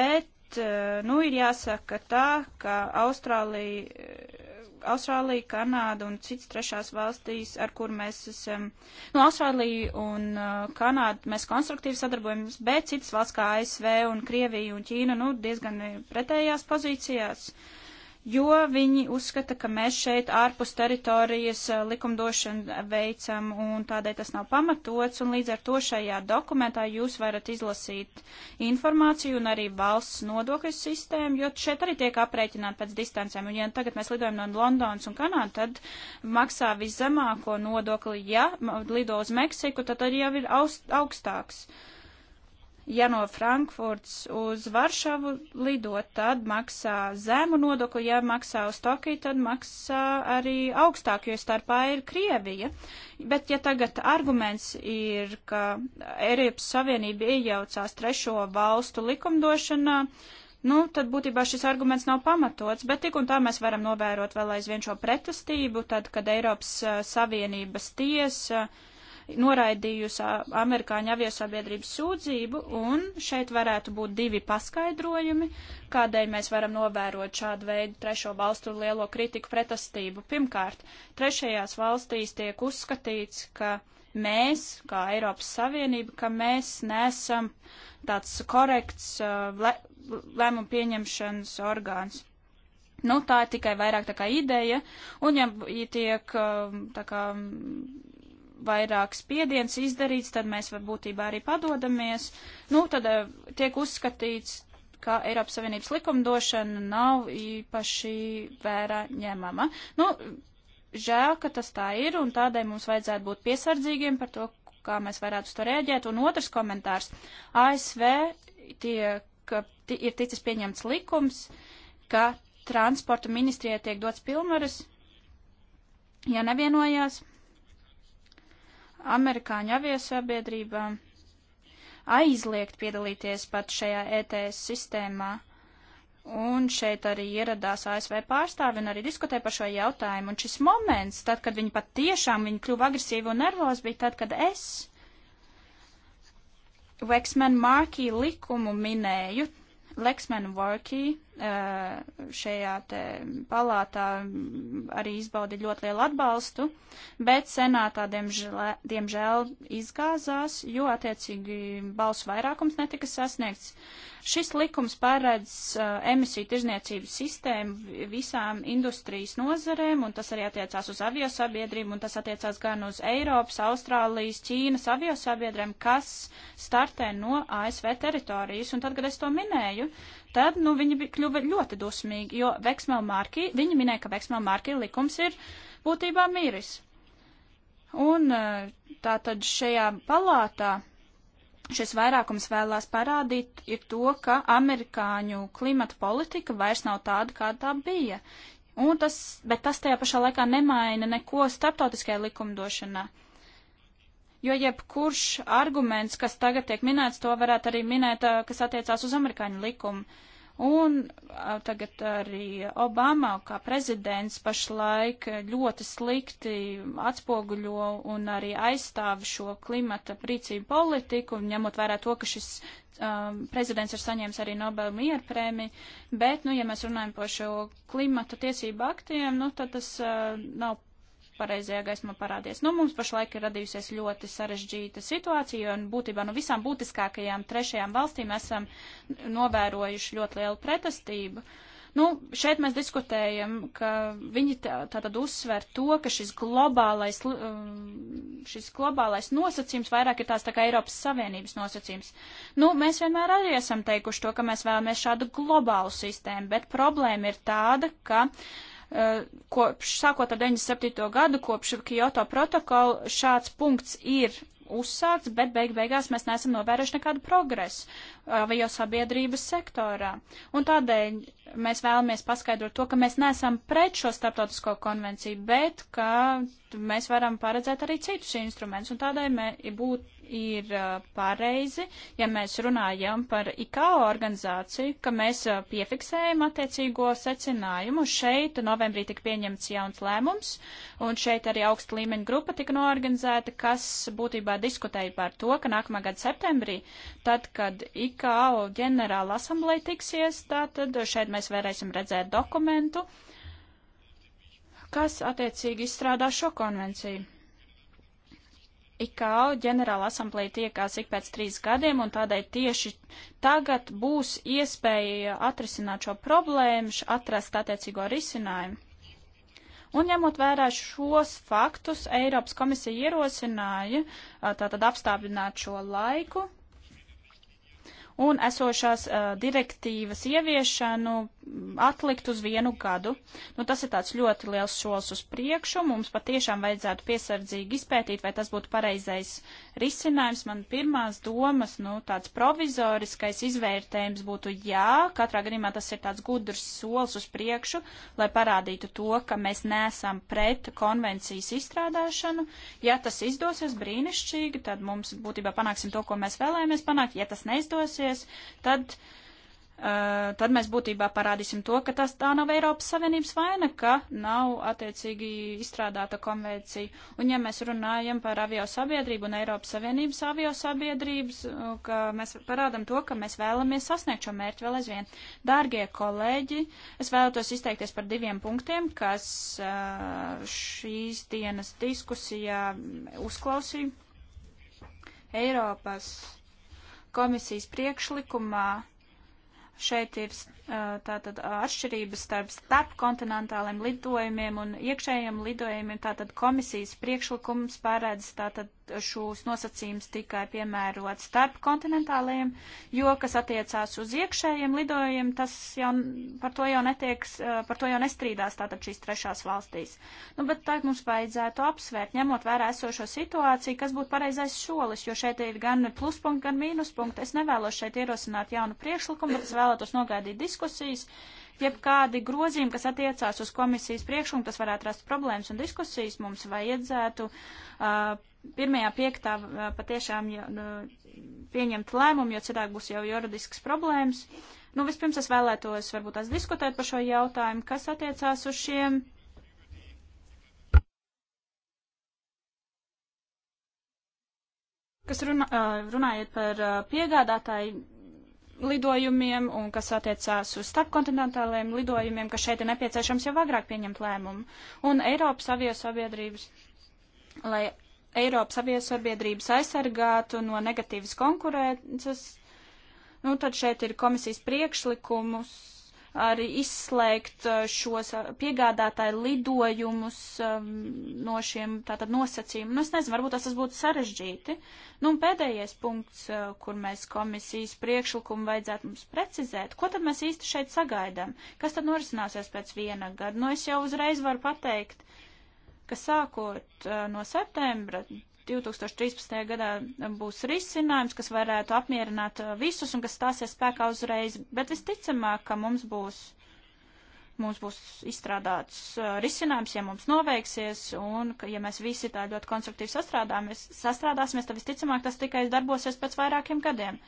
Speaker 4: bet, uh, nu, ir jāsaka tā, ka Austrālija. Uh, Austrālija, Kanāda un cits trešās valstīs, ar kur mēs esam. Nu, Austrālija un uh, Kanāda mēs konstruktīvi sadarbojamies, bet citas valsts kā ASV un Krievija un Ķīna, nu, diezgan pretējās pozīcijās. Uh, jo viņi uzskata, ka mēs šeit ārpus teritorijas eh, likumdošanu veicam un tādēļ tas nav pamatots un līdz ar to šajā dokumentā jūs varat izlasīt informāciju un arī valsts nodokļu sistēmu, jo šeit arī tiek aprēķināti pēc distancēm. Un ja tagad mēs lidojam no Londonas un Kanādu, tad maksā viszemāko nodokli. Ja lido uz Meksiku, tad arī jau ir augst, augstāks. Uh, Ja no Frankfurts uz Varšavu lido, tad maksā zemu nodokli, ja maksā uz Tokiju, tad maksā arī augstāk, jo starpā ir Krievija. Bet ja tagad arguments ir, ka Eiropas Savienība iejaucās trešo valstu likumdošanā, nu, tad būtībā šis arguments nav pamatots, bet tik un tā mēs varam novērot vēl aizvien šo pretestību, tad, kad Eiropas uh, Savienības tiesa uh, noraidījusi amerikāņu aviosabiedrības sūdzību, un šeit varētu būt divi paskaidrojumi, kādēļ mēs varam novērot šādu veidu trešo valstu lielo kritiku pretestību. Pirmkārt, trešajās valstīs tiek uzskatīts, ka mēs, kā Eiropas Savienība, ka mēs nesam tāds korekts lē, lēmumu pieņemšanas orgāns. Nu, tā ir tikai vairāk tā kā ideja, un ja tiek tā kā vairāk spiediens izdarīts, tad mēs var būtībā arī padodamies. Nu, tad eh, tiek uzskatīts, ka Eiropas Savienības likumdošana nav īpaši vērā ņemama. Nu, žēl, ka tas tā ir, un tādēļ mums vajadzētu būt piesardzīgiem par to, kā mēs varētu uz to rēģēt. Un otrs komentārs. ASV tiek, ir ticis pieņemts likums, ka transporta ministrijai tiek dots pilnvaras, ja nevienojās amerikāņu aviosabiedrībām aizliegt piedalīties pat šajā ETS sistēmā. Un šeit arī ieradās ASV pārstāvi un arī diskutē par šo jautājumu. Un šis moments, tad, kad viņi pat tiešām viņi kļuva agresīvi un nervozi, bija tad, kad es Lexman Markī likumu minēju, Lexman Markī Eh, šajā te palātā arī izbaudi ļoti lielu atbalstu, bet senātā diemžēl, diemžēl izgāzās, jo attiecīgi balsu vairākums netika sasniegts. Šis likums paredz eh, emisiju tirzniecības sistēmu visām industrijas nozarēm, un tas arī attiecās uz aviosabiedrību, un tas attiecās gan uz Eiropas, Austrālijas, Ķīnas aviosabiedrēm, kas startē no ASV teritorijas. Un tad, kad es to minēju, uh, tad nu, viņi bija kļuva ļoti dusmīgi, jo Veksmēl Mārkī, viņi minēja, ka Veksmēl Mārkī likums ir būtībā mīris. Un eh, tātad šajā palātā šis vairākums vēlās parādīt, ir to, ka amerikāņu klimata politika vairs nav tāda, kāda tā bija. Un tas, bet tas tajā pašā laikā nemaina neko starptautiskajā likumdošanā. Uh, jo jebkurš arguments, kas tagad tiek minēts, to varētu arī minēt, kas attiecās uz amerikāņu likumu. Un tagad arī Obama kā prezidents pašlaik ļoti slikti atspoguļo un arī aizstāv šo klimata rīcību politiku, ņemot vērā to, ka šis um, prezidents ir saņēmis arī Nobel miera prēmiju, bet, nu, ja mēs runājam par šo klimata tiesību aktiem, nu, tad tas uh, nav pareizajā gaismā parādies. Nu, mums pašlaik ir radījusies ļoti sarežģīta situācija, un būtībā no nu, visām būtiskākajām trešajām valstīm esam novērojuši ļoti lielu pretestību. Nu, šeit mēs diskutējam, ka viņi tātad uzsver to, ka šis globālais, um, šis globālais nosacījums vairāk ir tās tā kā Eiropas Savienības nosacījums. Nu, mēs vienmēr arī esam teikuši to, ka mēs vēlamies šādu globālu sistēmu, bet problēma ir tāda, ka uh, Eh, kopš sākot ar 97. gadu, kopš Kyoto protokola, šāds punkts ir uzsākts, bet beig beigās mēs neesam novērojuši nekādu progresu avio sabiedrības sektorā. Un tādēļ mēs vēlamies paskaidrot to, ka mēs neesam pret šo starptautisko konvenciju, bet ka mēs varam paredzēt arī citus instrumentus. Un tādēļ mē, būt, ir uh, pareizi, ja mēs runājam par IKO organizāciju, ka mēs uh, piefiksējam attiecīgo secinājumu. Šeit novembrī tika pieņemts jauns lēmums, un šeit arī augsta līmeņa grupa tika noorganizēta, kas būtībā diskutēja par to, ka nākamā gada septembrī, tad, kad IKO ģenerāla asambleja tiksies, tātad šeit mēs mēs varēsim redzēt dokumentu, kas attiecīgi izstrādā šo konvenciju. IKAU ģenerāla asamblēja tiekās ik pēc trīs gadiem, un tādēļ tieši tagad būs iespēja atrisināt šo problēmu, atrast attiecīgo risinājumu. Un ņemot vērā šos faktus, Eiropas komisija ierosināja tātad apstāpināt šo laiku un esošās uh, direktīvas ieviešanu atlikt uz vienu gadu. Nu, tas ir tāds ļoti liels solis uz priekšu. Mums patiešām vajadzētu piesardzīgi izpētīt, vai tas būtu pareizais risinājums, man pirmās domas, nu, tāds provizoriskais izvērtējums būtu jā, katrā gadījumā tas ir tāds gudrs solis uz priekšu, lai parādītu to, ka mēs nesam pret konvencijas izstrādāšanu. Ja tas izdosies brīnišķīgi, tad mums būtībā panāksim to, ko mēs vēlējāmies panākt. Ja tas neizdosies, tad. Uh, Eh, tad mēs būtībā parādīsim to, ka tas tā nav Eiropas Savienības vaina, ka nav attiecīgi izstrādāta konvencija. Un ja mēs runājam par avio sabiedrību un Eiropas Savienības avio sabiedrības, eh, ka mēs parādam to, ka mēs vēlamies sasniegt šo mērķu vēl aizvien. Dārgie kolēģi, es vēlētos izteikties par diviem punktiem, kas eh, šīs dienas diskusijā uzklausīja Eiropas komisijas priekšlikumā Šeit ir tātad atšķirības starp starpkontinentāliem lidojumiem un iekšējiem lidojumiem, tātad komisijas priekšlikums paredz tātad šos nosacījums tikai piemērot starpkontinentāliem, jo, kas attiecās uz iekšējiem lidojumiem, tas jau, par to jau netiek, par to jau nestrīdās tātad šīs trešās valstīs. Nu, bet tagad mums vajadzētu apsvērt, ņemot vērā esošo situāciju, kas būtu pareizais solis, jo šeit ir gan pluspunkti, gan mīnuspunkti. Es nevēlos šeit ierosināt jaunu priekšlikumu, bet es vēlētos nogaidīt diskusiju diskusijas, jeb kādi grozījumi, kas attiecās uz komisijas priekšlikumu, kas varētu rast problēmas un diskusijas, mums vajadzētu uh, pirmajā piektā uh, patiešām uh, pieņemt lēmumu, jo citādi būs jau juridisks problēmas. Nu, vispirms es vēlētos varbūt tās diskutēt par šo jautājumu, kas attiecās uz šiem kas runā, uh, runājot par uh, piegādātāju, lidojumiem un kas attiecās uz starpkontinentāliem lidojumiem, ka šeit ir nepieciešams jau agrāk pieņemt lēmumu. Un Eiropas aviosabiedrības, lai Eiropas aviosabiedrības aizsargātu no negatīvas konkurences, nu tad šeit ir komisijas priekšlikumus arī izslēgt uh, šos uh, piegādātāju lidojumus um, no šiem tātad nosacījumiem. Nu, es nezinu, varbūt tas, tas būtu sarežģīti. Nu, un pēdējais punkts, uh, kur mēs komisijas priekšlikumu vajadzētu mums precizēt, ko tad mēs īsti šeit sagaidām? Kas tad norisināsies pēc viena gada? Nu, es jau uzreiz varu pateikt, ka sākot no septembra 2013. gadā būs risinājums, kas varētu apmierināt uh, visus un kas stāsies spēkā uzreiz, bet visticamāk, ka mums būs mums būs izstrādāts uh, risinājums, ja mums noveiksies, un ka, ja mēs visi tā ļoti konstruktīvi sastrādāsimies, tad visticamāk tas tikai darbosies pēc vairākiem gadiem.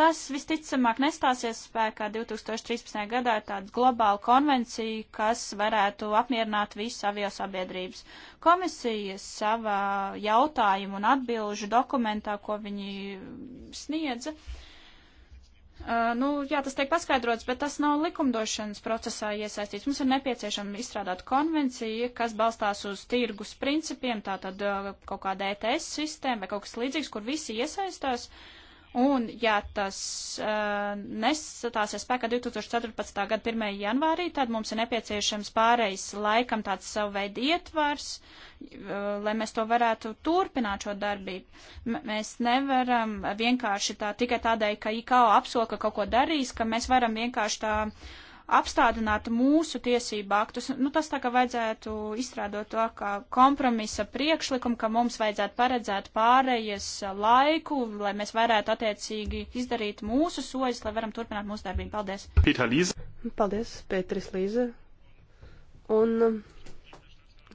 Speaker 4: Tas visticamāk nestāsies spēkā 2013. gadā tāda globāla konvencija, kas varētu apmierināt visu avio sabiedrības. Komisija savā jautājumu un atbilžu dokumentā, ko viņi sniedza, uh, Uh, nu, jā, tas tiek paskaidrots, bet tas nav likumdošanas procesā iesaistīts. Mums ir nepieciešama izstrādāt konvenciju, kas balstās uz tirgus principiem, tātad uh, kaut kāda ETS sistēma vai kaut kas līdzīgs, kur visi iesaistās. Uh, Un, ja tas uh, nestāsies spēkā 2014. gada 1. janvārī, tad mums ir nepieciešams pārejas laikam tāds savu veidu ietvars, uh, lai mēs to varētu turpināt šo darbību. M mēs nevaram vienkārši tā tikai tādēļ, ka IKO apsola, ka kaut ko darīs, ka mēs varam vienkārši tā uh, apstādināt mūsu tiesību aktus. Nu, tas tā kā vajadzētu izstrādot to kā kompromisa priekšlikumu, ka mums vajadzētu paredzēt pārējas laiku, lai mēs varētu attiecīgi izdarīt mūsu soļus, lai varam turpināt mūsu darbību. Paldies!
Speaker 3: Pēter Līze!
Speaker 2: Paldies, Pēteris Līze! Un, um,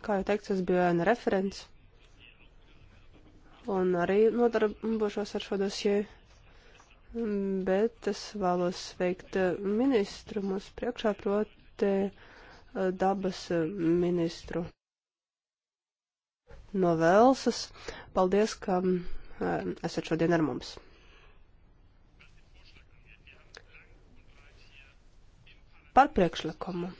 Speaker 2: kā jau teikts, es biju ēna referents. Un arī nodarbošos ar šo dosieju bet es vēlos sveikt eh, ministru mūsu priekšā, proti eh, dabas eh, ministru no Velsas. Paldies, ka esat šodien ar mums. Par priekšlikumu.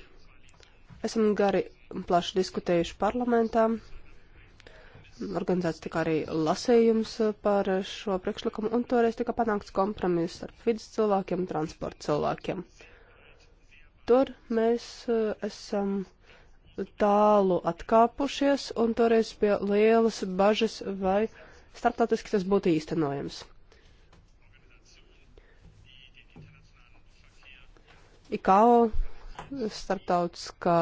Speaker 2: Esam gari un plaši diskutējuši parlamentā organizēts tika arī lasījums eh, par šo priekšlikumu, un toreiz tika panākts kompromiss ar vidas cilvēkiem, transporta cilvēkiem. Tur mēs eh, esam tālu atkāpušies, un toreiz bija lielas bažas, vai starptautiski tas būtu īstenojams. ICAO, starptautiskā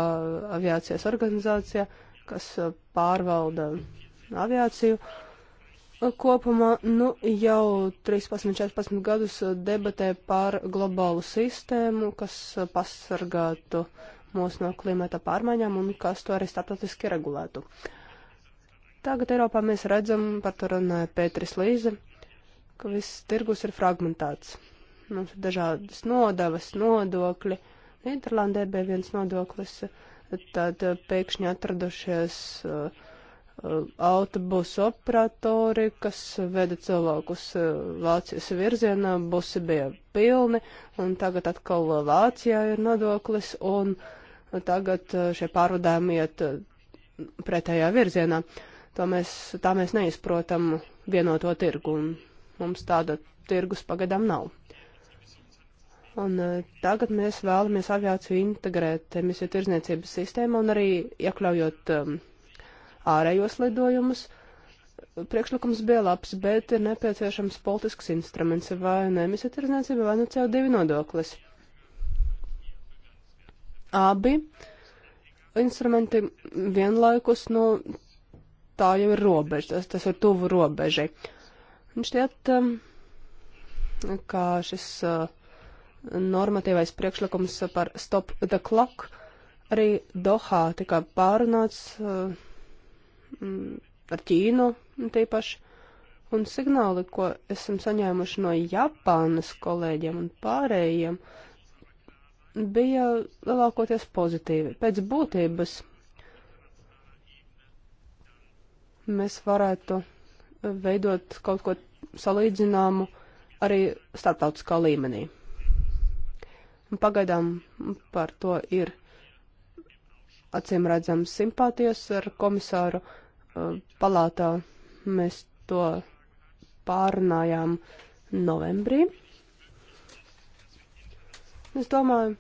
Speaker 2: aviācijas organizācija, kas eh, pārvalda aviāciju. Kopumā nu, jau 13-14 gadus debatē par globālu sistēmu, kas pasargātu mūs no klimata pārmaiņām un kas to arī starptautiski regulētu. Tagad Eiropā mēs redzam, par to runāja Pēteris Līze, ka viss tirgus ir fragmentāts. Mums ir dažādas nodavas, nodokļi. Nīderlandē bija viens nodoklis, tad pēkšņi atradušies uh, autobusu operatori, kas veda cilvēkus e, Vācijas virzienā, busi bija pilni, un tagad atkal Vācijā ir nodoklis, un tagad e, šie pārvadājumi iet e, pretējā virzienā. To mēs, tā mēs neizprotam vienoto tirgu, un mums tāda tirgus pagadam nav. Un tagad mēs vēlamies aviāciju integrēt emisiju tirzniecības sistēmu un arī iekļaujot um, ārējos lidojumus. Priekšlikums bija labs, bet ir nepieciešams politisks instruments vai nu emisija tirdzniecība vai nu CO2 nodoklis. Abi instrumenti vienlaikus, nu, tā jau ir robeža, tas, tas ir tuvu robežai. Un šķiet, um, ka šis uh, normatīvais priekšlikums par stop the clock arī Dohā tika pārunāts uh, Mm, ar Ķīnu tīpaši. Un signāli, ko esam saņēmuši no Japānas kolēģiem un pārējiem, bija lielākoties pozitīvi. Pēc būtības mēs varētu veidot kaut ko salīdzināmu arī starptautiskā līmenī. Pagaidām par to ir acīm redzams simpātijas ar komisāru uh, palātā. Mēs to pārunājām novembrī. Es domāju,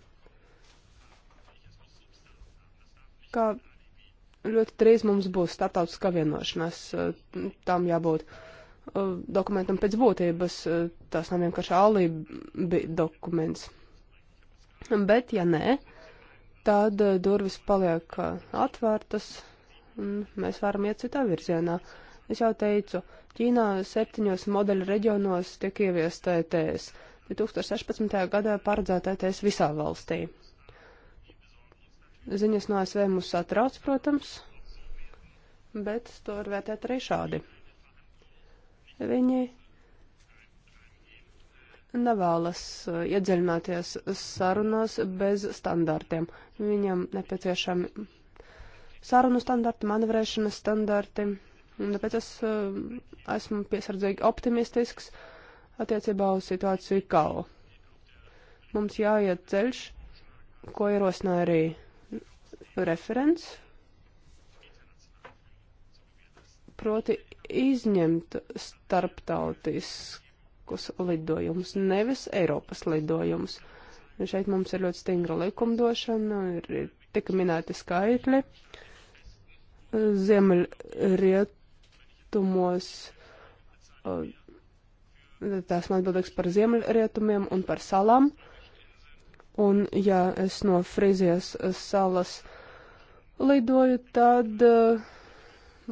Speaker 2: ka ļoti drīz mums būs startautiskā vienošanās. Uh, tam jābūt uh, dokumentam pēc būtības. Tas nav vienkārši alība dokuments. Bet, ja nē, tad eh, durvis paliek eh, atvērtas un mēs varam iet citā virzienā. Es jau teicu, Ķīnā septiņos modeļu reģionos tiek ieviesta ETS. 2016. gadā paredzēta ETS visā valstī. Ziņas no ASV mūs satrauc, protams, bet to var vērtēt arī šādi. Viņi nevēlas eh, iedziļināties sarunās bez standartiem. Viņam nepieciešami sarunu standarti, manevrēšanas standarti, un tāpēc es eh, esmu piesardzīgi optimistisks attiecībā uz situāciju Kao. Mums jāiet ceļš, ko ierosināja arī referents, proti izņemt starptautisku ārpusēropas lidojumus, nevis Eiropas lidojumus. Un šeit mums ir ļoti stingra likumdošana, ir, ir tika minēti skaitļi. Ziemeļrietumos, tās man atbildīgs par ziemeļrietumiem un par salām. Un ja es no Frizijas salas lidoju, tad uh,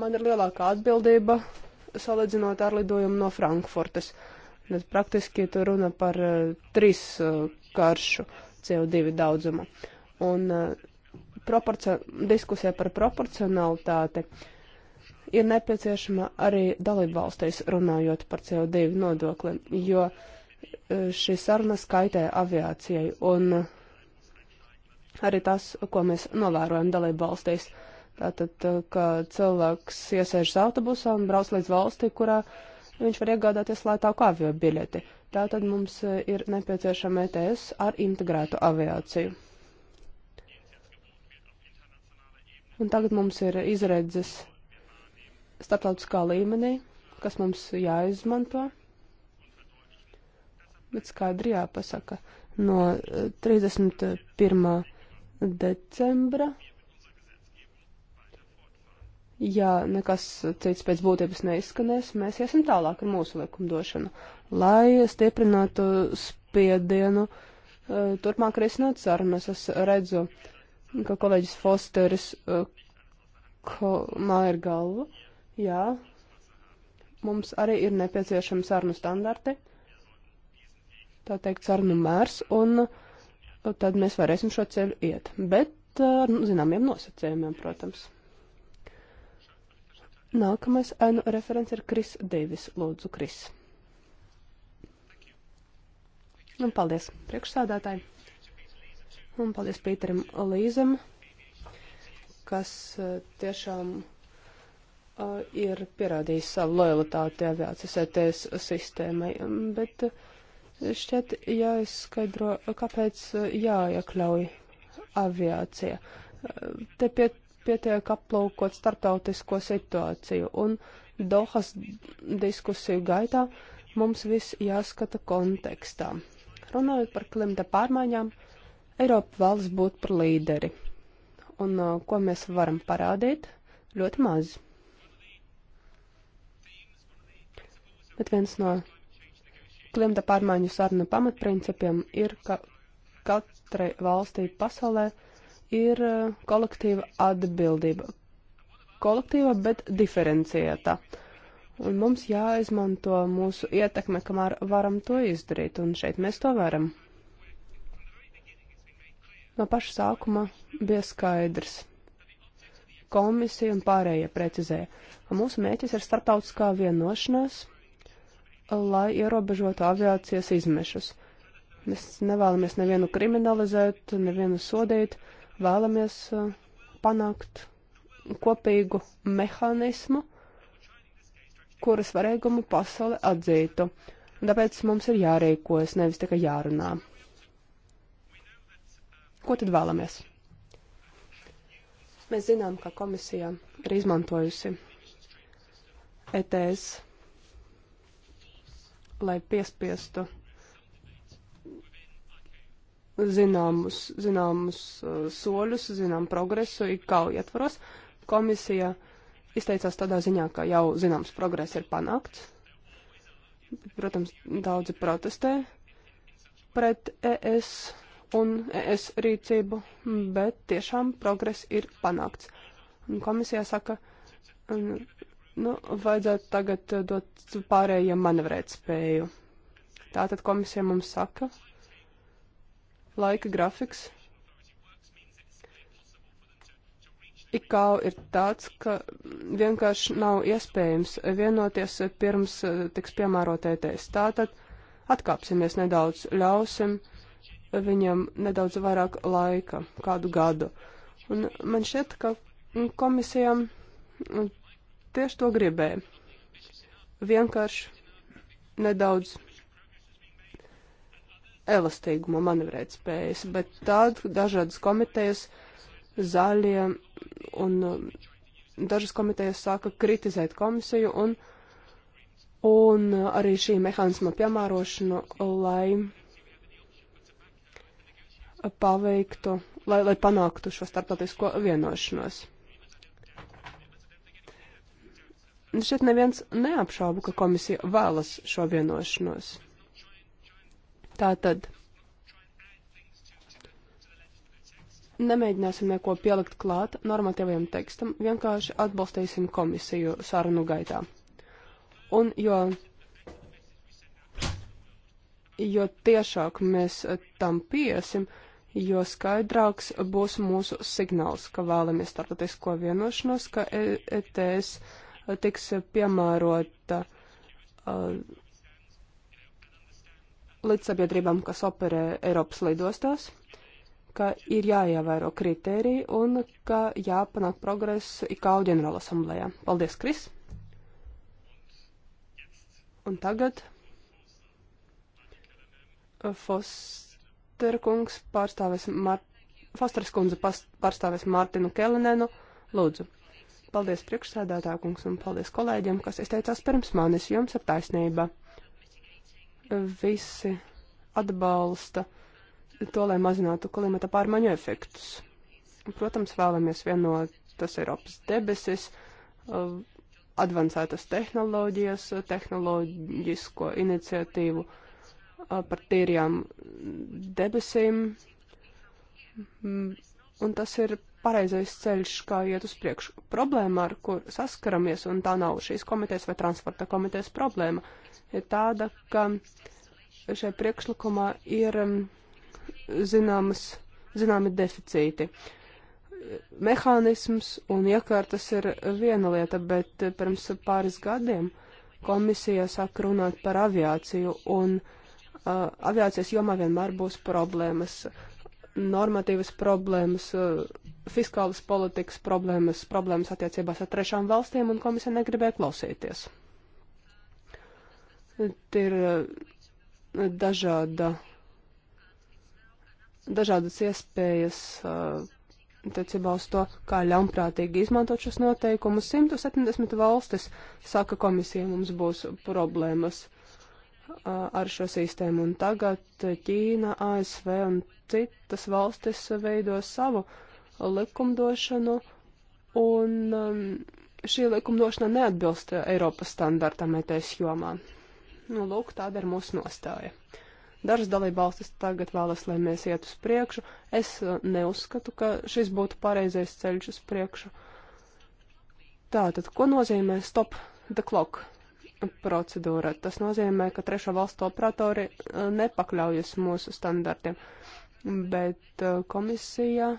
Speaker 2: man ir lielākā atbildība salīdzinot ar lidojumu no Frankfurtes. Uh, Tad praktiski tur runa par eh, trīs eh, karšu CO2 daudzumu. Un eh, diskusija par proporcionalitāti ir nepieciešama arī dalībvalstīs runājot par CO2 nodokli, jo šī saruna skaitē aviācijai un arī tas, ko mēs novērojam dalībvalstīs. Tātad, ka cilvēks iesēžas autobusā un brauc līdz valstī, kurā uh, viņš var iegādāties lētāku avio biļeti. Tātad mums e, ir nepieciešama ETS ar integrētu aviāciju. Un tagad mums ir izredzes starptautiskā līmenī, kas mums jāizmanto. Bet skaidri jāpasaka, no 31. E, decembra ja nekas cits pēc būtības neizskanēs, mēs iesim tālāk ar mūsu likumdošanu, lai stiprinātu spiedienu eh, turpmāk risināt sarunas. Es redzu, ka kolēģis Fosteris eh, māja ir galva. Jā, mums arī ir nepieciešami sarunu standarti, tā teikt, sarunu mērs, un eh, tad mēs varēsim šo ceļu iet. Bet ar nu, zināmiem nosacījumiem, protams. Nākamais ēnu referents ir Kris Deivis. Lūdzu, Kris. Un paldies priekšsādātāji. Un paldies Pīterim Līzam, kas eh, tiešām uh, ir pierādījis savu lojalitāti aviācijas ETS sistēmai. Mm, bet eh, šķiet jāizskaidro, kāpēc jāiekļauj aviācija. Te pie pietiek aplūkot starptautisko situāciju. Un Dohas diskusiju gaitā mums viss jāskata kontekstā. Runājot par klimata pārmaiņām, Eiropa valsts būtu par līderi. Un uh, ko mēs varam parādīt? Ļoti maz. Bet viens no klimata pārmaiņu sarunu pamatprincipiem ir, ka katrai valstī pasaulē uh, ir e, kolektīva atbildība. Kolektīva, bet diferenciēta. Un mums jāizmanto mūsu ietekme, kamēr varam to izdarīt, un šeit mēs to varam. No paša sākuma bija skaidrs. Komisija un pārējie precizē, ka mūsu mēķis ir starptautiskā vienošanās, lai ierobežotu aviācijas izmešus. Mēs nevēlamies nevienu kriminalizēt, nevienu sodīt, uh, vēlamies panākt kopīgu mehānismu, kuras varēgumu pasauli atzītu. Un tāpēc mums ir jārīkojas, nevis tikai jārunā. Ko tad vēlamies? Mēs zinām, ka komisija ir izmantojusi ETS, lai piespiestu zināmus, zināmus uh, soļus, zinām progresu ikau ietvaros. Komisija izteicās tādā ziņā, ka jau zināms progress ir panākts. Protams, daudzi protestē pret ES un ES rīcību, bet tiešām progress ir panākts. Un komisijā saka, nu, vajadzētu tagad dot pārējiem manevrēt spēju. Tātad komisija mums saka, laika grafiks. IKAU ir tāds, ka vienkārši nav iespējams vienoties pirms eh, tiks piemērotēties. E Tātad atkāpsimies nedaudz, ļausim viņam nedaudz vairāk laika, kādu gadu. Un man šķiet, ka komisijām tieši to gribēja. Vienkārši nedaudz elastīguma manevrēt spējas, bet tad dažādas komitejas, zaļie un um, dažas komitejas sāka kritizēt komisiju un, un arī šī mehānisma piemērošanu, lai paveiktu, lai, lai panāktu šo starptautisko vienošanos. Šeit neviens neapšauba, ka komisija vēlas šo vienošanos. Tātad nemēģināsim neko pielikt klāt normatīvajam tekstam, vienkārši atbalstīsim komisiju sarunu gaitā. Un jo, jo tiešāk mēs tam piesim, jo skaidrāks būs mūsu signāls, ka vēlamies starptautisko vienošanos, ka ETS e tiks piemērota uh, līdzsabiedrībām, kas operē Eiropas lidostās, ka ir jāievēro kriteriji un ka jāpanāk progress IKAU ģenerāla asamblējā. Paldies, Kris! Un tagad eh, Fosterkungs pārstāvēs Mar Fosters kundze pārstāvēs Mārtinu Kelenenu. Lūdzu. Paldies priekšsēdētā kungs un paldies kolēģiem, kas izteicās pirms manis. Jums ir taisnība visi atbalsta to, lai mazinātu klimata pārmaiņu efektus. Protams, vēlamies vienotas Eiropas debesis, uh, advancētas tehnoloģijas, tehnoloģisko iniciatīvu uh, par tīrjām debesīm. Mm, un tas ir pareizais ceļš, kā iet uz priekšu. Problēma, ar kur saskaramies, un tā nav šīs komitejas vai transporta komitejas problēma, uh, ir tāda, ka šai priekšlikumā ir um, zināmas, zināmi deficīti. Mehānisms un iekārtas ir viena lieta, bet pirms pāris gadiem komisija sāk runāt par aviāciju, un uh, aviācijas jomā vienmēr būs problēmas, normatīvas problēmas, uh, fiskālas politikas problēmas, problēmas attiecībās ar trešām valstīm, un komisija negribēja klausīties. Te ir eh, dažāda, dažādas iespējas eh, attiecībā uz to, kā ļaunprātīgi izmantot šos noteikumus. 170 valstis saka komisija, mums būs problēmas eh, ar šo sistēmu. Un tagad Ķīna, ASV un citas valstis veido savu likumdošanu, un ehm, šī likumdošana neatbilst Eiropas standartam ETS jomā. Nu, lūk, tāda ir mūsu nostāja. Dažas dalībvalstis tagad vēlas, lai mēs iet uz priekšu. Es uh, neuzskatu, ka šis būtu pareizais ceļš uz priekšu. Tātad, ko nozīmē stop the clock procedūra? Tas nozīmē, ka trešo valstu operatori uh, nepakļaujas mūsu standartiem. Bet uh, komisija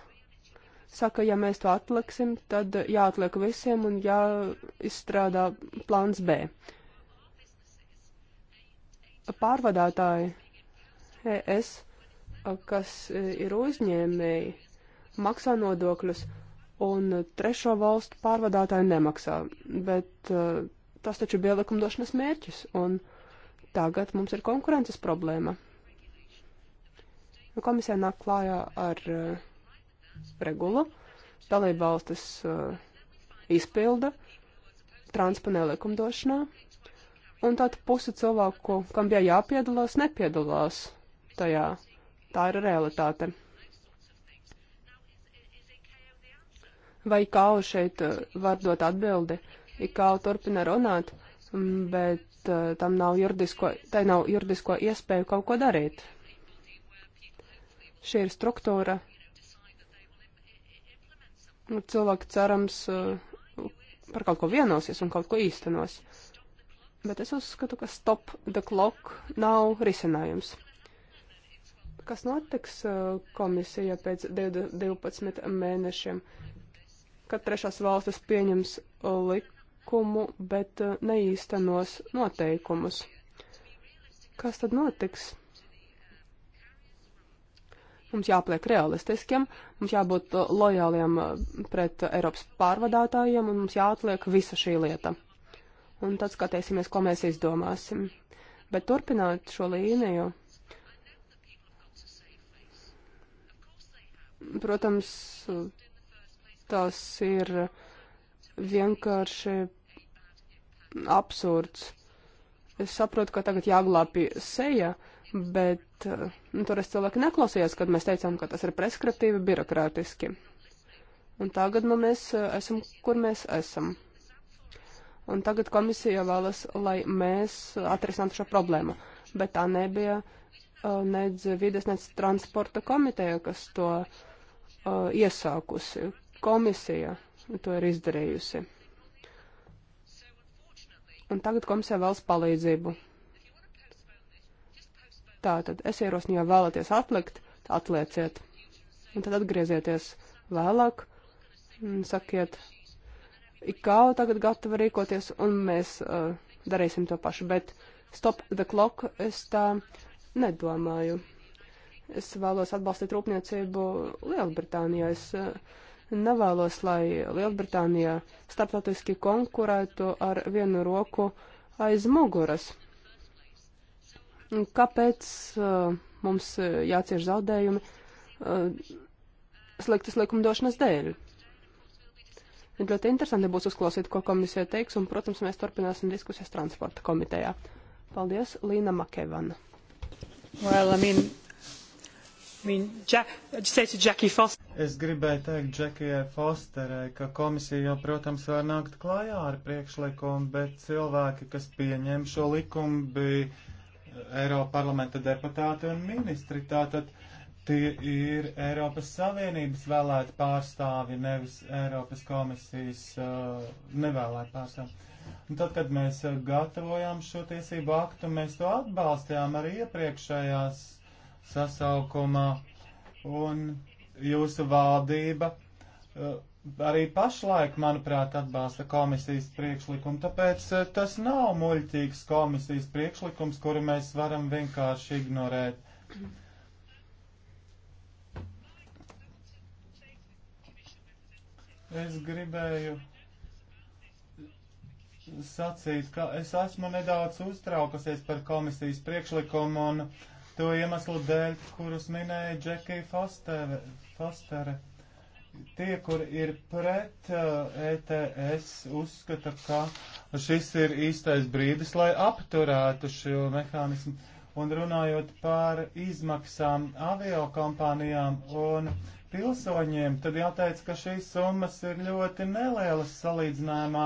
Speaker 2: saka, ja mēs to atliksim, tad jāatliek visiem un jāizstrādā plāns B pārvadātāji ES, kas ir uzņēmēji, maksā nodokļus, un trešo valstu pārvadātāji nemaksā. Bet uh, tas taču bija likumdošanas mērķis, un tagad mums ir konkurences problēma. Nu, komisija nāk klājā ar uh, regulu, dalība valstis uh, eh, izpilda transponē likumdošanā, un tad pusi cilvēku, kam bija jāpiedalās, nepiedalās tajā. Tā ir realitāte. Vai Kau šeit eh, var dot atbildi? Ikau turpina runāt, mm, bet eh, tam nav juridisko, tai nav juridisko iespēju kaut ko darīt. Šī ir struktūra. Nu, cilvēki cerams eh, par kaut ko vienosies un kaut ko īstenos. Uh, Bet es uzskatu, ka stop the clock nav risinājums. Kas notiks uh, komisija pēc 12 mēnešiem, kad trešās valstis pieņems likumu, bet uh, neīstenos noteikumus? Kas tad notiks? Mums jāpliek realistiskiem, mums jābūt uh, lojāliem pret Eiropas pārvadātājiem un mums jāatliek visa šī lieta un tad skatīsimies, ko mēs izdomāsim. Bet turpināt šo līniju. Protams, tas ir vienkārši absurds. Es saprotu, ka tagad jāglābj seja, bet nu, toreiz cilvēki neklausījās, kad mēs teicām, ka tas ir preskriptīvi, birokrātiski. Un tagad nu, mēs esam, kur mēs esam un tagad komisija vēlas, lai mēs atrisinātu šo problēmu. Bet tā nebija uh, nedz vides, nedz transporta komiteja, kas to uh, iesākusi. Komisija to ir izdarījusi. Un tagad komisija vēlas palīdzību. Tātad es ierosinu, ja vēlaties atlikt, atlieciet. Un tad atgriezieties vēlāk un sakiet, IKAU tagad gatava rīkoties, un mēs uh, darīsim to pašu. Bet stop the clock es tā nedomāju. Es vēlos atbalstīt rūpniecību Lielbritānijā. Es uh, nevēlos, lai Lielbritānijā starptautiski konkurētu ar vienu roku aiz muguras. Kāpēc uh, mums uh, jācieš zaudējumi uh, sliktas likumdošanas dēļ? Ļoti interesanti būs uzklausīt, ko komisija teiks, un, protams, mēs turpināsim diskusijas transporta komitejā. Paldies, Līna Makevana.
Speaker 1: Well, I mean, I mean, Jack, es gribēju teikt Džekijai Fosterai, ka komisija jau, protams, var nākt klājā ar priekšlikumu, bet cilvēki, kas pieņem šo likumu, bija Eiropa parlamenta deputāti un ministri. Tātad, uh, Tie ir Eiropas Savienības vēlēti pārstāvi, nevis Eiropas komisijas uh, nevēlēti pārstāvi. Un tad, kad mēs uh, gatavojām šo tiesību aktu, mēs to atbalstījām arī iepriekšējās sasaukumā. Un jūsu valdība uh, arī pašlaik, manuprāt, atbalsta komisijas priekšlikumu, tāpēc uh, tas nav muļķīgs komisijas priekšlikums, kuru mēs varam vienkārši ignorēt. Es gribēju sacīt, ka es esmu nedaudz uztraukusies par komisijas priekšlikumu un to iemeslu dēļ, kurus minēja Džekija Fostere. Fostere. Tie, kur ir pret uh, ETS, uzskata, ka šis ir īstais brīdis, lai apturētu šo mehānismu. Un runājot par izmaksām avio kompānijām un pilsoņiem, tad jāteic, ka šīs summas ir ļoti nelielas salīdzinājumā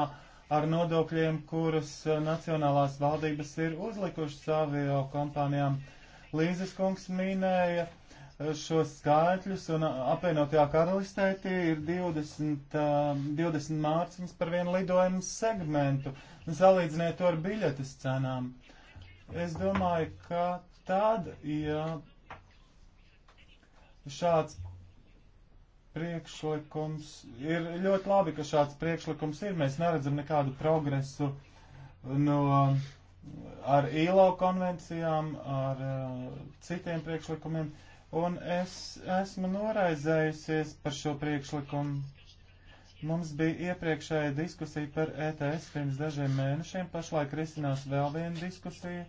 Speaker 1: ar nodokļiem, kuras eh, nacionālās valdības ir uzlikušas avio kompānijām. Līzes kungs minēja eh, šos skaitļus, un eh, apvienotajā karalistē tie ir 20, 20 mārciņas par vienu lidojumu segmentu. Nu, salīdziniet to ar biļetes cenām. Es domāju, ka tad, ja šāds priekšlikums ir ļoti labi, ka šāds priekšlikums ir. Mēs neredzam nekādu progresu no, ar ILO konvencijām, ar uh, citiem priekšlikumiem. Un es esmu noraizējusies par šo priekšlikumu. Mums bija iepriekšēja diskusija par ETS pirms dažiem mēnešiem, pašlaik risinās vēl viena diskusija.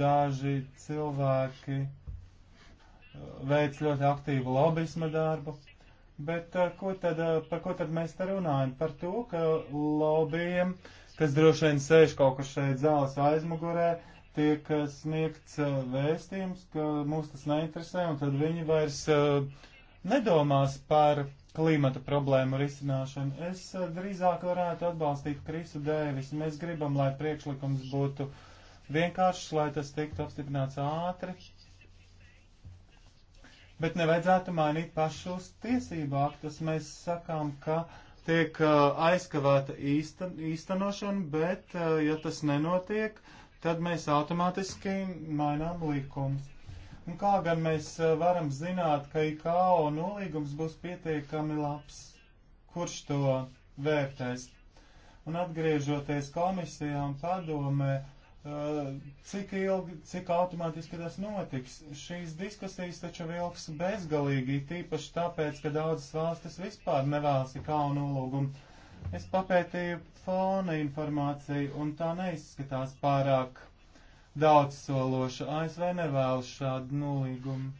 Speaker 1: Daži cilvēki veic ļoti aktīvu lobbyisma darbu. Bet eh, ko tad, eh, par ko tad mēs te runājam? Par to, ka lobbyiem, kas droši vien sēž kaut kur šeit zāles aizmugurē, tiek eh, sniegts vēstījums, ka mūs tas neinteresē, un tad viņi vairs nedomās par klimata problēmu risināšanu. Es drīzāk varētu atbalstīt Krisu Dēvis. Mēs gribam, lai priekšlikums būtu vienkāršs, lai tas tiktu apstiprināts ātri Bet nevajadzētu mainīt pašus tiesību aktus. Mēs sakām, ka tiek uh, aizkavēta īsta, īstenošana, bet uh, ja tas nenotiek, tad mēs automātiski mainām likumus. Un kā gan mēs uh, varam zināt, ka IKO nolīgums būs pietiekami labs? Kurš to vērtēs? Un atgriežoties komisijā un padomē, uh, Eh, cik ilgi, cik automātiski tas notiks. Šīs diskusijas taču vilks bezgalīgi, tīpaši tāpēc, ka daudzas valstis vispār nevēlas ikālu nolūgumu. Es papētīju fona informāciju, un tā neizskatās pārāk daudz sološa. ASV nevēlas šādu nolīgumu.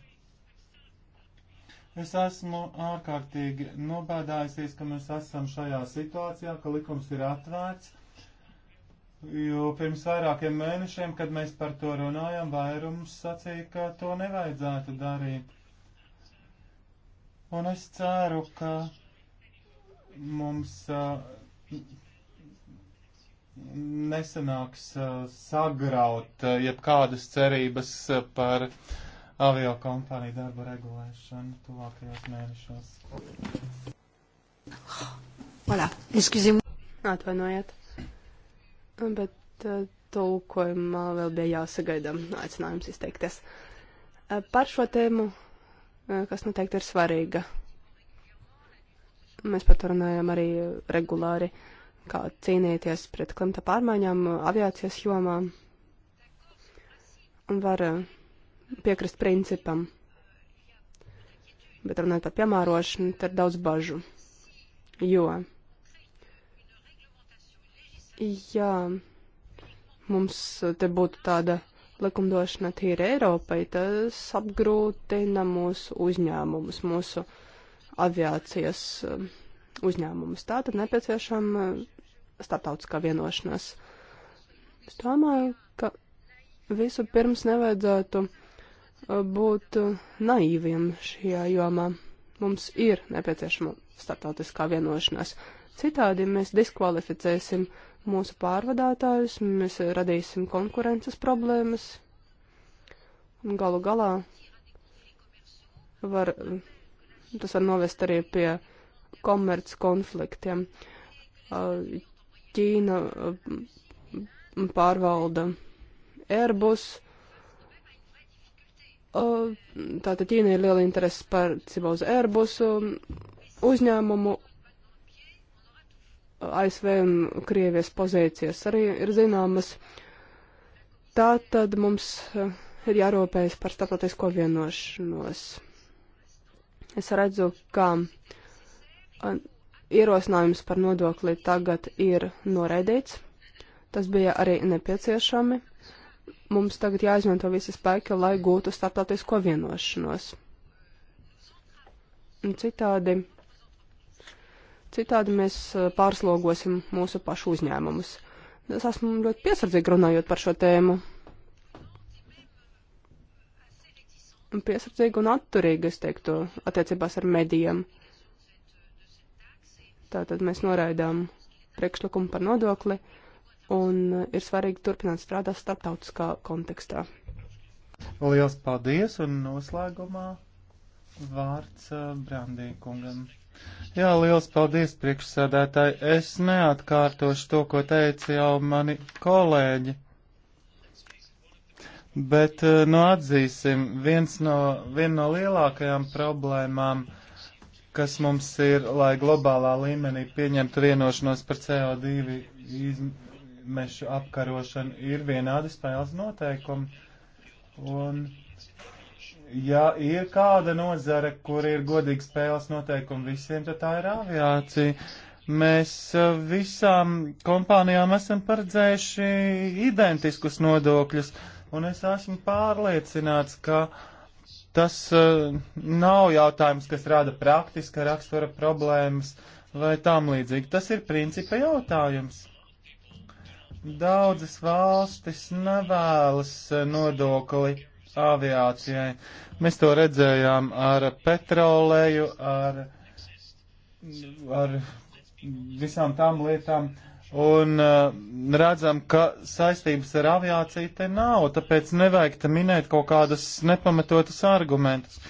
Speaker 1: Es esmu ārkārtīgi nobēdājusies, ka mēs esam šajā situācijā, ka likums ir atvērts Jo pirms vairākiem mēnešiem, kad mēs par to runājam, vairums sacīja, ka to nevajadzētu darīt. Un es ceru, ka mums uh, nesanāks uh, sagraut uh, jebkādas cerības uh, par avio kompāniju darbu regulēšanu tuvākajos mēnešos.
Speaker 4: Voilà, excusez-moi.
Speaker 2: Atvainojiet bet eh, tulkojumā vēl bija jāsagaida aicinājums izteikties. Eh, par šo tēmu, eh, kas noteikti ir svarīga, mēs par to runājam arī regulāri, kā cīnīties pret klimata pārmaiņām aviācijas jomā. Var piekrist principam, bet runājot par piemērošanu, tad ir daudz bažu, jo Jā, mums te būtu tāda likumdošana tīri Eiropai, tas apgrūtina mūsu uzņēmumus, mūsu aviācijas um, uzņēmumus. Tā tad nepieciešama uh, starptautiskā vienošanās. Es domāju, ka visu pirms nevajadzētu uh, būt uh, naīviem šajā jomā. Mums ir nepieciešama starptautiskā vienošanās. Citādi mēs diskvalificēsim uh, mūsu pārvadātājus, mēs radīsim konkurences problēmas. Un galu galā var, tas var novest arī pie komerc konfliktiem. Ķīna pārvalda Airbus. Tātad Ķīna ir liela interese par cībā uz Airbusu uzņēmumu ASV un Krievijas pozīcijas arī ir zināmas. Tā tad mums eh, ir jārūpējas par starptautisko vienošanos. Es redzu, ka eh, ierosinājums par nodokli tagad ir noraidīts. Tas bija arī nepieciešami. Mums tagad jāizmanto visi spēki, lai gūtu starptautisko vienošanos. Un citādi Citādi mēs eh, pārslogosim mūsu pašu uzņēmumus. Es esmu ļoti piesardzīgi runājot par šo tēmu. Piesardzīgi un atturīgi, es teiktu, attiecībās ar medijiem. Tātad mēs noraidām priekšlikumu par nodokli un eh, ir svarīgi turpināt strādāt starptautiskā kontekstā.
Speaker 1: Lielas paldies un noslēgumā vārds eh, Brandīkungam. Jā, liels paldies, priekšsēdētāji. Es neatkārtošu to, ko teica jau mani kolēģi. Bet, eh, nu, atzīsim, viens no, viena no lielākajām problēmām, kas mums ir, lai globālā līmenī pieņemtu vienošanos par CO2 izmešu apkarošanu, ir vienādi spēles noteikumi. Un ja ir kāda nozara, kur ir godīgi spēles noteikumi visiem, tad tā ir aviācija. Mēs eh, visām kompānijām esam paredzējuši identiskus nodokļus, un es esmu pārliecināts, ka tas uh, nav jautājums, kas rada praktiska rakstura problēmas vai tam līdzīgi. Tas ir principa jautājums. Daudzas valstis nevēlas eh, nodokli aviācijai. Mēs to redzējām ar petrolēju, ar, ar visām tām lietām. Un uh, redzam, ka saistības ar aviāciju te nav, tāpēc nevajag te minēt kaut kādus nepamatotus argumentus.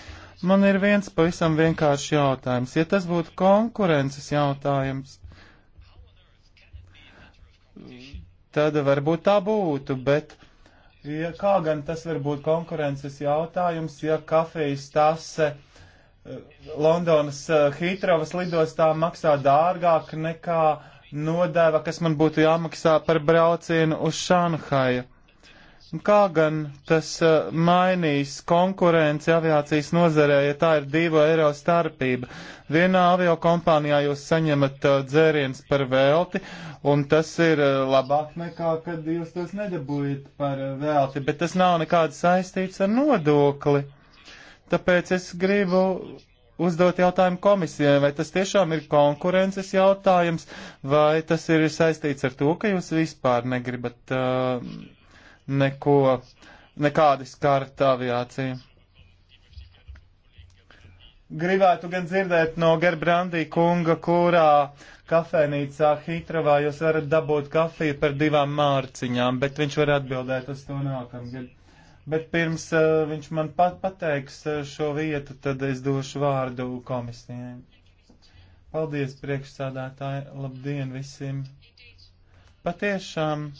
Speaker 1: Man ir viens pavisam vienkāršs jautājums. Ja tas būtu konkurences jautājums, tad varbūt tā būtu, bet Ja kā gan tas var būt konkurences jautājums, ja kafijas tase eh, Londonas Hītrovas eh, lidostā maksā dārgāk nekā nodeva, kas man būtu jāmaksā par braucienu uz Šanhaju? Kā gan tas uh, mainīs konkurenci aviācijas nozarē, ja tā ir divu eiro starpība? Vienā aviokompānijā jūs saņemat uh, dzēriens par velti, un tas ir uh, labāk nekā, kad jūs tos nedabūjat par velti, bet tas nav nekāds saistīts ar nodokli. Tāpēc es gribu uzdot jautājumu komisijai, vai tas tiešām ir konkurences jautājums, vai tas ir saistīts ar to, ka jūs vispār negribat uh, neko, nekādi skarta aviācija. Gribētu gan dzirdēt no Gerbrandī kunga, kurā kafēnīcā Hitravā jūs varat dabūt kafiju par divām mārciņām, bet viņš var atbildēt uz to nākamgad. Bet pirms uh, viņš man pat pateiks uh, šo vietu, tad es došu vārdu komisijai. Paldies priekšsādātāji, labdien visiem! Patiešām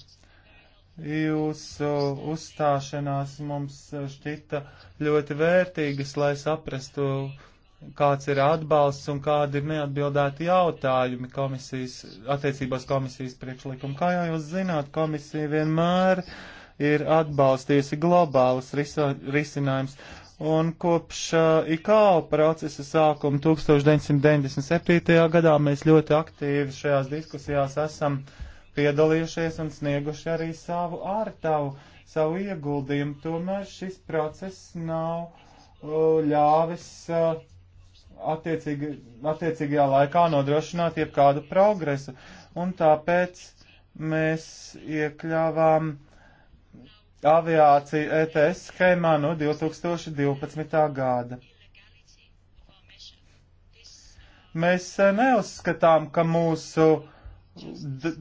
Speaker 1: Jūsu uzstāšanās mums šķita ļoti vērtīgas, lai saprastu, kāds ir atbalsts un kādi ir neatbildēti jautājumi komisijas, attiecībās komisijas priekšlikumu. Kā jau jūs zināt, komisija vienmēr ir atbalstījusi globālus risinājumus. Un kopš uh, IKO procesa sākuma 1997. gadā mēs ļoti aktīvi šajās diskusijās esam uh, piedalījušies un snieguši arī savu ārtavu, savu ieguldījumu. Tomēr šis process nav uh, ļāvis uh, attiecīgi, attiecīgajā laikā nodrošināt jebkādu progresu. Un tāpēc mēs iekļāvām aviāciju ETS schēmā no 2012. gada. Mēs uh, neuzskatām, ka mūsu uh,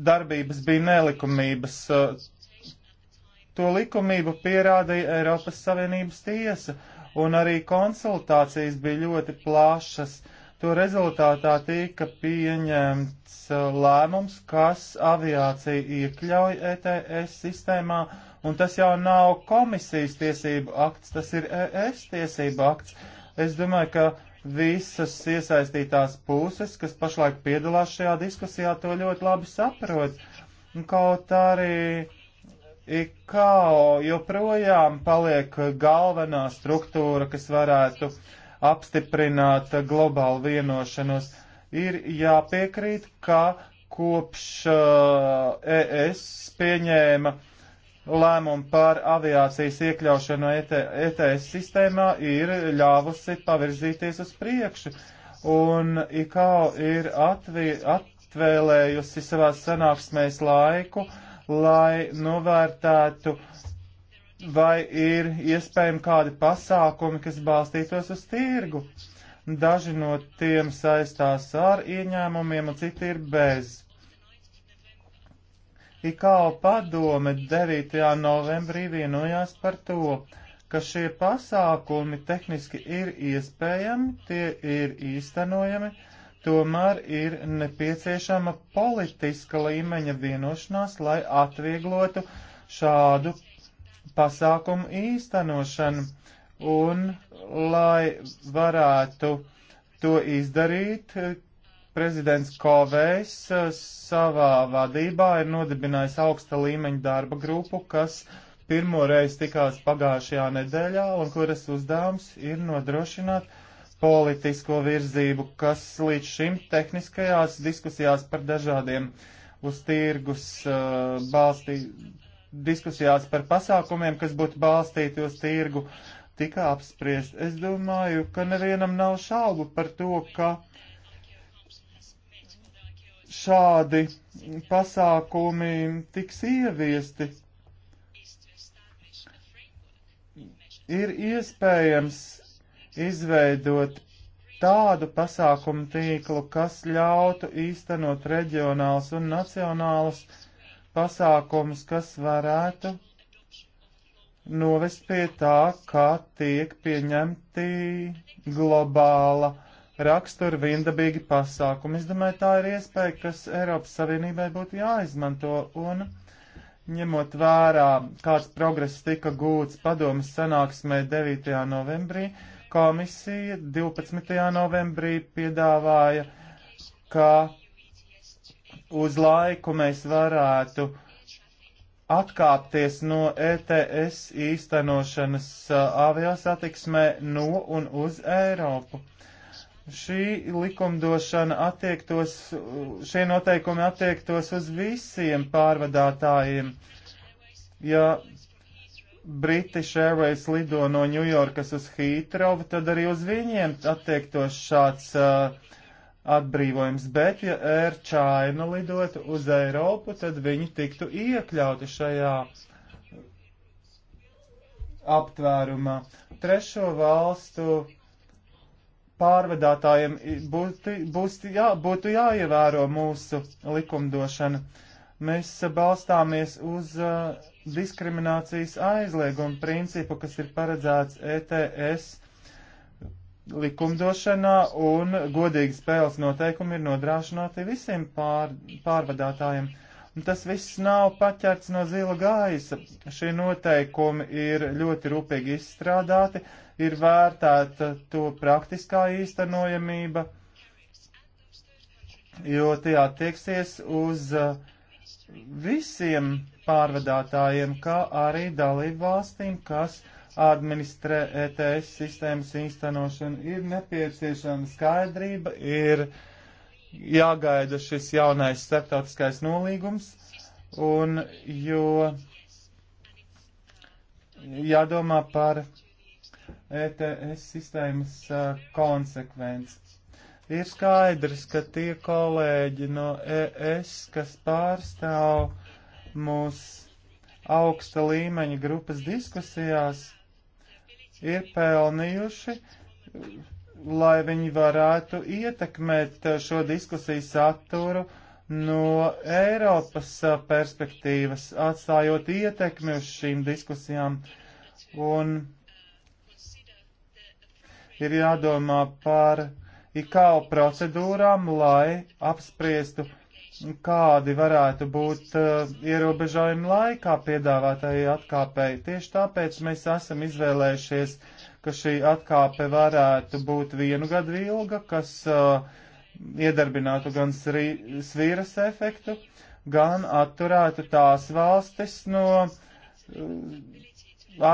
Speaker 1: darbības bija nelikumības. Uh, to likumību pierādīja Eiropas Savienības tiesa, un arī konsultācijas bija ļoti plašas. To rezultātā tika pieņemts uh, lēmums, kas aviācija iekļauj ETS sistēmā, un tas jau nav komisijas tiesību akts, tas ir ES tiesību akts. Es domāju, ka visas iesaistītās puses, kas pašlaik piedalās šajā diskusijā, to ļoti labi saprot. Kaut arī IKO joprojām paliek galvenā struktūra, kas varētu apstiprināt globālu vienošanos, ir jāpiekrīt, ka kopš uh, ES pieņēma uh, lēmumu par aviācijas iekļaušanu ETS e sistēmā ir ļāvusi pavirzīties uz priekšu. Un IKAO ir atvi, atvēlējusi savās sanāksmēs laiku, lai novērtētu, vai ir iespējami kādi pasākumi, kas balstītos uz tirgu. Daži no tiem saistās ar ieņēmumiem, un citi ir bez. IKO padome 9. novembrī vienojās par to, ka šie pasākumi tehniski ir iespējami, tie ir īstenojami, tomēr ir nepieciešama politiska līmeņa vienošanās, lai atvieglotu šādu pasākumu īstenošanu un lai varētu to izdarīt, prezidents Kovējs eh, savā vadībā ir nodibinājis augsta līmeņa darba grupu, kas pirmo reizi tikās pagājušajā nedēļā un kuras uzdevums ir nodrošināt politisko virzību, kas līdz šim tehniskajās diskusijās par dažādiem uz tirgus uh, balstī, diskusijās par pasākumiem, kas būtu balstīti uz tirgu, tika apspriest. Es domāju, ka nevienam nav šaubu par to, ka šādi pasākumi tiks ieviesti. Ir iespējams izveidot tādu pasākumu tīklu, kas ļautu īstenot reģionāls un nacionālus pasākumus, kas varētu novest pie tā, kā tiek pieņemti globāla rakstura vindabīgi pasākumi. Es domāju, tā ir iespēja, kas Eiropas Savienībai būtu jāizmanto un ņemot vērā, kāds progress tika gūts padomas sanāksmē 9. novembrī, komisija 12. novembrī piedāvāja, ka uz laiku mēs varētu atkāpties no ETS īstenošanas uh, aviosatiksmē no un uz Eiropu šī likumdošana attiektos, šie noteikumi attiektos uz visiem pārvadātājiem. Ja British Airways lido no Ņujorkas uz Hītrovu, tad arī uz viņiem attiektos šāds uh, atbrīvojums, bet ja Air China lidotu uz Eiropu, tad viņi tiktu iekļauti šajā aptvērumā. Trešo valstu pārvadātājiem būtu, būs jā, būtu jāievēro mūsu likumdošana. Mēs balstāmies uz uh, diskriminācijas aizliegumu principu, kas ir paredzēts ETS likumdošanā, un godīgi spēles noteikumi ir nodrāšināti visiem pār, pārvadātājiem. Un tas viss nav paķerts no zila gaisa. Šie noteikumi ir ļoti rūpīgi izstrādāti, uh, ir vērtēta to praktiskā īstenojamība, jo tie attieksies uz uh, visiem pārvadātājiem, kā arī dalību valstīm, kas administrē ETS sistēmas īstenošanu. Ir nepieciešama skaidrība, ir jāgaida šis jaunais starptautiskais nolīgums, un jo jādomā par ETS sistēmas konsekvences. Ir skaidrs, ka tie kolēģi no ES, kas pārstāv mūs augsta līmeņa grupas diskusijās, ir pelnījuši, lai viņi varētu ietekmēt šo diskusiju saturu no Eiropas perspektīvas, atstājot ietekmi uz šīm diskusijām. Un ir jādomā par ikālu procedūrām, lai apspriestu, kādi varētu būt uh, ierobežojumi laikā piedāvātajai atkāpēji. Tieši tāpēc mēs esam izvēlējušies, ka šī atkāpe varētu būt vienu gadu ilga, kas uh, iedarbinātu gan svīras efektu, gan atturētu tās valstis no uh,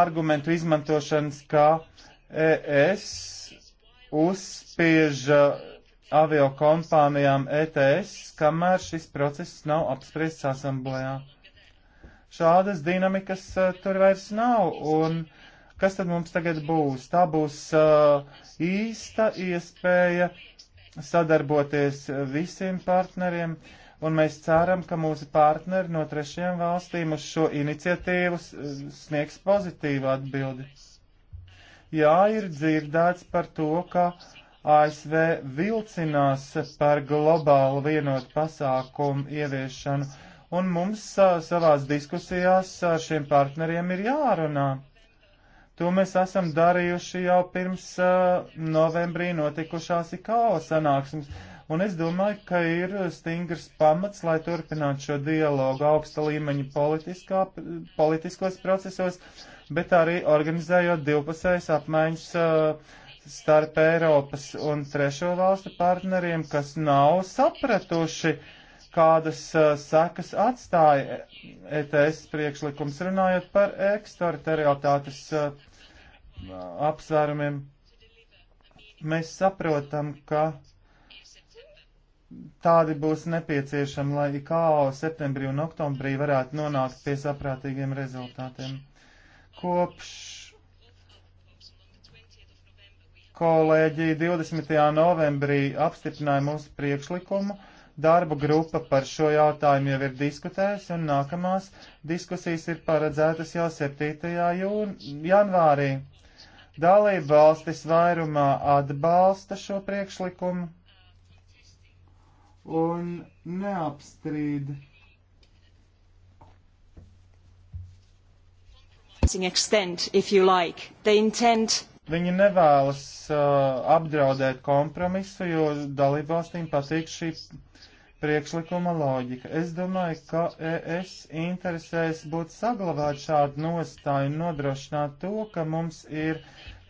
Speaker 1: argumentu izmantošanas, kā uh, ES uzspiež avio kompānijām ETS, kamēr šis process nav apspriests asamblējā. Šādas dinamikas e, tur vairs nav, un kas tad mums tagad būs? Tā būs uh, īsta iespēja sadarboties visiem partneriem, un mēs ceram, ka mūsu partneri no trešajām valstīm uz šo iniciatīvu sniegs pozitīvu atbildi. Jā, ir dzirdēts par to, ka ASV vilcinās par globālu vienotu pasākumu ieviešanu, un mums savās diskusijās ar šiem partneriem ir jārunā. To mēs esam darījuši jau pirms uh, novembrī notikušās IKO sanāksmes, un es domāju, ka ir stingrs pamats, lai turpinātu šo dialogu augsta līmeņa politiskos procesos, bet arī organizējot divpusējas apmaiņas uh, starp Eiropas un trešo valstu partneriem, kas nav sapratuši, kādas uh, sekas atstāja ETS priekšlikums, runājot par eksteritorialitātes uh, apsvērumiem. Mēs saprotam, ka tādi būs nepieciešami, lai IKO septembrī un oktobrī varētu nonākt pie saprātīgiem rezultātiem kopš kolēģi 20. novembrī apstiprināja mūsu priekšlikumu. Darba grupa par šo jautājumu jau ir diskutējusi, un nākamās diskusijas ir paredzētas jau 7. Jūn, janvārī. Dalība valstis vairumā atbalsta šo priekšlikumu un neapstrīd surprising extent, if you like. They intend Viņi nevēlas uh, apdraudēt kompromisu, jo dalībvalstīm patīk šī priekšlikuma loģika. Es domāju, ka ES interesēs būtu saglabāt šādu nostāju un nodrošināt to, ka mums ir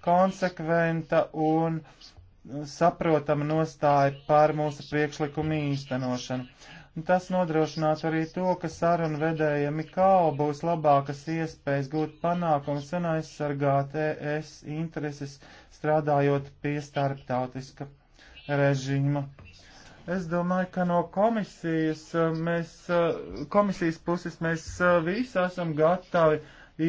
Speaker 1: konsekventa un saprotama nostāja par mūsu priekšlikumu īstenošanu. Tas nodrošinās arī to, ka sarunu vedējiem IKAO būs labākas iespējas gūt panākums un aizsargāt ES intereses, strādājot pie starptautiska režīma. Es domāju, ka no komisijas, eh, mēs, eh, komisijas puses mēs eh, visi esam gatavi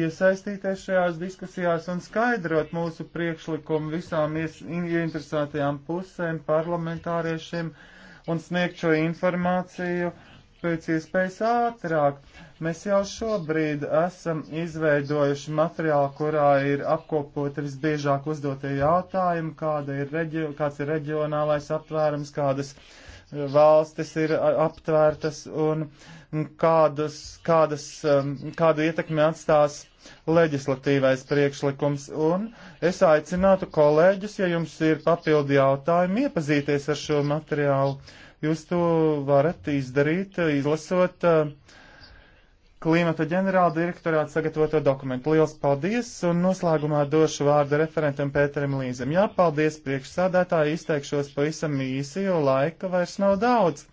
Speaker 1: iesaistīties šajās diskusijās un skaidrot mūsu priekšlikumu visām ies, ieinteresētajām pusēm, parlamentāriešiem, uh, un sniegt šo informāciju pēc iespējas ātrāk. Mēs jau šobrīd esam izveidojuši materiālu, kurā ir apkopot visbiežāk uzdotie jautājumi, kāda ir reģio, kāds ir reģionālais aptvērums, kādas valstis ir aptvērtas un uh, kādas, kādas, um, kādu ietekmi atstās leģislatīvais priekšlikums. Un es aicinātu kolēģus, ja jums ir papildi jautājumi, iepazīties ar šo materiālu. Jūs to varat izdarīt, izlasot uh, klimata ģenerāla direktorāta sagatavoto dokumentu. Liels paldies! Un noslēgumā došu vārdu referentam Pēterim Līzam. Jā, paldies priekšsādātāji, izteikšos pavisam īsi, jo laika vairs nav daudz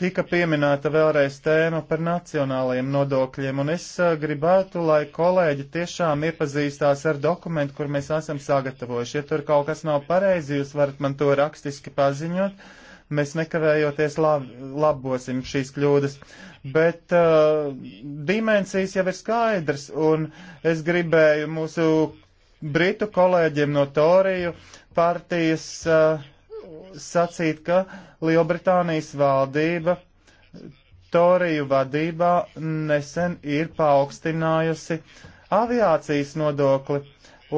Speaker 1: Tika pieminēta vēlreiz tēma par nacionālajiem nodokļiem, un es eh, gribētu, lai kolēģi tiešām iepazīstās ar dokumentu, kur mēs esam sagatavojuši. Ja tur kaut kas nav pareizi, jūs varat man to rakstiski paziņot. Mēs nekavējoties lab labosim šīs kļūdas. Bet uh, dimensijas jau ir skaidrs, un es gribēju mūsu britu kolēģiem no Toriju partijas. Uh, sacīt, ka Lielbritānijas valdība Toriju vadībā nesen ir paaugstinājusi aviācijas nodokli.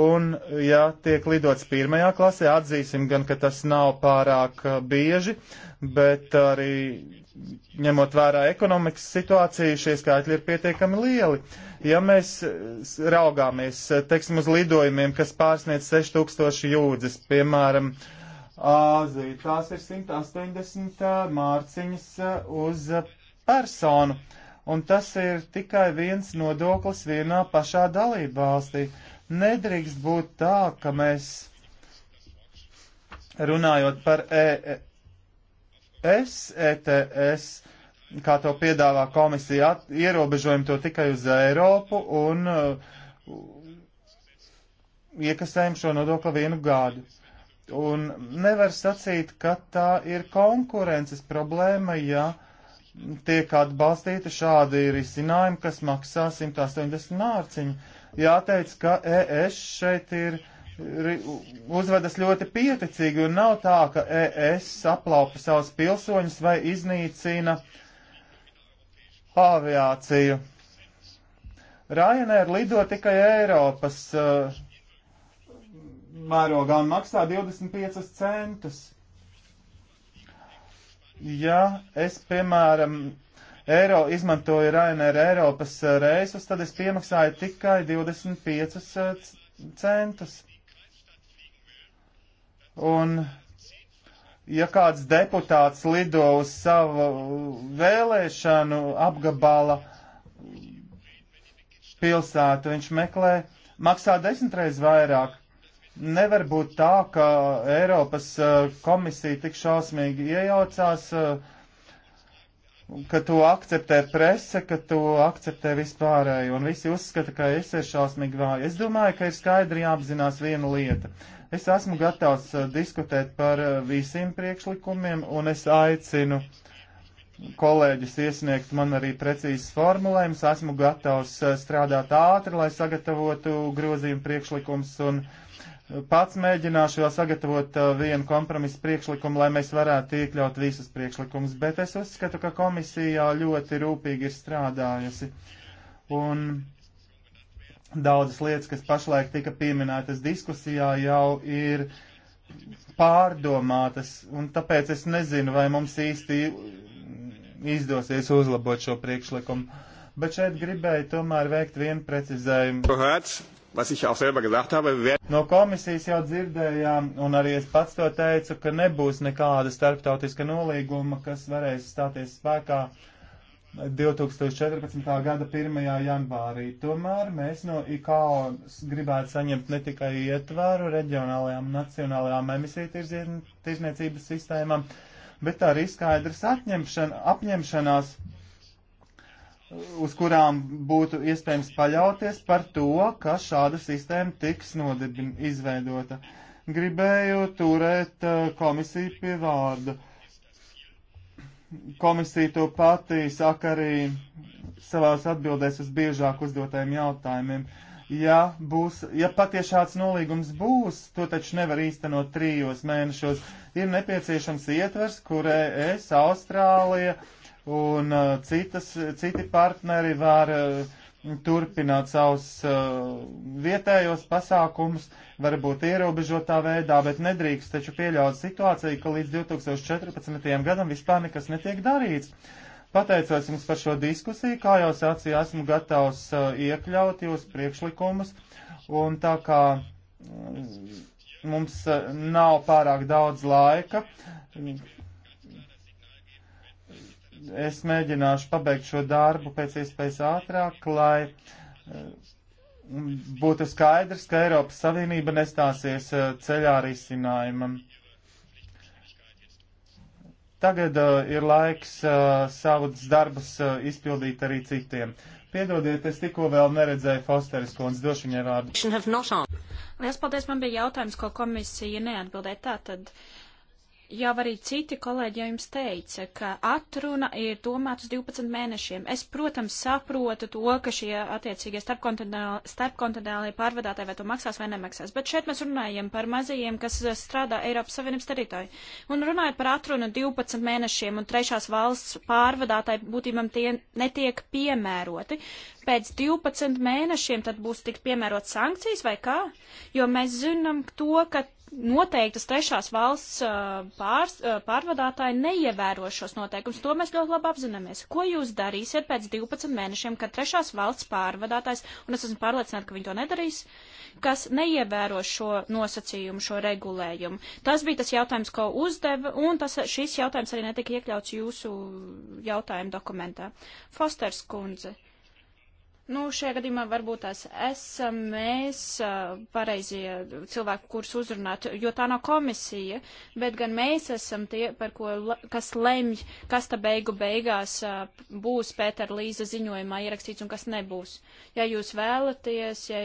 Speaker 1: Un, ja tiek lidots pirmajā klasē, atzīsim gan, ka tas nav pārāk uh, bieži, bet arī ņemot vērā ekonomikas situāciju, šie skaitļi ir pietiekami lieli. Ja mēs uh, raugāmies, uh, teiksim, uz lidojumiem, kas pārsniec 6000 jūdzes, piemēram, uh, Āziju. Tās ir 180 mārciņas uz personu. Un tas ir tikai viens nodoklis vienā pašā dalība valstī. Nedrīkst būt tā, ka mēs runājot par EES, ETS, kā to piedāvā komisija, ierobežojam to tikai uz Eiropu un uh, iekasējam šo nodokli vienu gadu. Uh, Un nevar sacīt, ka tā ir konkurences problēma, ja tiek atbalstīta šādi risinājumi, kas maksā 180 mārciņu. Jāteic, ka ES šeit ir uzvedas ļoti pieticīgi un nav tā, ka ES aplaupa savus pilsoņus vai iznīcina aviāciju. Ryanair lido tikai Eiropas uh, mērogā un maksā 25 centus. Ja es, piemēram, eiro izmantoju Rainer Eiropas eh, reisus, tad es piemaksāju tikai 25 eh, centus. Un ja kāds deputāts lido uz savu vēlēšanu apgabala pilsētu, viņš meklē, maksā desmitreiz vairāk. Nevar būt tā, ka Eiropas eh, komisija tik šausmīgi iejaucās, eh, ka to akceptē prese, ka to akceptē vispārēji, un visi uzskata, ka es esmu šausmīgi vāji. Es domāju, ka ir skaidri jāapzinās viena lieta. Es esmu gatavs eh, diskutēt par visiem priekšlikumiem, un es aicinu kolēģis iesniegt man arī precīzes formulējumus. Esmu gatavs strādāt ātri, lai sagatavotu grozījumu priekšlikums un priekšlikumus Pats mēģināšu vēl sagatavot uh, vienu kompromisu priekšlikumu, lai mēs varētu iekļaut visus priekšlikumus, bet es uzskatu, ka komisijā ļoti rūpīgi ir strādājusi. Un daudzas lietas, kas pašlaik tika pieminētas diskusijā, jau ir pārdomātas, un tāpēc es nezinu, vai mums īsti izdosies uzlabot šo priekšlikumu. Bet šeit gribēju tomēr veikt vienu precizējumu. Perhaps was ich auch selber gesagt habe, wir werden. No komisijas jau dzirdējām, un arī es pats to teicu, ka nebūs nekāda starptautiska nolīguma, kas varēs stāties spēkā 2014. gada 1. janvārī. Tomēr mēs no IKO gribētu saņemt ne tikai ietvaru reģionālajām un nacionālajām emisiju tirzniecības sistēmām, bet arī skaidrs apņemšanās uz kurām būtu iespējams paļauties par to, ka šāda sistēma tiks nodibin, izveidota. Gribēju turēt eh, komisiju pie vārda. Komisija to pati saka arī savās atbildēs uz biežāk uzdotajiem jautājumiem. Ja, būs, ja patie šāds nolīgums būs, to taču nevar īstenot trijos mēnešos. Ir nepieciešams ietvers, kurē es, Austrālija, uh, un uh, citas, citi partneri var uh, turpināt savus uh, vietējos pasākumus, varbūt ierobežotā veidā, bet nedrīkst taču pieļaut situāciju, ka līdz 2014. gadam vispār nekas netiek darīts. Pateicos jums par šo diskusiju, kā jau sacīju, esmu gatavs iekļaut jūs priekšlikumus, un tā kā mums nav pārāk daudz laika, es mēģināšu pabeigt šo darbu pēc iespējas ātrāk, lai eh, būtu skaidrs, ka Eiropas Savienība nestāsies eh, ceļā risinājumam. Tagad uh, ir laiks uh, savus darbus uh, izpildīt arī citiem. Piedodiet, es tikko vēl neredzēju Fosteris kundz, došu viņai vārdu.
Speaker 4: Liels paldies, man bija jautājums, ko komisija neatbildēja. Tātad uh, jau arī citi kolēģi jau jums teica, ka atruna ir domāta uz 12 mēnešiem. Es, protams, saprotu to, ka šie attiecīgie starpkontinentālie pārvadātāji vai to maksās vai nemaksās, bet šeit mēs runājam par mazajiem, kas eh, strādā Eiropas Savienības teritorijā. Un runājot par atrunu 12 mēnešiem un trešās valsts pārvadātāji būtībā tie netiek piemēroti. Pēc 12 mēnešiem tad būs tik piemērot sankcijas vai kā? Jo mēs zinām to, ka noteiktas trešās valsts pārs, pārvadātāji neievēro šos noteikumus. To mēs ļoti labi apzināmies. Ko jūs darīsiet pēc 12 mēnešiem, kad trešās valsts pārvadātājs, un es esmu pārliecināta, ka viņi to nedarīs, kas neievēro šo nosacījumu, šo regulējumu? Tas bija tas jautājums, ko uzdeva, un tas, šis jautājums arī netika iekļauts jūsu jautājumu dokumentā. Fosters kundze. Uh, Nu, šajā gadījumā varbūt tās esam mēs pareizie cilvēki, kurus uzrunāt, jo tā nav komisija, bet gan mēs esam tie, par ko, kas lemj, kas ta beigu beigās būs Pētera Līza ziņojumā ierakstīts un kas nebūs. Ja jūs vēlaties, ja,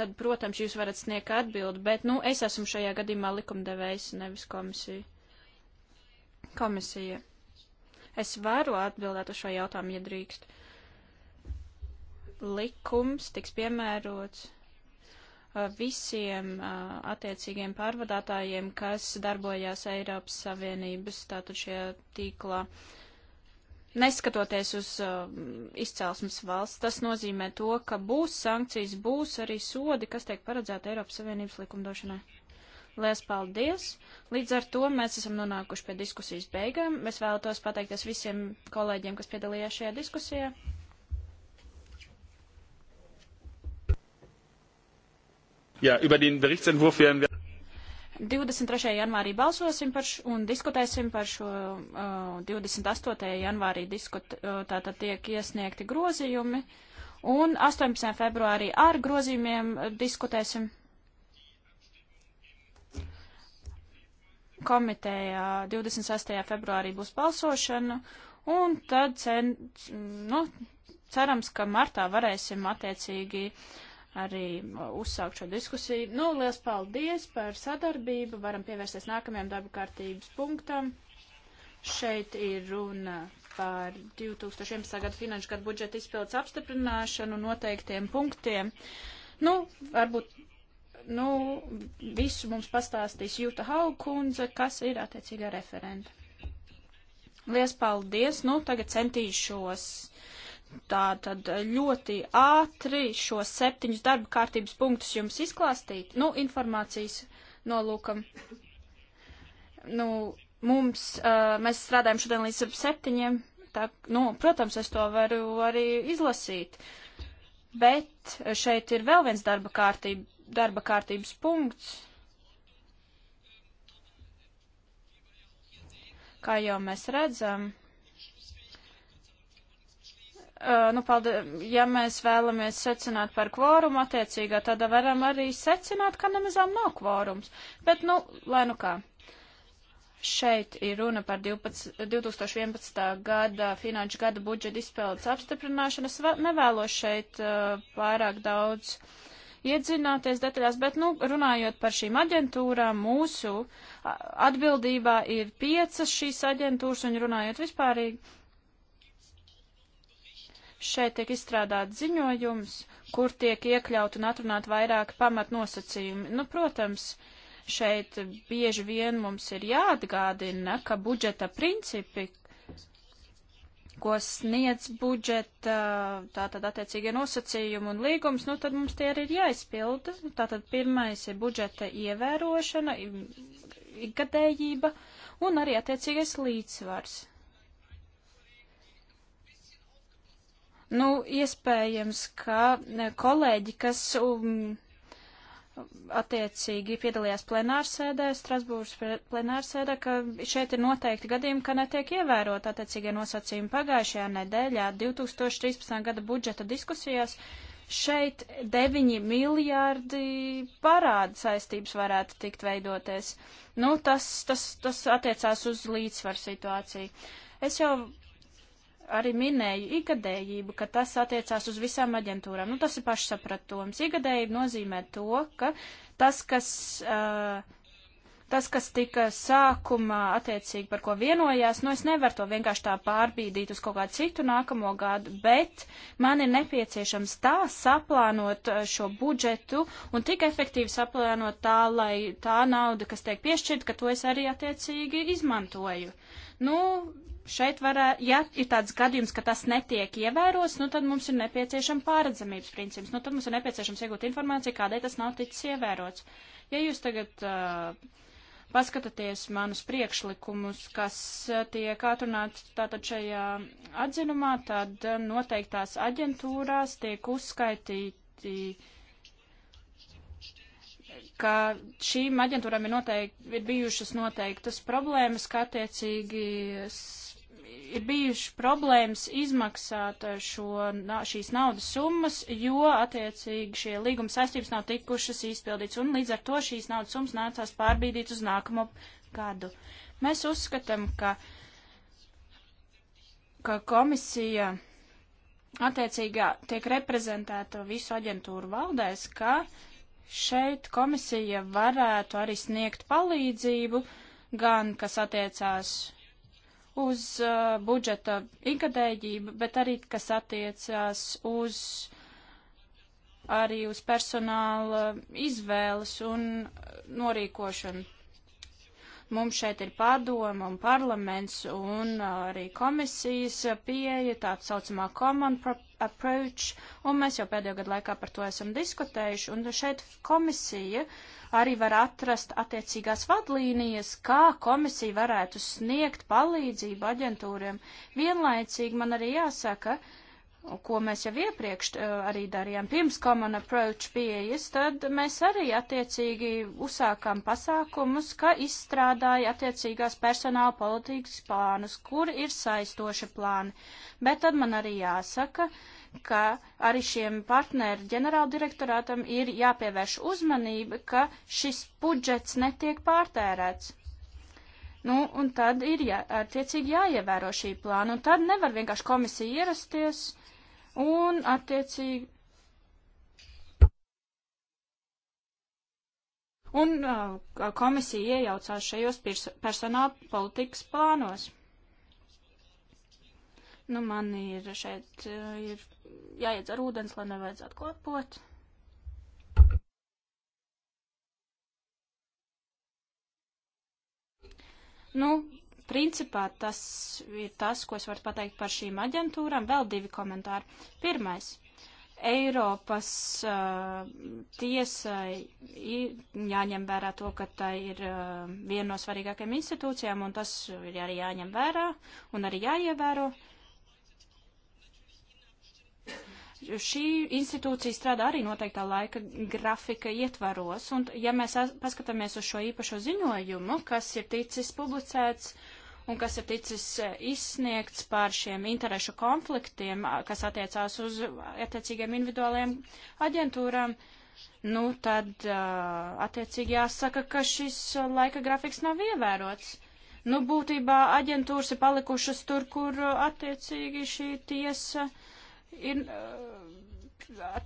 Speaker 4: tad, protams, jūs varat sniegt atbildi, bet, nu, es esmu šajā gadījumā likumdevējs, nevis komisija. Komisija. Es varu atbildēt uz šo jautājumu, ja drīkst. Uh, likums tiks piemērots uh, visiem uh, attiecīgiem pārvadātājiem, kas darbojās Eiropas Savienības tātad šajā tīklā. Neskatoties uz uh, izcelsmes valsts, tas nozīmē to, ka būs sankcijas, būs arī sodi, kas tiek paredzēta Eiropas Savienības likumdošanai. Lielas paldies! Līdz ar to mēs esam nonākuši pie diskusijas beigām. Es vēlētos pateikties visiem kolēģiem, kas piedalījās šajā diskusijā.
Speaker 3: Ja, über den Berichtsentwurf werden wir.
Speaker 4: 23. janvārī balsosim par šo un diskutēsim par šo uh, 28. janvārī diskut, uh, tātad tiek iesniegti grozījumi un 18. februārī ar grozījumiem uh, diskutēsim. Komitējā 26. februārī būs balsošana un tad cen, nu, cerams, ka martā varēsim attiecīgi uh, arī uzsākt šo diskusiju. Nu, liels paldies par sadarbību. Varam pievērsties nākamajam darba kārtības punktam. Šeit ir runa par 2011. gada finanšu gadu budžeta izpildes apstiprināšanu noteiktiem punktiem. Nu, varbūt, nu, visu mums pastāstīs Jūta Haukundze, kas ir attiecīgā referenta. Liels paldies! Nu, tagad centīšos Tātad ļoti ātri šos septiņus darba kārtības punktus jums izklāstīt, nu, informācijas nolūkam. Nu, mums, uh, mēs strādājam šodien līdz septiņiem, tā, nu, protams, es to varu arī izlasīt, bet šeit ir vēl viens darba, kārtība, darba kārtības punkts. Kā jau mēs redzam, Eh, nu, paldi, ja mēs vēlamies secināt par kvorumu attiecīgā, tad varam arī secināt, ka nemazām nav kvorums. Bet, nu, lai nu kā. Šeit ir runa par 12, 2011. gada finanšu gada budžeta izpildes apstiprināšanu. Es nevēlos šeit uh, pārāk daudz iedzināties detaļās, bet, nu, runājot par šīm aģentūrām, mūsu atbildībā ir piecas šīs aģentūras, un runājot vispārīgi, Šeit tiek izstrādāt ziņojums, kur tiek iekļaut un atrunāt vairāki pamatnosacījumi. Nu, protams, šeit bieži vien mums ir jāatgādina, ka budžeta principi, ko sniedz budžeta, tātad attiecīgie nosacījumi un līgums, nu tad mums tie arī ir jāizpilda. Nu, tātad pirmais ir budžeta ievērošana, ikgadējība un arī attiecīgais līdzsvars. Nu, iespējams, ka e, kolēģi, kas um, attiecīgi piedalījās plenārsēdē, Strasbūras plenārsēdē, ka šeit ir noteikti gadījumi, ka netiek ievērot attiecīgie nosacījumi pagājušajā nedēļā 2013. gada budžeta diskusijās. Šeit 9 miljārdi parāda saistības varētu tikt veidoties. Nu, tas, tas, tas attiecās uz līdzsvaru situāciju. Es jau arī minēju ikgadējību, ka tas attiecās uz visām aģentūrām. Nu, tas ir pašsapratojums. Ikgadējība nozīmē to, ka tas, kas. Uh, Tas, kas tika sākumā attiecīgi par ko vienojās, nu es nevaru to vienkārši tā pārbīdīt uz kaut kādu citu nākamo gadu, bet man ir nepieciešams tā saplānot šo budžetu un tik efektīvi saplānot tā, lai tā nauda, kas tiek piešķirta, ka to es arī attiecīgi izmantoju. Nu, šeit var, ja ir tāds gadījums, ka tas netiek ievēros, nu tad mums ir nepieciešama pārredzamības princips. Nu tad mums ir nepieciešams iegūt informāciju, kādēļ tas nav ticis ievērots. Ja jūs tagad uh, paskatāties manus priekšlikumus, kas tiek atrunāts tātad šajā atzinumā, tad noteiktās aģentūrās tiek uzskaitīti ka šīm aģentūrām ir, noteikti, ir bijušas noteiktas problēmas, kā attiecīgi ir bijuši problēmas izmaksāt eh, šo, šīs naudas summas, jo attiecīgi šie līguma saistības nav tikušas izpildīts, un līdz ar to šīs naudas summas nācās pārbīdīt uz nākamo gadu. Mēs uzskatām, ka, ka komisija attiecīgā tiek reprezentēta visu aģentūru valdēs, ka šeit komisija varētu arī sniegt palīdzību, gan kas attiecās uz uh, budžeta ikgadējību, bet arī, kas attiecās uz arī uz personāla izvēles un norīkošanu. Mums šeit ir padoma un parlaments un uh, arī komisijas pieeja, tā saucamā common approach, un mēs jau pēdējo gadu laikā par to esam diskutējuši, un šeit komisija uh, arī var atrast attiecīgās vadlīnijas, kā komisija varētu sniegt palīdzību aģentūriem. Vienlaicīgi man arī jāsaka, ko mēs jau iepriekš eh, arī darījām, pirms Common Approach pieejas, tad mēs arī attiecīgi uzsākām pasākumus, ka izstrādāja attiecīgās personāla politikas plānus, kur ir saistoši plāni. Bet tad man arī jāsaka, uh, ka arī šiem partneru ģenerāldirektorātam ir jāpievērš uzmanība, ka šis budžets netiek pārtērēts. Nu, un tad ir jā, attiecīgi jāievēro šī plāna, un tad nevar vienkārši komisija ierasties un attiecīgi. Un uh, komisija iejaucās šajos personāla politikas plānos. Nu, man ir šeit eh, ir jāiedz ar ūdens, lai nevajadzētu klapot. Nu, principā tas ir tas, ko es varu pateikt par šīm aģentūrām. Vēl divi komentāri. Pirmais. Eiropas uh, tiesai jāņem vērā to, ka tā ir uh, viena no svarīgākajām institūcijām, un tas ir arī jāņem vērā un arī jāievēro. Uh, Šī institūcija strādā arī noteiktā laika grafika ietvaros, un ja mēs paskatāmies uz šo īpašo ziņojumu, kas ir ticis publicēts un kas ir ticis e, izsniegts par šiem interešu konfliktiem, kas attiecās uz attiecīgiem individuāliem aģentūrām, nu tad e, attiecīgi jāsaka, ka šis e, laika grafiks nav ievērots. Nu, būtībā aģentūras ir palikušas tur, kur attiecīgi šī tiesa ir,
Speaker 3: uh,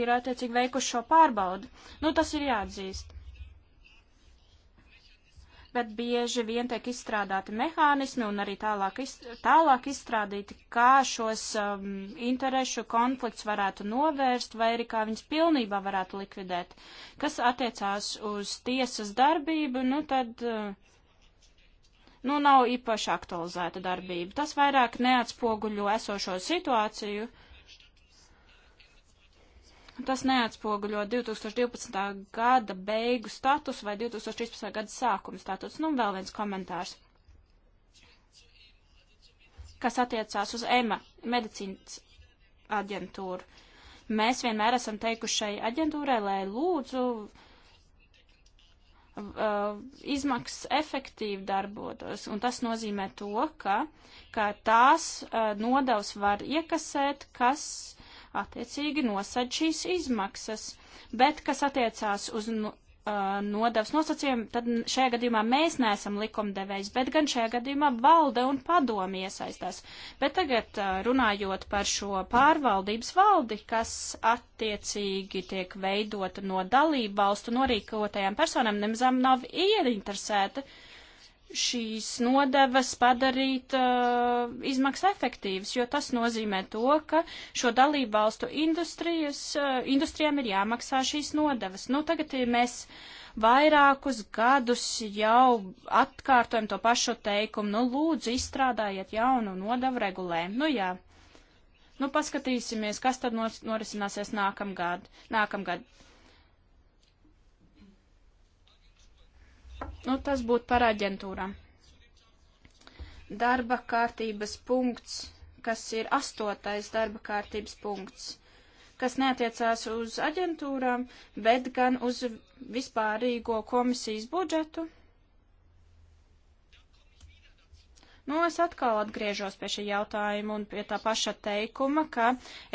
Speaker 4: ir attiecīgi veikuši šo pārbaudu. Nu, tas ir jāatzīst. Bet bieži vien tiek izstrādāti mehānismi un arī tālāk, iz, tālāk izstrādīti, kā šos um, interešu konflikts varētu novērst vai arī kā viņas pilnībā varētu likvidēt. Kas attiecās uz tiesas darbību, nu tad. Uh, nu, nav īpaši aktualizēta darbība. Tas vairāk neatspoguļo esošo situāciju. Tas neatspoguļo 2012. gada beigu status vai 2013. gada sākuma status. Nu, vēl viens komentārs, kas attiecās uz EMA, medicīnas aģentūru. Mēs vienmēr esam teikuši šai aģentūrai, lai lūdzu uh, Eh, izmaksas efektīvi darbotos, un tas nozīmē to, ka, ka tās eh, nodevs var iekasēt, kas attiecīgi nosad šīs izmaksas, bet kas attiecās uz nodevs nosacījumi, tad šajā gadījumā mēs neesam likumdevējs, bet gan šajā gadījumā valde un padomi iesaistās. Bet tagad runājot par šo pārvaldības valdi, kas attiecīgi tiek veidota no dalību valstu norīkotajām personām, nemazam nav ieinteresēta uh, šīs nodevas padarīt uh, izmaksas efektīvas, jo tas nozīmē to, ka šo dalību valstu industrijas, uh, industrijām ir jāmaksā šīs nodevas. Nu, tagad ja mēs vairākus gadus jau atkārtojam to pašu teikumu, nu, lūdzu, izstrādājiet jaunu nodevu regulējumu. Nu, jā. Nu, paskatīsimies, kas tad nos, norisināsies nākamgad. nākamgad. Nu, tas būtu par aģentūrām. Darba kārtības punkts, kas ir astotais darba kārtības punkts, kas neatiecās uz aģentūrām, bet gan uz vispārīgo komisijas budžetu. Nu, es atkal atgriežos pie šī jautājuma un pie tā paša teikuma, ka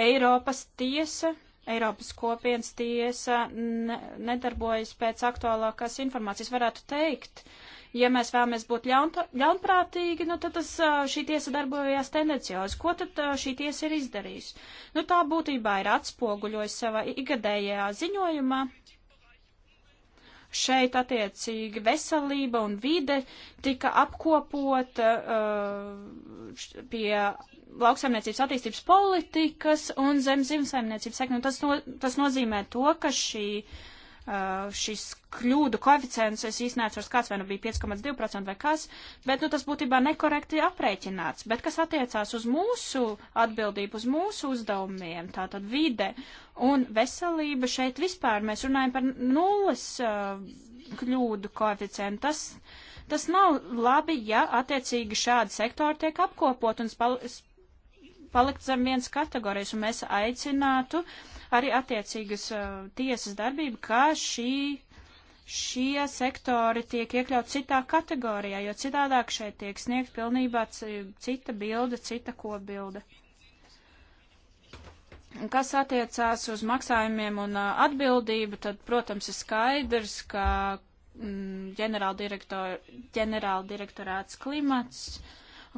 Speaker 4: Eiropas tiesa Eiropas kopienas tiesa nedarbojas pēc aktuālākās informācijas. Varētu teikt, ja mēs vēlamies būt ļaunta, ļaunprātīgi, nu tad tas, šī tiesa darbojās tendenciāli. Ko tad šī tiesa ir izdarījusi? Nu tā būtībā ir atspoguļojusi savā ikgadējā ziņojumā. Šeit attiecīgi veselība un vide tika apkopota uh, pie lauksaimniecības attīstības politikas un zem zimsaimniecības sekmēm. Tas, no, tas nozīmē to, ka šī, uh, šis kļūdu koeficients, es īsti neatceros, kāds vai nu bija 5,2% vai kas, bet nu, tas būtībā nekorekti aprēķināts. Bet kas attiecās uz mūsu atbildību, uz mūsu uzdevumiem, tātad vide un veselība šeit vispār, mēs runājam par nulles uh, kļūdu koeficientu. Tas, tas nav labi, ja attiecīgi šādi sektori tiek apkopot un palikt zem viens kategorijas, un mēs aicinātu arī attiecīgas uh, tiesas darbību, kā šī, šie sektori tiek iekļaut citā kategorijā, jo citādāk šeit tiek sniegt pilnībā cita bilde, cita kobilde. Kas attiecās uz maksājumiem un uh, atbildību, tad, protams, ir skaidrs, ka mm, ģenerāldirektor, ģenerāldirektorāts klimats uh,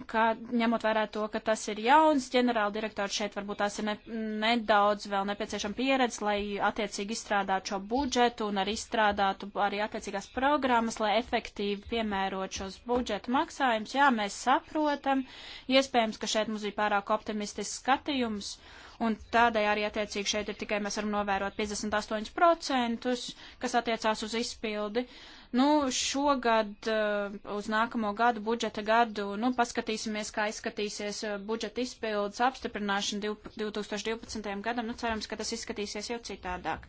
Speaker 4: ka ņemot vērā to, ka tas ir jauns ģenerāla direktors, šeit varbūt tās ir ne, nedaudz vēl nepieciešama pieredze, lai attiecīgi izstrādātu šo budžetu un arī izstrādātu arī attiecīgās programmas, lai efektīvi piemērot šos budžetu maksājumus. Jā, mēs saprotam, iespējams, ka šeit mums bija pārāk optimistisks skatījums. Un tādēļ arī attiecīgi šeit ir tikai mēs varam novērot 58%, kas attiecās uz izpildi. Uh, Nu, šogad eh, uz nākamo gadu, budžeta gadu, nu, paskatīsimies, kā izskatīsies eh, budžeta izpildes apstiprināšana 2012. gadam. Nu, cerams, ka tas izskatīsies jau citādāk.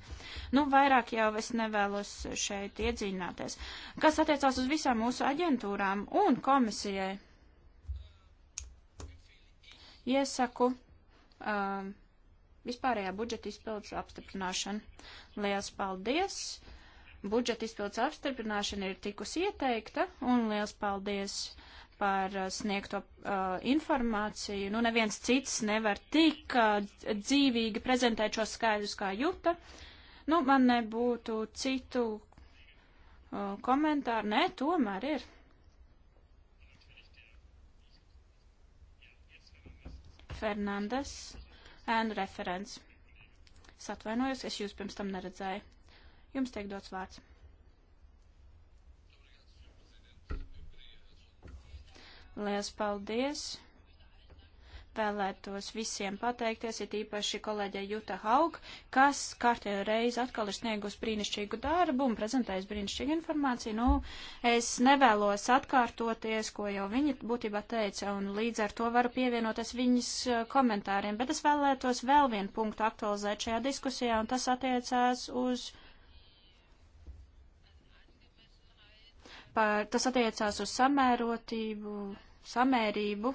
Speaker 4: Nu, vairāk jau es nevēlos šeit iedzīvināties. Kas attiecās uz visām mūsu aģentūrām un komisijai? Iesaku. Um, vispārējā budžeta izpildes apstiprināšanu. Lielas paldies! Uh, budžeta izpildes apstiprināšana ir tikusi ieteikta, un liels paldies par uh, sniegto uh, informāciju. Nu, neviens cits nevar tik uh, dzīvīgi prezentēt šo skaidrus kā Juta. Nu, man nebūtu citu uh, komentāru. Nē, tomēr ir. Fernandes, ēnu referents. Es atvainojos, es jūs pirms tam neredzēju. Jums tiek dots vārds. Lielas paldies! Vēlētos visiem pateikties, it īpaši kolēģei Juta Haug, kas kārtējo reizi atkal ir sniegus brīnišķīgu darbu un prezentējis brīnišķīgu informāciju. Nu, es nevēlos atkārtoties, ko jau viņa būtībā teica, un līdz ar to varu pievienoties viņas eh, komentāriem, bet es vēlētos vēl vienu punktu aktualizēt šajā diskusijā, un tas attiecās uz Par, tas attiecās uz samērotību, samērību,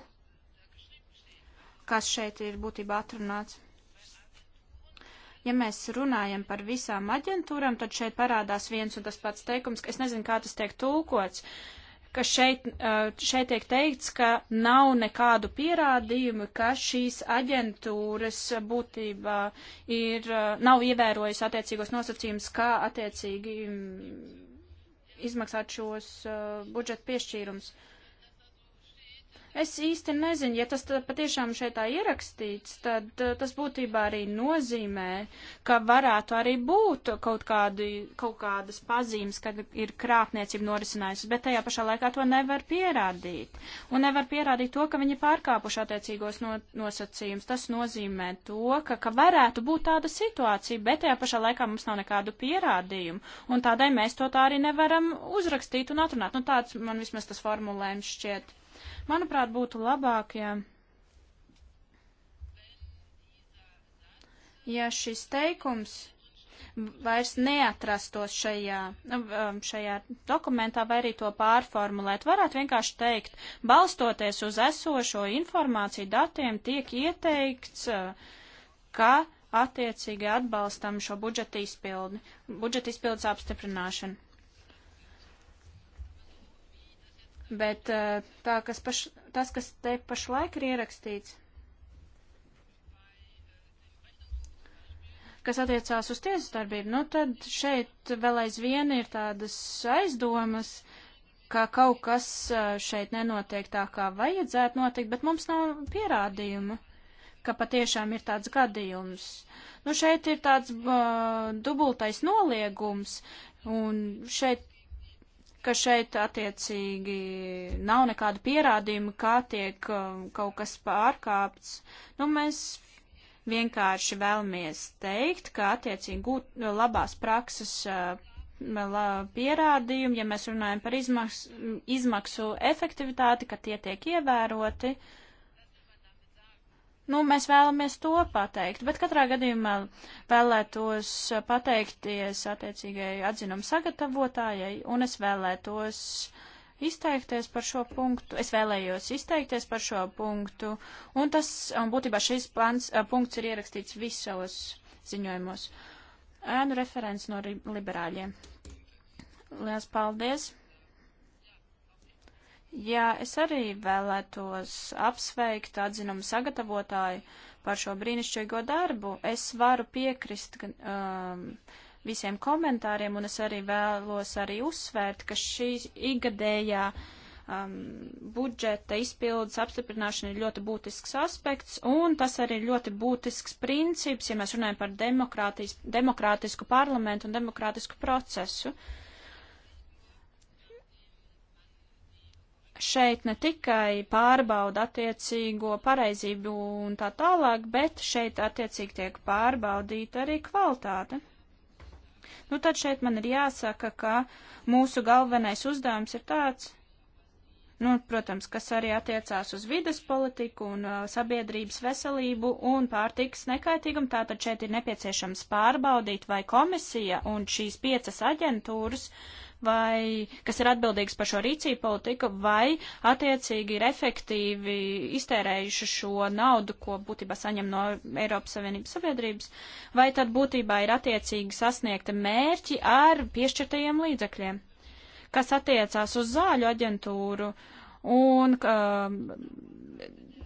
Speaker 4: kas šeit ir būtībā atrunāts. Ja mēs runājam par visām aģentūrām, tad šeit parādās viens un tas pats teikums, ka es nezinu, kā tas tiek tulkots, ka šeit, eh, šeit tiek teikts, ka nav nekādu pierādījumu, ka šīs aģentūras būtībā ir, eh, nav ievērojusi attiecīgos nosacījumus, kā attiecīgi mm, izmaksāt šos uh, budžeta piešķīrums. Uh, Es īsti nezinu, ja tas patiešām šeit tā ierakstīts, tad eh, tas būtībā arī nozīmē, ka varētu arī būt kaut, kādu, kaut kādas pazīmes, kad ir krāpniecība norisinājusi, bet tajā pašā laikā to nevar pierādīt. Un nevar pierādīt to, ka viņi pārkāpuši attiecīgos no, nosacījums. Tas nozīmē to, ka, ka varētu būt tāda situācija, bet tajā pašā laikā mums nav nekādu pierādījumu. Un tādēļ mēs to tā arī nevaram uzrakstīt un atrunāt. Nu, tāds man vismaz tas formulējums šķiet. Manuprāt, būtu labāk, ja, ja šis teikums vairs neatrastos šajā, nu, um, šajā dokumentā, vai arī to pārformulēt. Varētu vienkārši teikt, balstoties uz esošo informāciju datiem, tiek ieteikts, uh, ka attiecīgi atbalstam šo budžeta izpildi, budžeta izpildes apstiprināšanu. Bet eh, tā, kas paš, tas, kas te pašlaik ir ierakstīts, kas attiecās uz tiesas darbību, nu tad šeit vēl aizvien ir tādas aizdomas, ka kaut kas eh, šeit nenotiek tā, kā vajadzētu notikt, bet mums nav pierādījumu, ka patiešām ir tāds gadījums. Nu šeit ir tāds uh, dubultais noliegums, un šeit ka šeit attiecīgi nav nekādu pierādījumu, kā tiek um, kaut kas pārkāpts. Nu, mēs vienkārši vēlamies teikt, ka attiecīgi gūt labās prakses uh, pierādījumi, ja mēs runājam par izmaksu, izmaksu efektivitāti, ka tie tiek ievēroti. Uh, Nu, mēs vēlamies to pateikt, bet katrā gadījumā vēlētos pateikties attiecīgai atzinumu sagatavotājai, un es vēlētos izteikties par šo punktu. Es vēlējos izteikties par šo punktu, un tas, un būtībā šis plans, punkts ir ierakstīts visos ziņojumos. Ēnu referents no liberāļiem. Lielas paldies! Jā, es arī vēlētos apsveikt atzinumu sagatavotāju par šo brīnišķīgo darbu. Es varu piekrist um, visiem komentāriem, un es arī vēlos arī uzsvērt, ka šī igadējā um, budžeta izpildes apstiprināšana ir ļoti būtisks aspekts, un tas arī ir ļoti būtisks princips, ja mēs runājam par demokrātisku parlamentu un demokrātisku procesu. Uh, šeit ne tikai pārbauda attiecīgo pareizību un tā tālāk, bet šeit attiecīgi tiek pārbaudīta arī kvalitāte. Nu, tad šeit man ir jāsaka, ka mūsu galvenais uzdevums ir tāds, nu, protams, kas arī attiecās uz vides politiku un uh, sabiedrības veselību un pārtikas nekaitīgumu. Tātad šeit ir nepieciešams pārbaudīt, vai komisija un šīs piecas aģentūras uh, vai kas ir atbildīgs par šo rīcību politiku, vai attiecīgi ir efektīvi iztērējuši šo naudu, ko būtībā saņem no Eiropas Savienības sabiedrības, vai tad būtībā ir attiecīgi sasniegta mērķi ar piešķirtajiem līdzekļiem, kas attiecās uz zāļu aģentūru un um,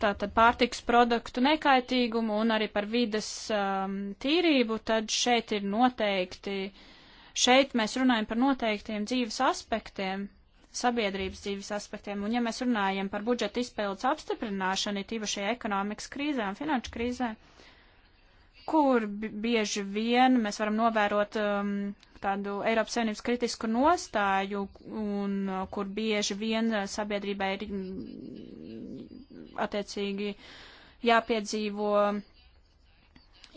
Speaker 4: tātad pārtiks produktu nekaitīgumu un arī par vides um, tīrību, tad šeit ir noteikti uh, Šeit mēs runājam par noteiktiem dzīves aspektiem, sabiedrības dzīves aspektiem, un ja mēs runājam par budžeta izpildes apstiprināšanu, it īpaši ekonomikas krīzē un finanšu krīzē, kur bieži vien mēs varam novērot um, tādu Eiropas Savienības kritisku nostāju, un uh, kur bieži vien sabiedrībai ir mm, attiecīgi jāpiedzīvo uh,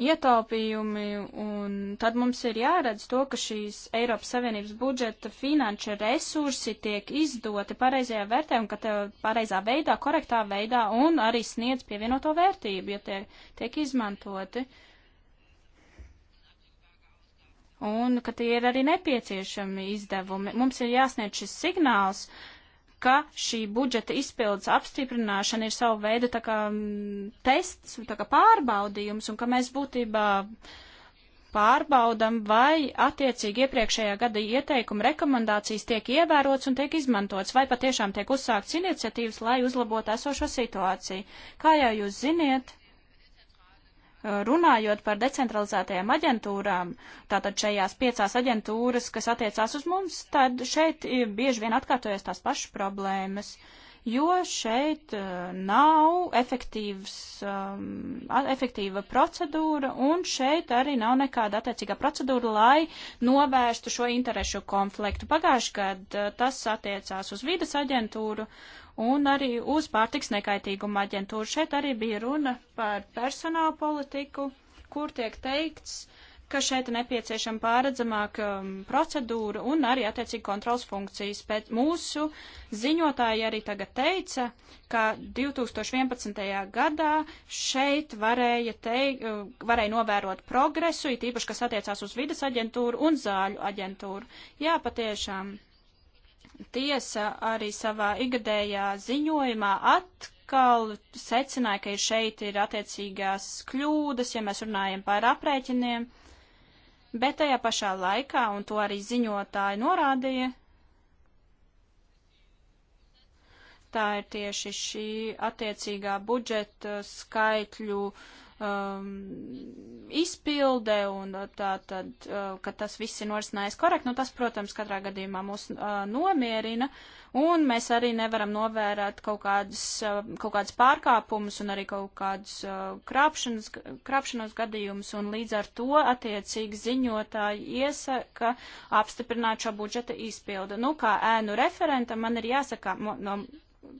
Speaker 4: ietaupījumi, un tad mums ir jāredz to, ka šīs Eiropas Savienības budžeta finanša resursi tiek izdoti pareizajā vērtē un ka te pareizā veidā, korektā veidā un arī sniedz pievienoto vērtību, ja tie tiek izmantoti. Un ka tie ir arī nepieciešami izdevumi. Mums ir jāsniedz šis signāls, uh, ka šī budžeta izpildes apstiprināšana ir sava veida tā kā mm, tests, tā kā pārbaudījums, un ka mēs būtībā pārbaudam, vai attiecīgi iepriekšējā gada ieteikuma rekomendācijas tiek ievērots un tiek izmantots, vai patiešām tiek uzsākts iniciatīvas, lai uzlabotu esošo situāciju. Kā jau jūs ziniet, runājot par decentralizētajām aģentūrām, tātad šajās piecās aģentūras, kas attiecās uz mums, tad šeit bieži vien atkārtojas tās pašas problēmas, jo šeit uh, nav efektīvs, um, efektīva procedūra un šeit arī nav nekāda attiecīgā procedūra, lai novērstu šo interešu konfliktu. Pagājuši gadu uh, tas attiecās uz vidas aģentūru un arī uz pārtiks nekaitīguma aģentūru. Šeit arī bija runa par personālu politiku, kur tiek teikts, ka šeit nepieciešama pāredzamāka um, procedūra un arī attiecīgi kontrols funkcijas. Pēc mūsu ziņotāji arī tagad teica, ka 2011. gadā šeit varēja, teik, uh, varēja novērot progresu, it īpaši, kas attiecās uz vidas aģentūru un zāļu aģentūru. Jā, patiešām tiesa arī savā igadējā ziņojumā atkal secināja, ka ir šeit ir attiecīgās kļūdas, ja mēs runājam par aprēķiniem, bet tajā pašā laikā, un to arī ziņotāji norādīja, tā ir tieši šī attiecīgā budžeta skaitļu uh, um, izpilde un tā tad, uh, ka tas viss ir norisinājies korekti, nu tas, protams, katrā gadījumā mūs uh, nomierina un mēs arī nevaram novērāt kaut kādas, uh, kaut kādas pārkāpumus un arī kaut kādas uh, krāpšanas, krāpšanos gadījumus un līdz ar to attiecīgi ziņotāji iesaka apstiprināt šo budžeta izpildu. Nu, kā ēnu referenta man ir jāsaka, no,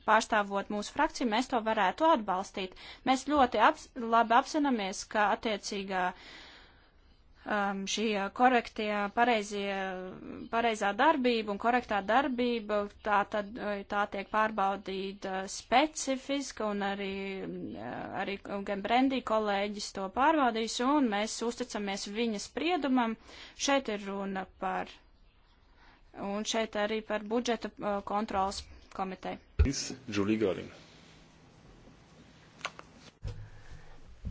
Speaker 4: pārstāvot mūsu frakciju, mēs to varētu atbalstīt. Mēs ļoti aps, labi apzināmies, ka attiecīgā um, šī korektie, pareizie, pareizā darbība un korektā darbība, tā, tad, tā tiek pārbaudīta specifiski un arī, uh, arī gan Brendī kolēģis to pārbaudīs un mēs uzticamies viņa spriedumam. Šeit ir runa par. Un šeit arī par budžeta uh, kontrolas komiteju.
Speaker 1: Julie Görling.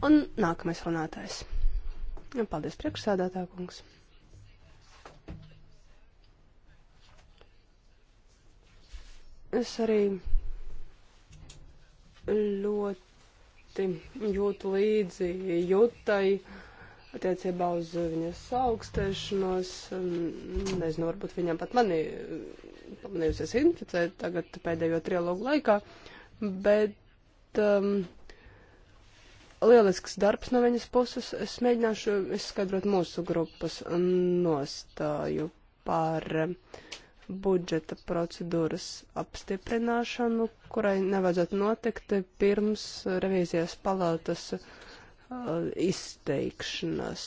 Speaker 2: Un nākamais runātājs. Ja, nu, paldies, priekšsēdētā kungs. Es arī ļoti jūtu līdzi jūtai attiecībā uz viņas augstēšanos. Nezinu, varbūt viņam pat mani pamanījusies inficē tagad pēdējo trilogu laikā, bet um, lielisks darbs no viņas puses. Es mēģināšu izskaidrot mūsu grupas nostāju par um, budžeta procedūras apstiprināšanu, kurai nevajadzētu notikt pirms revīzijas palātas uh, izteikšanas.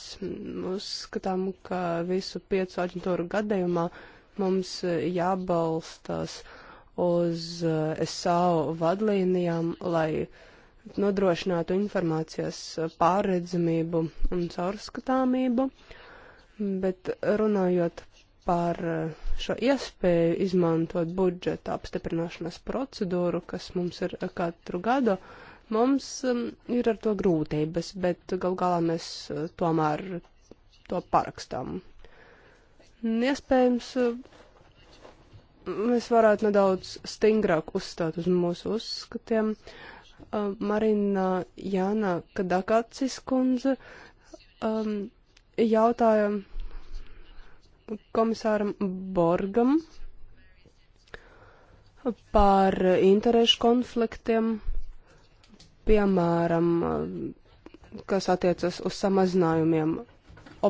Speaker 2: Uzskatām, ka visu piecu aģentūru gadījumā uh, Mums e, jābalstās uz e, SAO vadlīnijām, lai nodrošinātu informācijas pārredzamību un caurskatāmību, bet runājot par e, šo iespēju izmantot budžeta apstiprināšanas procedūru, kas mums ir katru gadu, mums ir ar to grūtības, bet gal galā mēs tomēr to parakstām Iespējams, mēs varētu nedaudz stingrāk uzstāt uz mūsu uzskatiem. Marina Jāna Kadakacis kundze um, jautāja komisāram Borgam par interešu konfliktiem, piemēram, kas attiecas uz samazinājumiem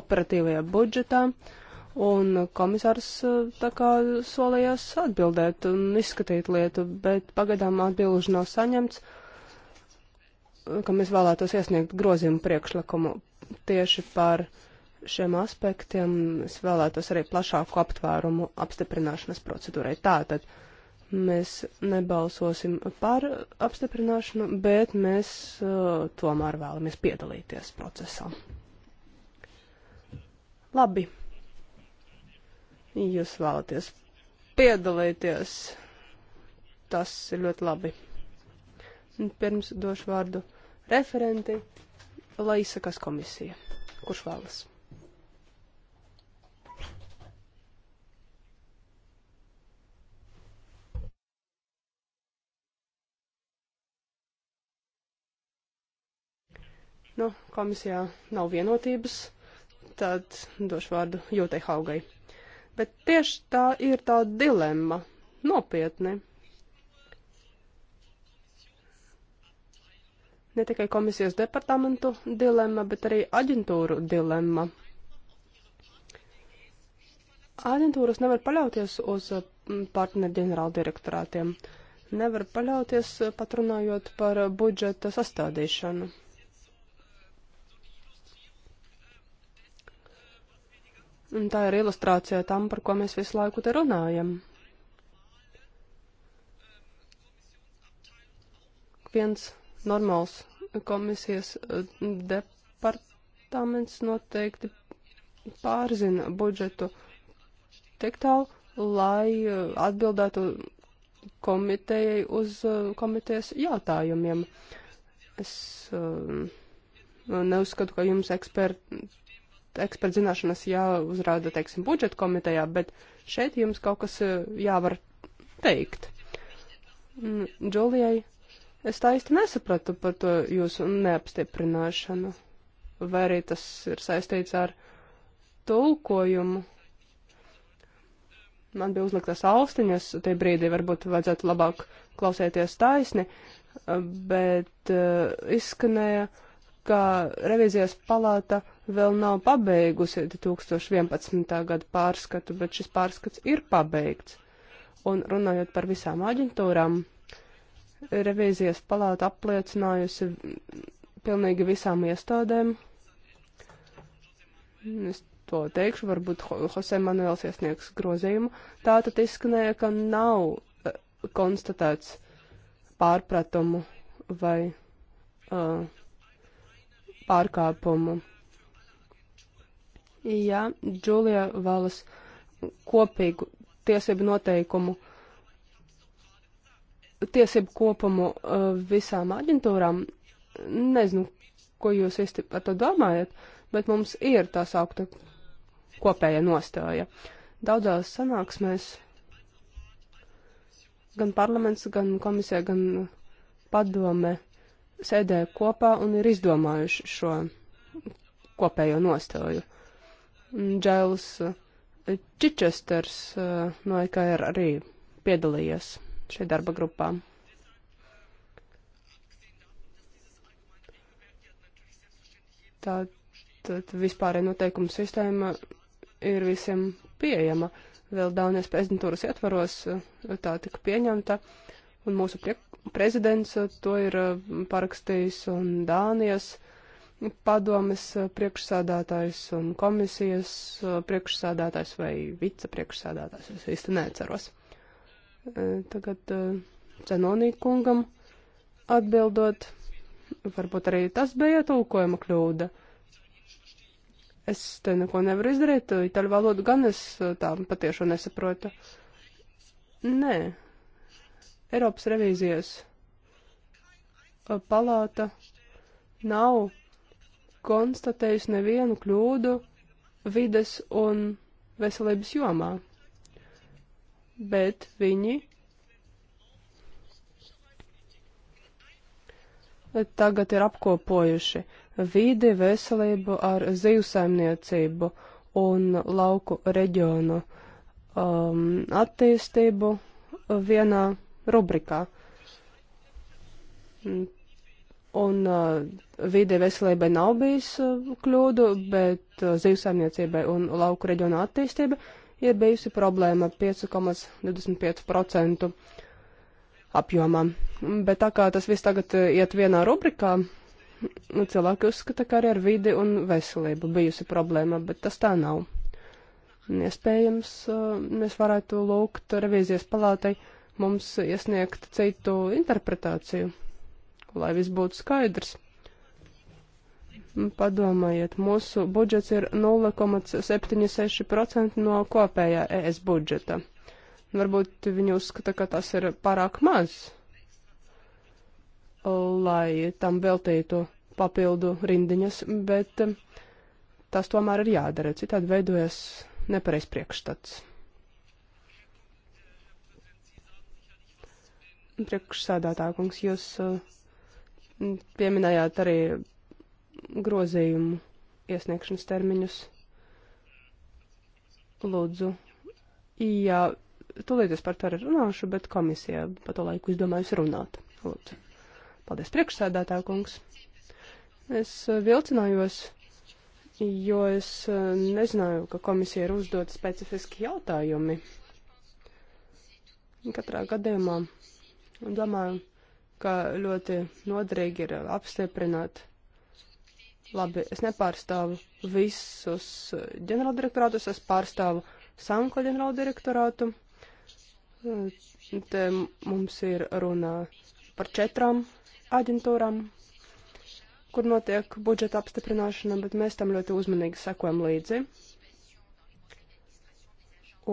Speaker 2: operatīvajā budžetā. Uh, Un komisārs eh, tā kā solījās atbildēt un izskatīt lietu, bet pagaidām atbilžu nav saņemts, eh, ka mēs vēlētos iesniegt grozījumu priekšlikumu tieši par šiem aspektiem. Es vēlētos arī plašāku aptvērumu apstiprināšanas procedūrai. Tātad mēs nebalsosim par apstiprināšanu, bet mēs uh, tomēr vēlamies piedalīties procesā. Labi jūs vēlaties piedalīties. Tas ir ļoti labi. Un pirms došu vārdu referenti, lai izsakās komisija. Kurš vēlas? Nu, komisijā nav vienotības, tad došu vārdu Jūtai Haugai. Bet tieši tā ir tā dilemma. Nopietni. Ne tikai komisijas departamentu dilemma, bet arī aģentūru dilemma. Aģentūras nevar paļauties uz mm, partneru ģenerāldirektorātiem. Nevar paļauties pat runājot par budžeta sastādīšanu. Un tā ir ilustrācija tam, par ko mēs visu laiku te runājam. Viens normāls komisijas eh, departaments noteikti pārzina budžetu tik tālu, lai eh, atbildētu komitejai uz eh, komitejas jautājumiem. Es neuzskatu, ka jums eksperti eksperta zināšanas jāuzrāda, teiksim, budžeta komitejā, bet šeit jums kaut kas eh, jāvar teikt. Mm, Džolijai es tā īsti nesapratu par to jūsu neapstieprināšanu. Vai arī tas ir saistīts ar tulkojumu? Man bija uzliktas austiņas, tie brīdī varbūt vajadzētu labāk klausēties taisni, eh, bet uh, izskanēja, ka revizijas palāta uh, vēl nav pabeigusi 2011. gada pārskatu, bet šis pārskats ir pabeigts. Un runājot par visām aģentūrām, revīzijas palāta apliecinājusi pilnīgi visām iestādēm. Es to teikšu, varbūt Jose Manuels iesniegs grozījumu. Tā tad izskanēja, ka nav e, konstatēts pārpratumu vai uh, pārkāpumu ja Džulija vēlas kopīgu tiesību noteikumu, tiesību kopumu eh, visām aģentūrām, nezinu, ko jūs īsti par to domājat, bet mums ir tā saukta kopēja nostāja. Daudzās sanāksmēs gan parlaments, gan komisija, gan padome sēdēja kopā un ir izdomājuši šo kopējo nostāju. Džēls Čičesters eh, eh, no EKR arī piedalījies šajā darba grupā. Tātad vispārēja noteikuma sistēma ir visiem pieejama. Vēl Daunies prezidentūras ietvaros eh, tā tika pieņemta, un mūsu prezidents to ir parakstījis, un Dānijas uh, padomes priekšsādātājs un komisijas priekšsādātājs vai vicepriekšsādātājs. Es īsti neceros. Tagad Cenonī kungam atbildot, varbūt arī tas bija tulkojuma kļūda. Es te neko nevaru izdarīt, itāļu valodu gan es tā patiešām nesaprotu. Nē, Eiropas revīzijas palāta nav konstatējusi nevienu kļūdu vides un veselības jomā, bet viņi tagad ir apkopojuši vidi, veselību ar zivsaimniecību un lauku reģionu um, attīstību vienā rubrikā. Un uh, vide veselībai nav bijis uh, kļūdu, bet uh, zivsaimniecībai un lauku reģionu attīstība ir bijusi problēma 5,25% apjomā. Bet tā kā tas viss tagad uh, iet vienā rubrikā, cilvēki uzskata, ka arī ar vidi un veselību bijusi problēma, bet tas tā nav. Un, iespējams, uh, mēs varētu lūgt revīzijas palātai mums iesniegt citu interpretāciju lai viss būtu skaidrs. Padomājiet, mūsu budžets ir 0,76% no kopējā ES budžeta. Varbūt viņi uzskata, ka tas ir pārāk maz, lai tam veltītu papildu rindiņas, bet tas tomēr ir jādara, citādi veidojas nepareiz priekšstats. Priekšsēdētākungs, jūs uh, Pieminējāt arī grozījumu iesniegšanas termiņus. Lūdzu. Jā, tūlīt es par to arī runāšu, bet komisija pa to laiku izdomājusi runāt. Lūdzu. Paldies priekšsēdētā kungs. Es vilcinājos, jo es eh, nezināju, ka komisija ir uzdot specifiski jautājumi. Katrā gadījumā domāju ka ļoti noderīgi ir apstiprināt. Labi, es nepārstāvu visus ģenerāldirektorātus, es pārstāvu Sanko ģenerāldirektorātu. Te mums ir runā par četrām aģentūrām, kur notiek budžeta apstiprināšana, bet mēs tam ļoti uzmanīgi sekojam līdzi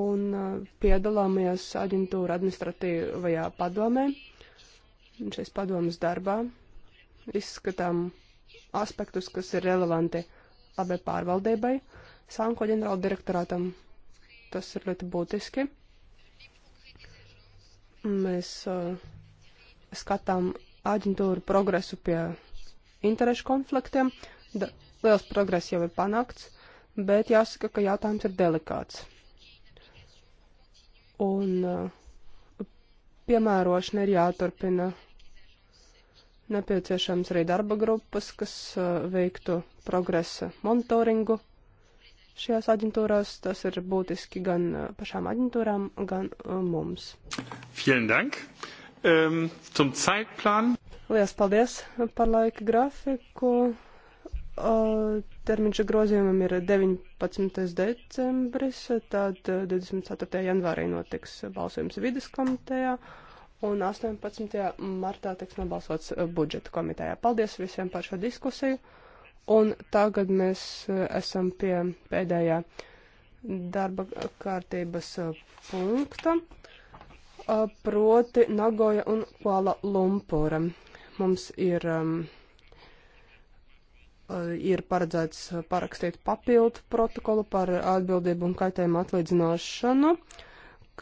Speaker 2: un uh, piedalāmies aģentūra administratīvajā padomē šais padomas darbā izskatām aspektus, kas ir relevanti labai pārvaldībai, Sanko ģenerāla direktorātam. Tas ir ļoti būtiski. Mēs uh, skatām aģentūru progresu pie interešu konfliktiem. Da, liels progress jau ir panākts, bet jāsaka, ka jautājums ir delikāts. Un uh, piemērošana ir jāturpina. Nepieciešams arī darba grupas, kas uh, veiktu progresa monitoringu šajās aģentūrās. Tas ir būtiski gan uh, pašām aģentūrām, gan uh, mums.
Speaker 1: Vielen dank. Um, zum Zeitplan.
Speaker 2: Lielas paldies par laika grafiku. Termiņš grozījumam ir 19. decembris, tad 24. janvārī notiks balsojums vidas komitejā un 18. martā tiks nobalsots budžeta komitejā. Paldies visiem par šo diskusiju. Un tagad mēs e, esam pie pēdējā darba kārtības e, punkta, e, proti Nagoja un Kuala Lumpura. Mums ir um, Eh, ir paredzēts parakstīt papildu protokolu par atbildību un kaitējumu atlīdzināšanu,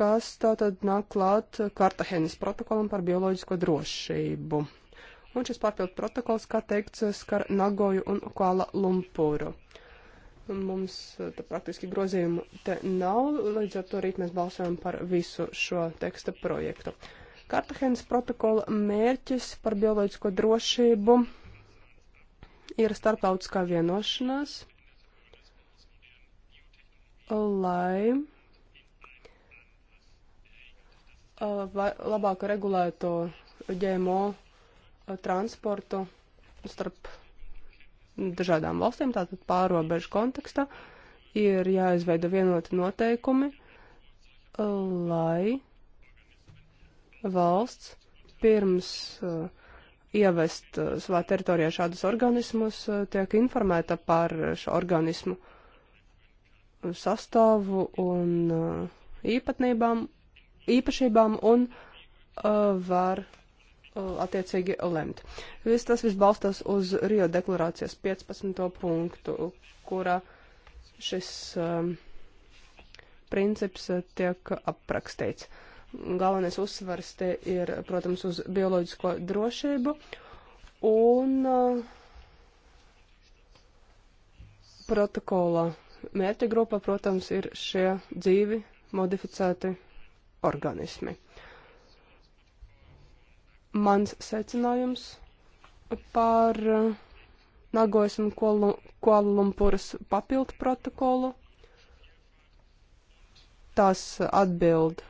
Speaker 2: kas tātad nāk klāt Kartahenes protokolam par bioloģisko drošību. Un šis papildu protokols, kā teikts, skar Nagoju un Kuala Lumpuru. Mums eh, tā praktiski grozījumu te nav, līdz ar to rīt mēs balsojam par visu šo teksta projektu. Kartahenes protokola mērķis par bioloģisko drošību ir starptautiskā vienošanās, lai labāk regulētu ģēmo transportu starp dažādām valstīm, tātad pārobežu kontekstā, ir jāizveida vienoti noteikumi, lai valsts pirms uh, ievest uh, savā teritorijā šādus organismus, uh, tiek informēta par šo organismu sastāvu un uh, īpatnībām, īpašībām un var attiecīgi lemt. Viss tas viss balstās uz Rio deklarācijas 15. punktu, kurā šis um, princips tiek aprakstīts. Galvenais uzsvars te ir, protams, uz bioloģisko drošību un uh, protokola mērķa grupa, protams, ir šie dzīvi modificēti organismi. Mans secinājums par uh, Nagojas un Kualalumpuras papildu protokolu. Tas atbild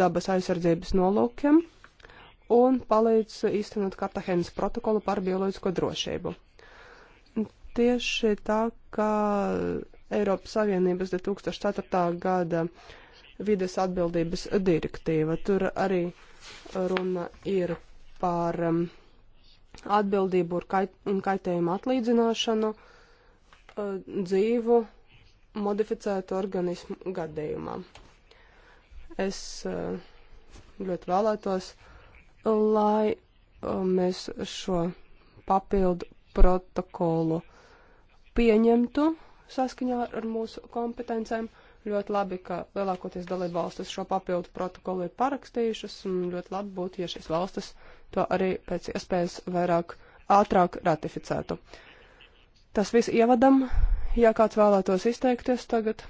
Speaker 2: dabas aizsardzības nolūkiem un palīdz īstenot Kartahenas protokolu par bioloģisko drošību. Tieši tā kā Eiropas Savienības 2004. gada vides atbildības direktīva, tur arī runa ir par um, atbildību kait un kaitējumu atlīdzināšanu uh, dzīvu modificētu organismu gadījumā. Es eh, ļoti vēlētos, lai eh, mēs šo papildu protokolu pieņemtu saskaņā ar mūsu kompetencēm. Ļoti labi, ka lielākoties dalību valstis šo papildu protokolu ir parakstījušas, un ļoti labi būtu, ja šīs valstis to arī pēc iespējas vairāk ātrāk ratificētu. Tas viss ievadam, ja kāds vēlētos izteikties tagad,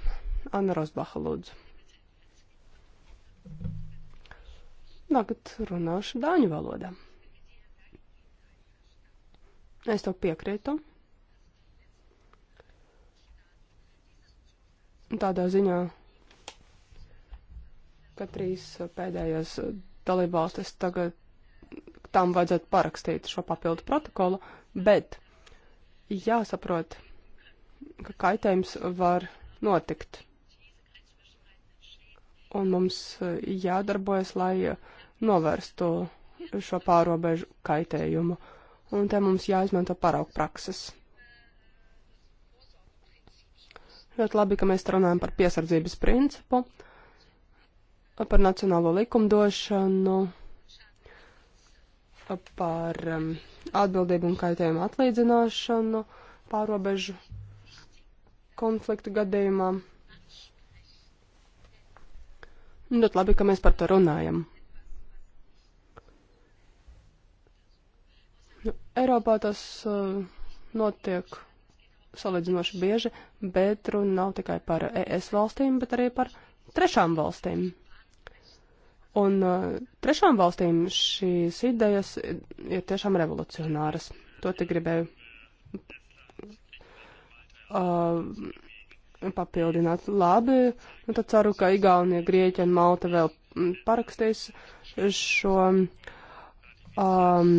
Speaker 2: Anna Rosbaha lūdzu. Tagad runāšu dāņu valodā. Es tev piekrītu. Tādā ziņā, ka trīs pēdējās dalībvalstis tagad tam vajadzētu parakstīt šo papildu protokolu, bet jāsaprot, ka kaitējums var notikt un mums e, jādarbojas, lai e, novērstu šo pārobežu kaitējumu. Un te mums jāizmanto paraugu prakses. Ļoti labi, ka mēs runājam par piesardzības principu, par nacionālo likumdošanu, par um, atbildību un kaitējumu atlīdzināšanu pārobežu konfliktu gadījumā. Nu, ļoti labi, ka mēs par to runājam. Nu, Eiropā tas uh, notiek salīdzinoši bieži, bet runa nav tikai par ES valstīm, bet arī par trešām valstīm. Un uh, trešām valstīm šīs idejas ir tiešām revolucionāras. To te gribēju uh, papildināt. Labi, nu tad ceru, ka Igaunija, Grieķija un Malta vēl mm, parakstīs šo um,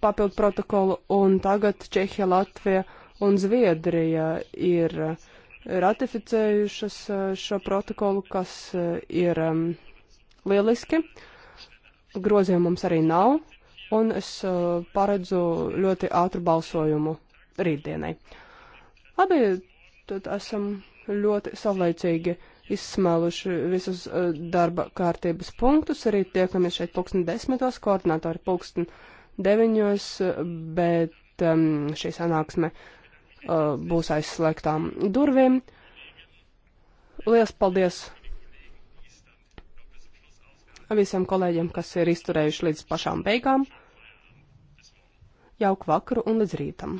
Speaker 2: papildu protokolu, un tagad Čehija, Latvija un Zviedrija ir ratificējušas uh, šo protokolu, kas uh, ir um, lieliski. Grozījumu mums arī nav, un es uh, paredzu ļoti ātru balsojumu rītdienai. Labi, tad esam ļoti savlaicīgi izsmēluši visus uh, darba kārtības punktus. Arī tiekamies šeit pulksten desmitos, koordinātori pulksten deviņos, bet um, šī sanāksme uh, būs aizslēgtām durvīm. Lielas paldies visiem kolēģiem, kas ir izturējuši līdz pašām beigām. Jauku vakaru un līdz rītam!